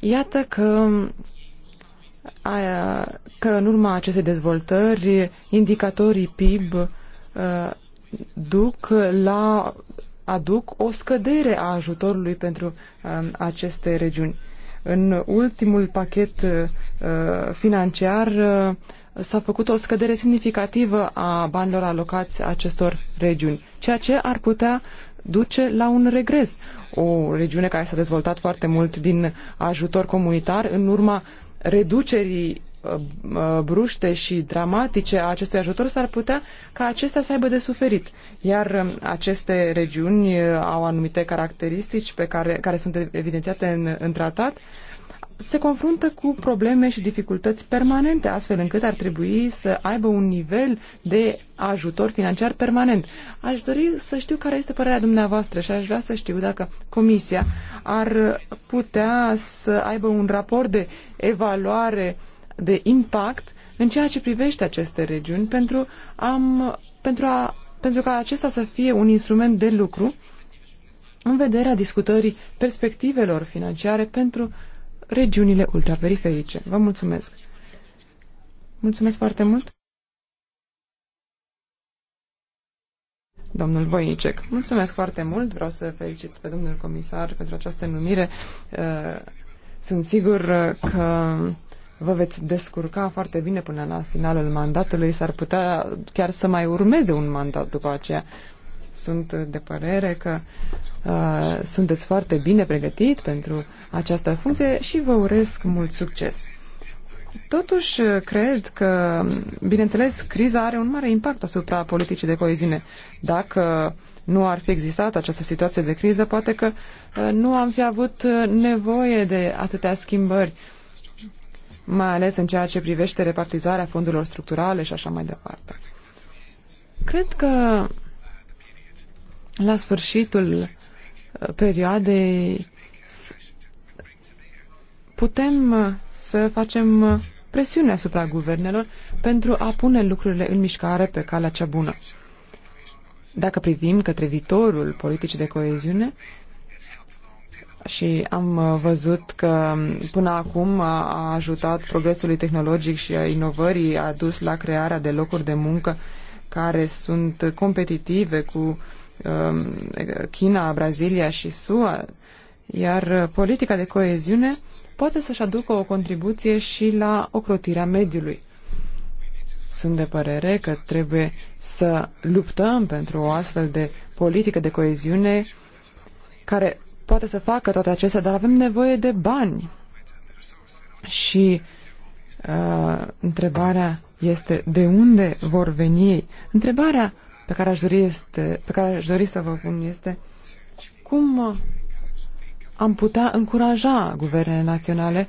Iată că, aia, că în urma acestei dezvoltări, indicatorii PIB uh, duc la, aduc o scădere a ajutorului pentru uh, aceste regiuni. În ultimul pachet uh, financiar, uh, s-a făcut o scădere semnificativă a banilor alocați acestor regiuni, ceea ce ar putea duce la un regres. O regiune care s-a dezvoltat foarte mult din ajutor comunitar în urma reducerii uh, uh, bruște și dramatice a acestui ajutor, s-ar putea ca acesta să aibă de suferit. Iar um, aceste regiuni uh, au anumite caracteristici pe care, care sunt evidențiate în, în tratat, uh, se confruntă cu probleme și dificultăți permanente, astfel încât ar trebui să aibă un nivel de ajutor financiar permanent. Aș dori să știu care este părerea dumneavoastră și aș vrea să știu dacă Comisia ar putea să aibă un raport de evaluare de impact în ceea ce privește aceste regiuni pentru, am, pentru, a, pentru ca acesta să fie un instrument de lucru în vederea discutării perspectivelor financiare pentru uh, regiunile ultraperiferice. Vă mulțumesc! Mulțumesc foarte mult! Domnul Voinicek, mulțumesc foarte mult! Vreau să felicit pe domnul comisar pentru această numire. Uh, sunt sigur uh, că vă veți descurca foarte bine până la finalul mandatului. S-ar putea chiar să mai urmeze un mandat după aceea. Sunt de părere că uh, sunteți foarte bine pregătit pentru această funcție și vă urez mult succes. Totuși, cred că, bineînțeles, criza are un mare impact asupra politicii de coeziune. Dacă nu ar fi existat această situație de criză, poate că uh, nu am fi avut uh, nevoie de atâtea schimbări, mai ales în ceea ce privește repartizarea fondurilor structurale și așa mai departe. Cred că la sfârșitul uh, perioadei putem uh, să facem uh, presiune asupra guvernelor pentru a pune lucrurile în mișcare pe calea cea bună. Dacă privim către viitorul politicii de coeziune, și am văzut că um, până acum a ajutat progresului tehnologic și a inovării, a dus la crearea de locuri de muncă care sunt competitive cu uh, Um, China, Brazilia și SUA, iar politica de coeziune poate să-și aducă o contribuție și la ocrotirea mediului. Sunt de părere că trebuie să luptăm pentru o astfel de politică de coeziune care poate să facă toate acestea, dar avem nevoie de bani. Și uh, întrebarea este de unde vor veni ei. Întrebarea pe care aș dori, este, pe care aș dori să vă pun este cum am putea încuraja guvernele naționale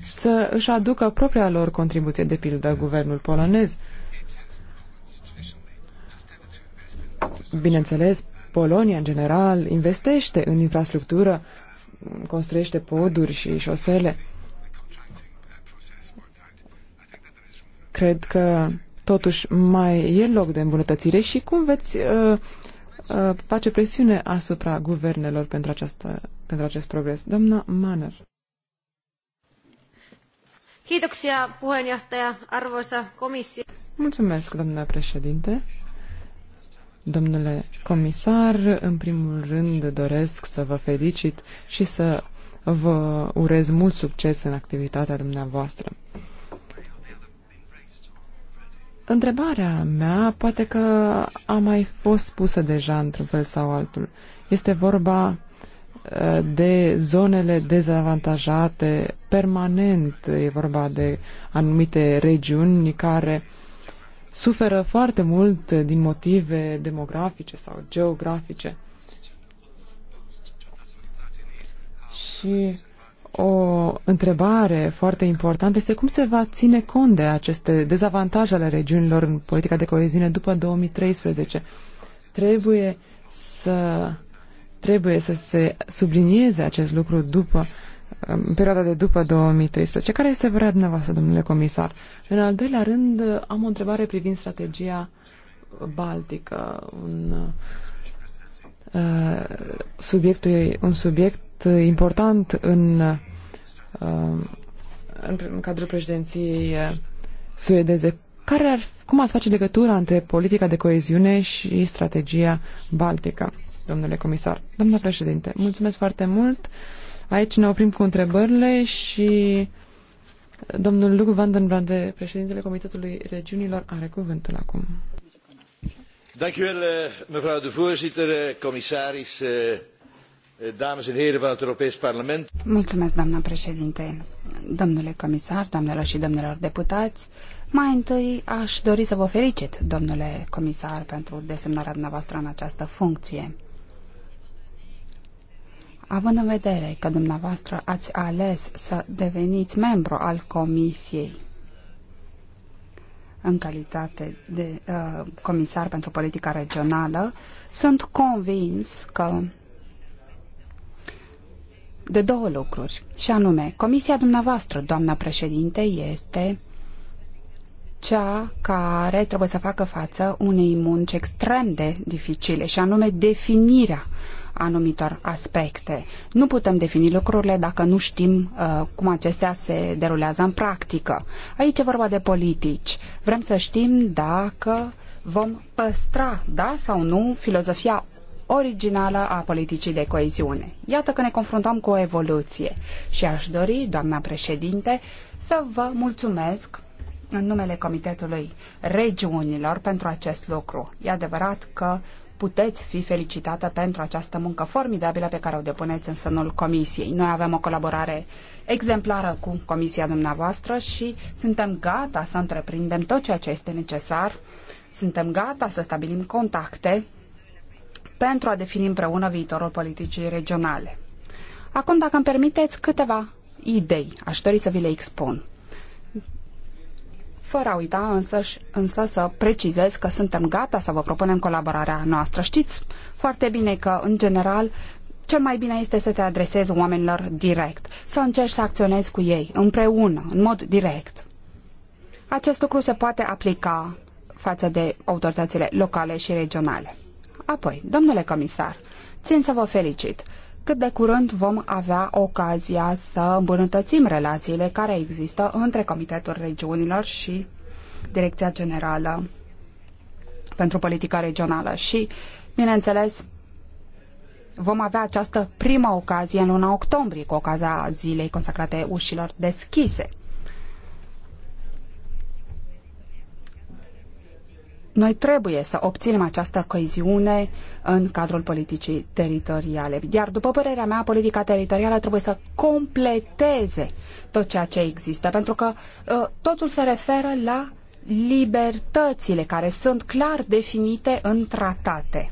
să își aducă propria lor contribuție, de pildă guvernul polonez. Bineînțeles, Polonia, în general, investește în infrastructură, construiește poduri și șosele. Cred că Totuși, mai e loc de îmbunătățire și cum veți uh, uh, face presiune asupra guvernelor pentru, această, pentru acest progres? Doamna Manner. Kiitoksia puheenjohtaja, arvoisa komissio. Mulțumesc, domnule președinte. Domnule comisar, în primul rând doresc să vă felicit și să vă urez mult succes în activitatea dumneavoastră. Întrebarea mea poate că a mai fost pusă deja într-un fel sau altul. Este vorba uh, de zonele dezavantajate permanent. E vorba de anumite regiuni care suferă foarte mult din motive demografice sau geografice. Și o întrebare foarte importantă este cum se va ține cont de aceste dezavantaje ale regiunilor în politica de coeziune după 2013. Trebuie să, trebuie să se sublinieze acest lucru după în perioada de după 2013. Care este vrea dumneavoastră, domnule comisar? În al doilea rând, am o întrebare privind strategia baltică, un, uh, subiectul, un subiect important în, uh, în, în cadrul președinției uh, suedeze. Care ar, cum ați face legătura între politica de coeziune și strategia baltică, domnule comisar? Domnule președinte, mulțumesc foarte mult. Aici ne oprim cu întrebările și domnul Luc van den Brande, președintele Comitetului Regiunilor, are cuvântul acum. Dank u wel, eh, mevrouw de voorzitter, eh, commissaris, eh, Eh, dames en heren van het Europees Parlement. Mulțumesc, doamna președinte, domnule comisar, doamnelor și domnilor deputați. Mai întâi aș dori să vă felicit, domnule comisar, pentru desemnarea dumneavoastră în această funcție. Având în vedere că dumneavoastră ați ales să deveniți membru al Comisiei în calitate de uh, comisar pentru politica regională, sunt convins că de două lucruri, și anume, comisia dumneavoastră, doamna președinte, este cea care trebuie să facă față unei munci extrem de dificile, și anume definirea anumitor aspecte. Nu putem defini lucrurile dacă nu știm uh, cum acestea se derulează în practică. Aici e vorba de politici. Vrem să știm dacă vom păstra, da sau nu, filozofia originală a politicii de coeziune. Iată că ne confruntăm cu o evoluție și aș dori, doamna președinte, să vă mulțumesc în numele Comitetului Regiunilor pentru acest lucru. E adevărat că puteți fi felicitată pentru această muncă formidabilă pe care o depuneți în sânul Comisiei. Noi avem o colaborare exemplară cu Comisia dumneavoastră și suntem gata să întreprindem tot ceea ce este necesar, suntem gata să stabilim contacte pentru a defini împreună viitorul politicii regionale. Acum, dacă îmi permiteți, câteva idei aș dori să vi le expun. Fără a uita însă, însă să precizez că suntem gata să vă propunem colaborarea noastră. Știți foarte bine că, în general, cel mai bine este să te adresezi oamenilor direct, să încerci să acționezi cu ei, împreună, în mod direct. Acest lucru se poate aplica față de autoritățile locale și regionale. Apoi, domnule comisar, țin să vă felicit. Cât de curând vom avea ocazia să îmbunătățim relațiile care există între Comitetul Regiunilor și Direcția Generală pentru Politica Regională și, bineînțeles, vom avea această prima ocazie în luna octombrie, cu ocazia zilei consacrate ușilor deschise. Noi trebuie să obținem această coeziune în cadrul politicii teritoriale. Iar, după părerea mea, politica teritorială trebuie să completeze tot ceea ce există, pentru că uh, totul se referă la libertățile care sunt clar definite în tratate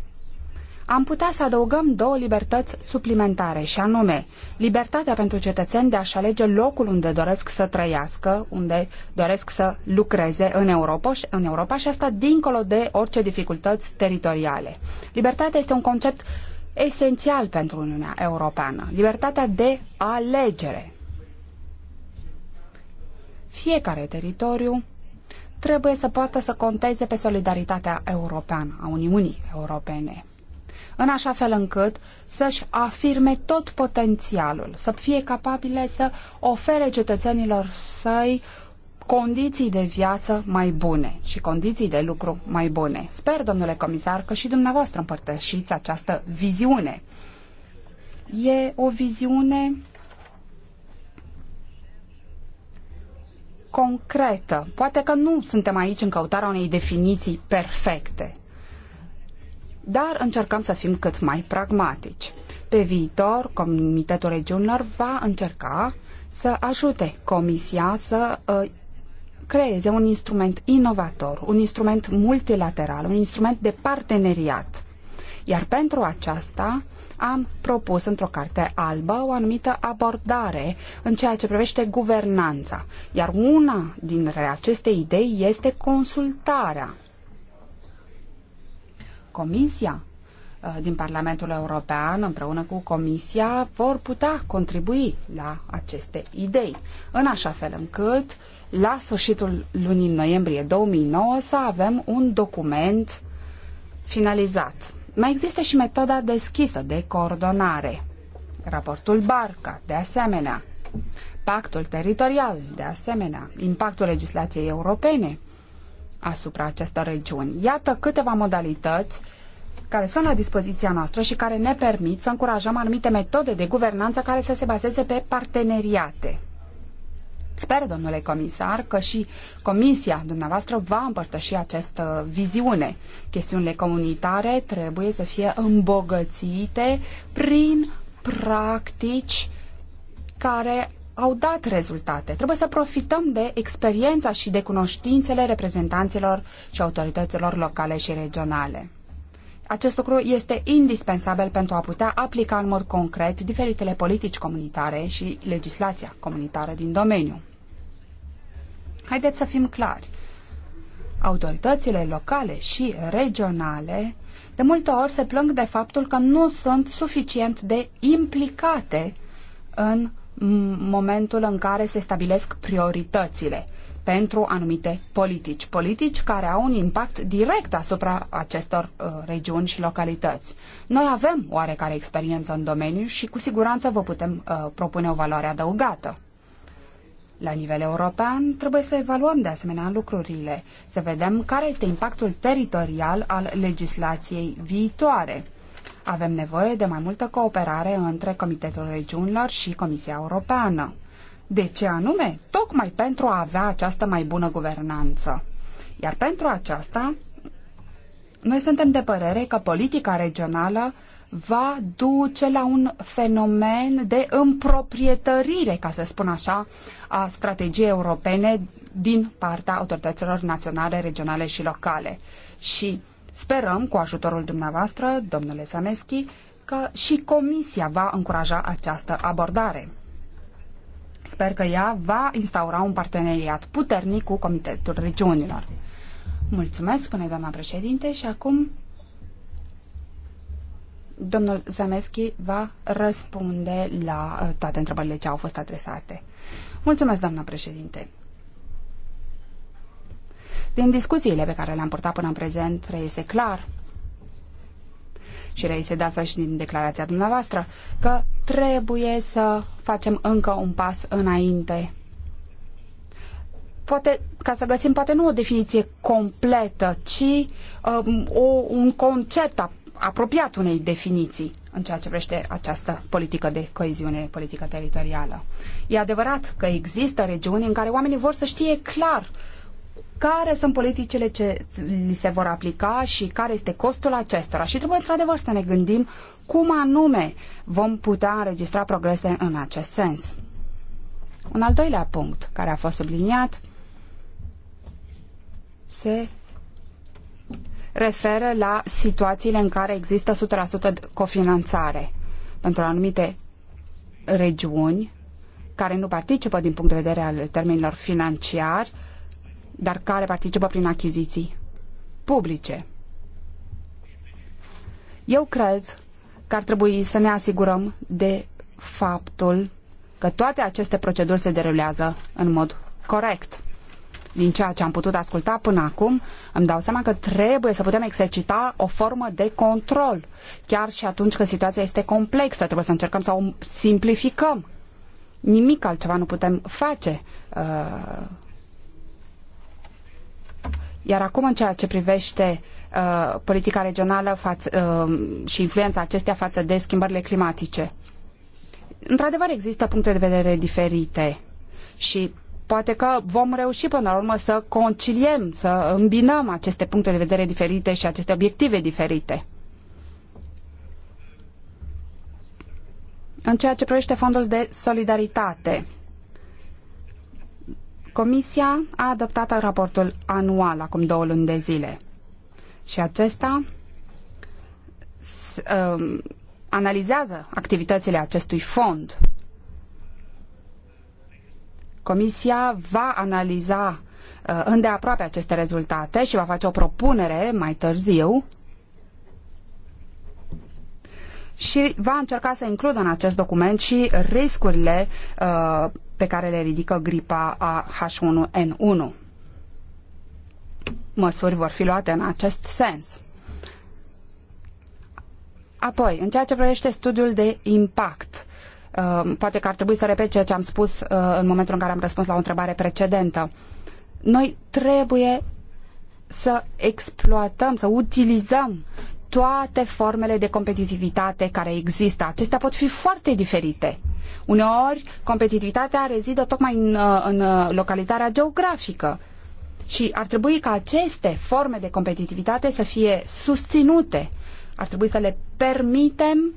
am putea să adăugăm două libertăți suplimentare, și anume libertatea pentru cetățeni de a-și alege locul unde doresc să trăiască, unde doresc să lucreze în Europa, în Europa și asta dincolo de orice dificultăți teritoriale. Libertatea este un concept esențial pentru Uniunea Europeană, libertatea de alegere. Fiecare teritoriu trebuie să poată să conteze pe solidaritatea europeană, a Uniunii Europene în așa fel încât să-și afirme tot potențialul, să fie capabile să ofere cetățenilor săi condiții de viață mai bune și condiții de lucru mai bune. Sper, domnule comisar, că și dumneavoastră împărtășiți această viziune. E o viziune concretă. Poate că nu suntem aici în căutarea unei definiții perfecte, dar încercăm să fim cât mai pragmatici. Pe viitor, Comitetul Regiunilor va încerca să ajute Comisia să uh, creeze un instrument inovator, un instrument multilateral, un instrument de parteneriat. Iar pentru aceasta am propus într-o carte albă o anumită abordare în ceea ce privește guvernanța. Iar una dintre aceste idei este consultarea Comisia uh, din Parlamentul European împreună cu Comisia vor putea contribui la aceste idei, în așa fel încât la sfârșitul lunii noiembrie 2009 să avem un document finalizat. Mai există și metoda deschisă de coordonare. Raportul Barca, de asemenea, pactul teritorial, de asemenea, impactul legislației europene, asupra acestor regiuni. Iată câteva modalități care sunt la dispoziția noastră și care ne permit să încurajăm anumite metode de guvernanță care să se bazeze pe parteneriate. Sper, domnule comisar, că și comisia dumneavoastră va împărtăși această viziune. Chestiunile comunitare trebuie să fie îmbogățite prin practici care au dat rezultate. Trebuie să profităm de experiența și de cunoștințele reprezentanților și autorităților locale și regionale. Acest lucru este indispensabil pentru a putea aplica în mod concret diferitele politici comunitare și legislația comunitară din domeniu. Haideți să fim clari. Autoritățile locale și regionale de multe ori se plâng de faptul că nu sunt suficient de implicate în momentul în care se stabilesc prioritățile pentru anumite politici. Politici care au un impact direct asupra acestor uh, regiuni și localități. Noi avem oarecare experiență în domeniu și cu siguranță vă putem uh, propune o valoare adăugată. La nivel european, trebuie să evaluăm de asemenea lucrurile, să vedem care este impactul teritorial al legislației viitoare avem nevoie de mai multă cooperare între Comitetul Regiunilor și Comisia Europeană. De ce anume? Tocmai pentru a avea această mai bună guvernanță. Iar pentru aceasta, noi suntem de părere că politica regională va duce la un fenomen de împroprietărire, ca să spun așa, a strategiei europene din partea autorităților naționale, regionale și locale. Și Sperăm, cu ajutorul dumneavoastră, domnule Sameschi, că și Comisia va încuraja această abordare. Sper că ea va instaura un parteneriat puternic cu Comitetul Regiunilor. Mulțumesc, spune doamna președinte, și acum domnul Zameschi va răspunde la uh, toate întrebările ce au fost adresate. Mulțumesc, doamna președinte. Din discuțiile pe care le-am purtat până în prezent, reiese clar și reiese de altfel și din declarația dumneavoastră, că trebuie să facem încă un pas înainte. Poate, ca să găsim poate nu o definiție completă, ci um, o, un concept a, apropiat unei definiții în ceea ce vrește această politică de coeziune, politică teritorială. E adevărat că există regiuni în care oamenii vor să știe clar uh, care sunt politicile ce li se vor aplica și care este costul acestora. Și trebuie într-adevăr să ne gândim cum anume vom putea înregistra progrese în acest sens. Un al doilea punct care a fost subliniat se referă la situațiile în care există 100% cofinanțare pentru anumite regiuni care nu participă din punct de vedere al termenilor financiari dar care participă prin achiziții publice. Eu cred că ar trebui să ne asigurăm de faptul că toate aceste proceduri se derulează în mod corect. Din ceea ce am putut asculta până acum, îmi dau seama că trebuie să putem exercita o formă de control. Chiar și atunci când situația este complexă, trebuie să încercăm să o simplificăm. Nimic altceva nu putem face. Uh iar acum, în ceea ce privește uh, politica regională față, uh, și influența acestea față de schimbările climatice, într-adevăr există puncte de vedere diferite și poate că vom reuși până la urmă să conciliem, să îmbinăm aceste puncte de vedere diferite și aceste obiective diferite. În ceea ce privește fondul de solidaritate, Comisia a adoptat raportul anual acum două luni de zile și acesta um, analizează activitățile acestui fond. Comisia va analiza uh, îndeaproape aceste rezultate și va face o propunere mai târziu și va încerca să includă în acest document și riscurile uh, pe care le ridică gripa a H1N1. Măsuri vor fi luate în acest sens. Apoi, în ceea ce privește studiul de impact, uh, poate că ar trebui să repet ceea ce am spus uh, în momentul în care am răspuns la o întrebare precedentă. Noi trebuie să exploatăm, să utilizăm toate formele de competitivitate care există. Acestea pot fi foarte diferite. Uneori, competitivitatea rezidă tocmai în, în localizarea geografică și ar trebui ca aceste forme de competitivitate să fie susținute. Ar trebui să le permitem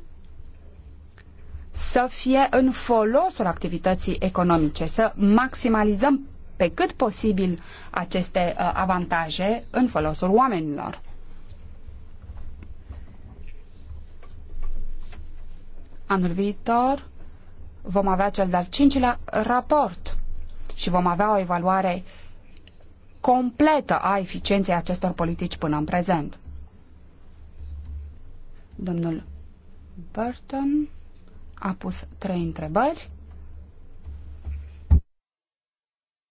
să fie în folosul activității economice, să maximalizăm pe cât posibil aceste uh, avantaje în folosul oamenilor. Anul viitor vom avea cel de-al cincilea raport și vom avea o evaluare completă a eficienței acestor politici până în prezent. Domnul Burton a pus trei întrebări.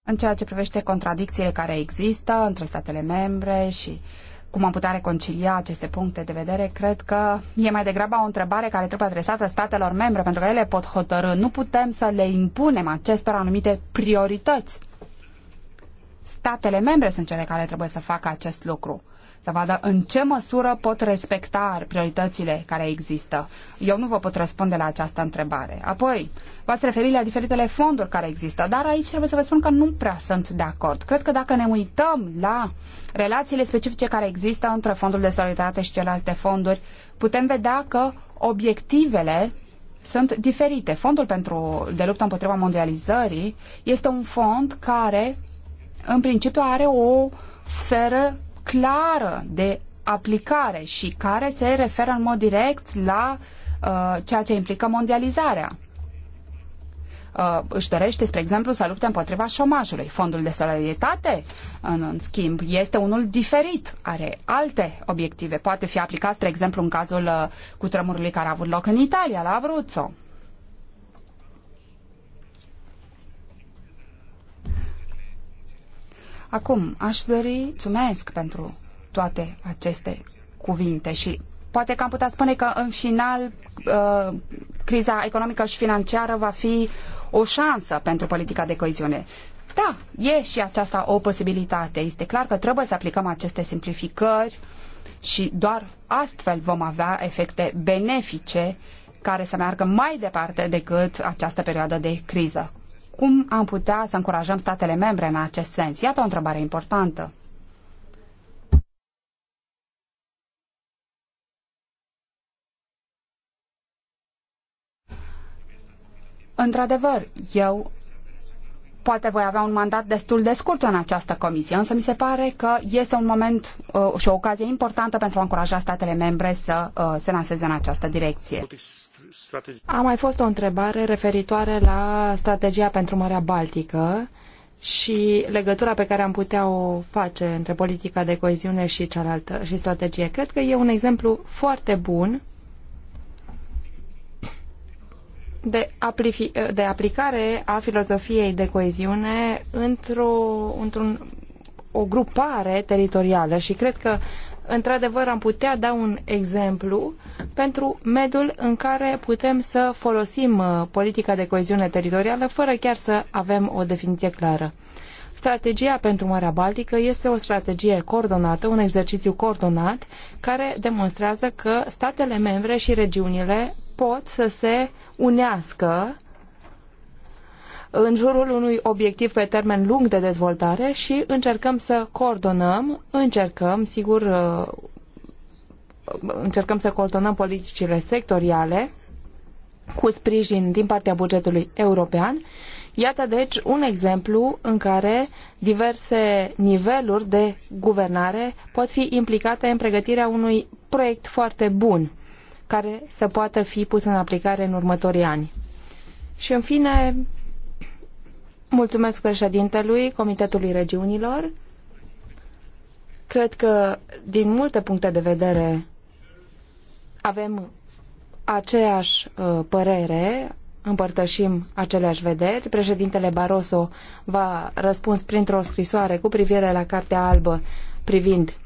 În ceea ce privește contradicțiile care există între statele membre și uh, cum am putea reconcilia aceste puncte de vedere, cred că e mai degrabă o întrebare care trebuie adresată statelor membre, pentru că ele pot hotărâ. Nu putem să le impunem acestor anumite priorități. Statele membre sunt cele care trebuie să facă acest lucru să vadă în ce măsură pot respecta prioritățile care există. Eu nu vă pot răspunde la această întrebare. Apoi, v-ați referit la diferitele fonduri care există, dar aici trebuie să vă spun că nu prea sunt de acord. Cred că dacă ne uităm la relațiile specifice care există între fondul de solidaritate și celelalte fonduri, putem vedea că obiectivele sunt diferite. Fondul pentru de luptă împotriva mondializării este un fond care în principiu are o sferă clară de aplicare și care se referă în mod direct la uh, ceea ce implică mondializarea. Uh, își dorește, spre exemplu, să lupte împotriva șomajului. Fondul de solidaritate, în, în schimb, este unul diferit, are alte obiective. Poate fi aplicat, spre exemplu, în cazul uh, cutremurului care a avut loc în Italia, la Abruzzo. Acum, aș dori mulțumesc pentru toate aceste cuvinte și poate că am putea spune că în final uh, criza economică și financiară va fi o șansă pentru politica de coeziune. Da, e și aceasta o posibilitate. Este clar că trebuie să aplicăm aceste simplificări și doar astfel vom avea efecte benefice care să meargă mai departe decât această perioadă de criză cum am putea să încurajăm statele membre în acest sens? Iată o întrebare importantă. Într-adevăr, eu poate voi avea un mandat destul de scurt în această comisie, însă mi se pare că este un moment uh, și o ocazie importantă pentru a încuraja statele membre să uh, se lanseze în această direcție. Notice. A mai fost o întrebare referitoare la strategia pentru Marea Baltică și legătura pe care am putea o face între politica de coeziune și cealaltă și strategie. Cred că e un exemplu foarte bun de, de aplicare a filozofiei de coeziune într-o, într-un o grupare teritorială și cred că într-adevăr, am putea da un exemplu pentru mediul în care putem să folosim uh, politica de coeziune teritorială fără chiar să avem o definiție clară. Strategia pentru Marea Baltică este o strategie coordonată, un exercițiu coordonat, care demonstrează că statele membre și regiunile pot să se unească în jurul unui obiectiv pe termen lung de dezvoltare și încercăm să coordonăm, încercăm, sigur, uh, încercăm să coordonăm politicile sectoriale cu sprijin din partea bugetului european. Iată deci un exemplu în care diverse niveluri de guvernare pot fi implicate în pregătirea unui proiect foarte bun care să poată fi pus în aplicare în următorii ani. Și în fine, Mulțumesc președintelui Comitetului Regiunilor. Cred că, din multe puncte de vedere, avem aceeași uh, părere, împărtășim aceleași vederi. Președintele Barroso va răspuns printr-o scrisoare cu privire la Cartea Albă privind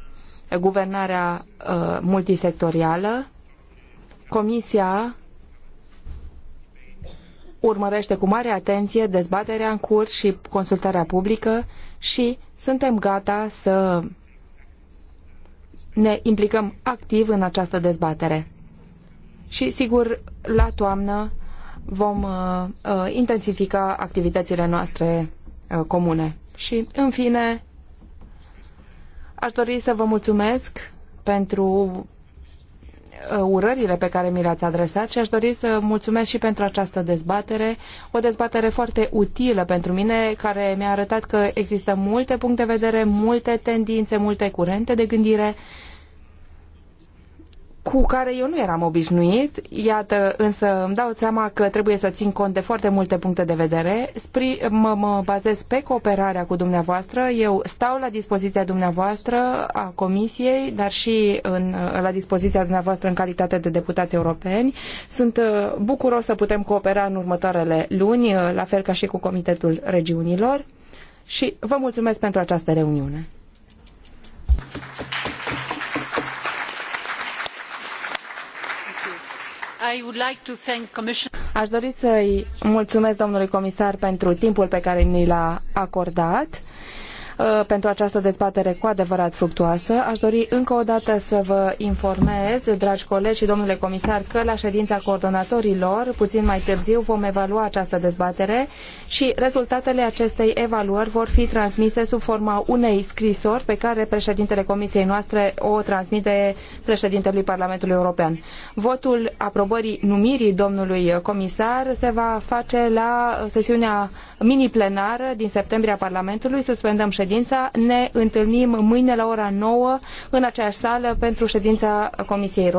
guvernarea uh, multisectorială. Comisia urmărește cu mare atenție dezbaterea în curs și consultarea publică și suntem gata să ne implicăm activ în această dezbatere. Și, sigur, la toamnă vom uh, uh, intensifica activitățile noastre uh, comune. Și, în fine, aș dori să vă mulțumesc pentru Uh, urările pe care mi le-ați adresat și aș dori să mulțumesc și pentru această dezbatere, o dezbatere foarte utilă pentru mine, care mi-a arătat că există multe puncte de vedere, multe tendințe, multe curente de gândire cu care eu nu eram obișnuit, iată, însă îmi dau seama că trebuie să țin cont de foarte multe puncte de vedere, Spri, mă, mă bazez pe cooperarea cu dumneavoastră, eu stau la dispoziția dumneavoastră a Comisiei, dar și în, la dispoziția dumneavoastră în calitate de deputați europeni. Sunt uh, bucuros să putem coopera în următoarele luni, uh, la fel ca și cu Comitetul Regiunilor și vă mulțumesc pentru această reuniune. Aș dori să-i mulțumesc domnului comisar pentru timpul pe care ni l-a acordat. Uh, pentru această dezbatere cu adevărat fructuoasă. Aș dori încă o dată să vă informez, dragi colegi și domnule comisar, că la ședința coordonatorilor, puțin mai târziu, vom evalua această dezbatere și rezultatele acestei evaluări vor fi transmise sub forma unei scrisori pe care președintele comisiei noastre o transmite președintelui Parlamentului European. Votul aprobării numirii domnului comisar se va face la sesiunea mini-plenară din septembrie a Parlamentului. Suspendăm ședința ședința. Ne întâlnim mâine la ora 9 în aceeași sală pentru ședința Comisiei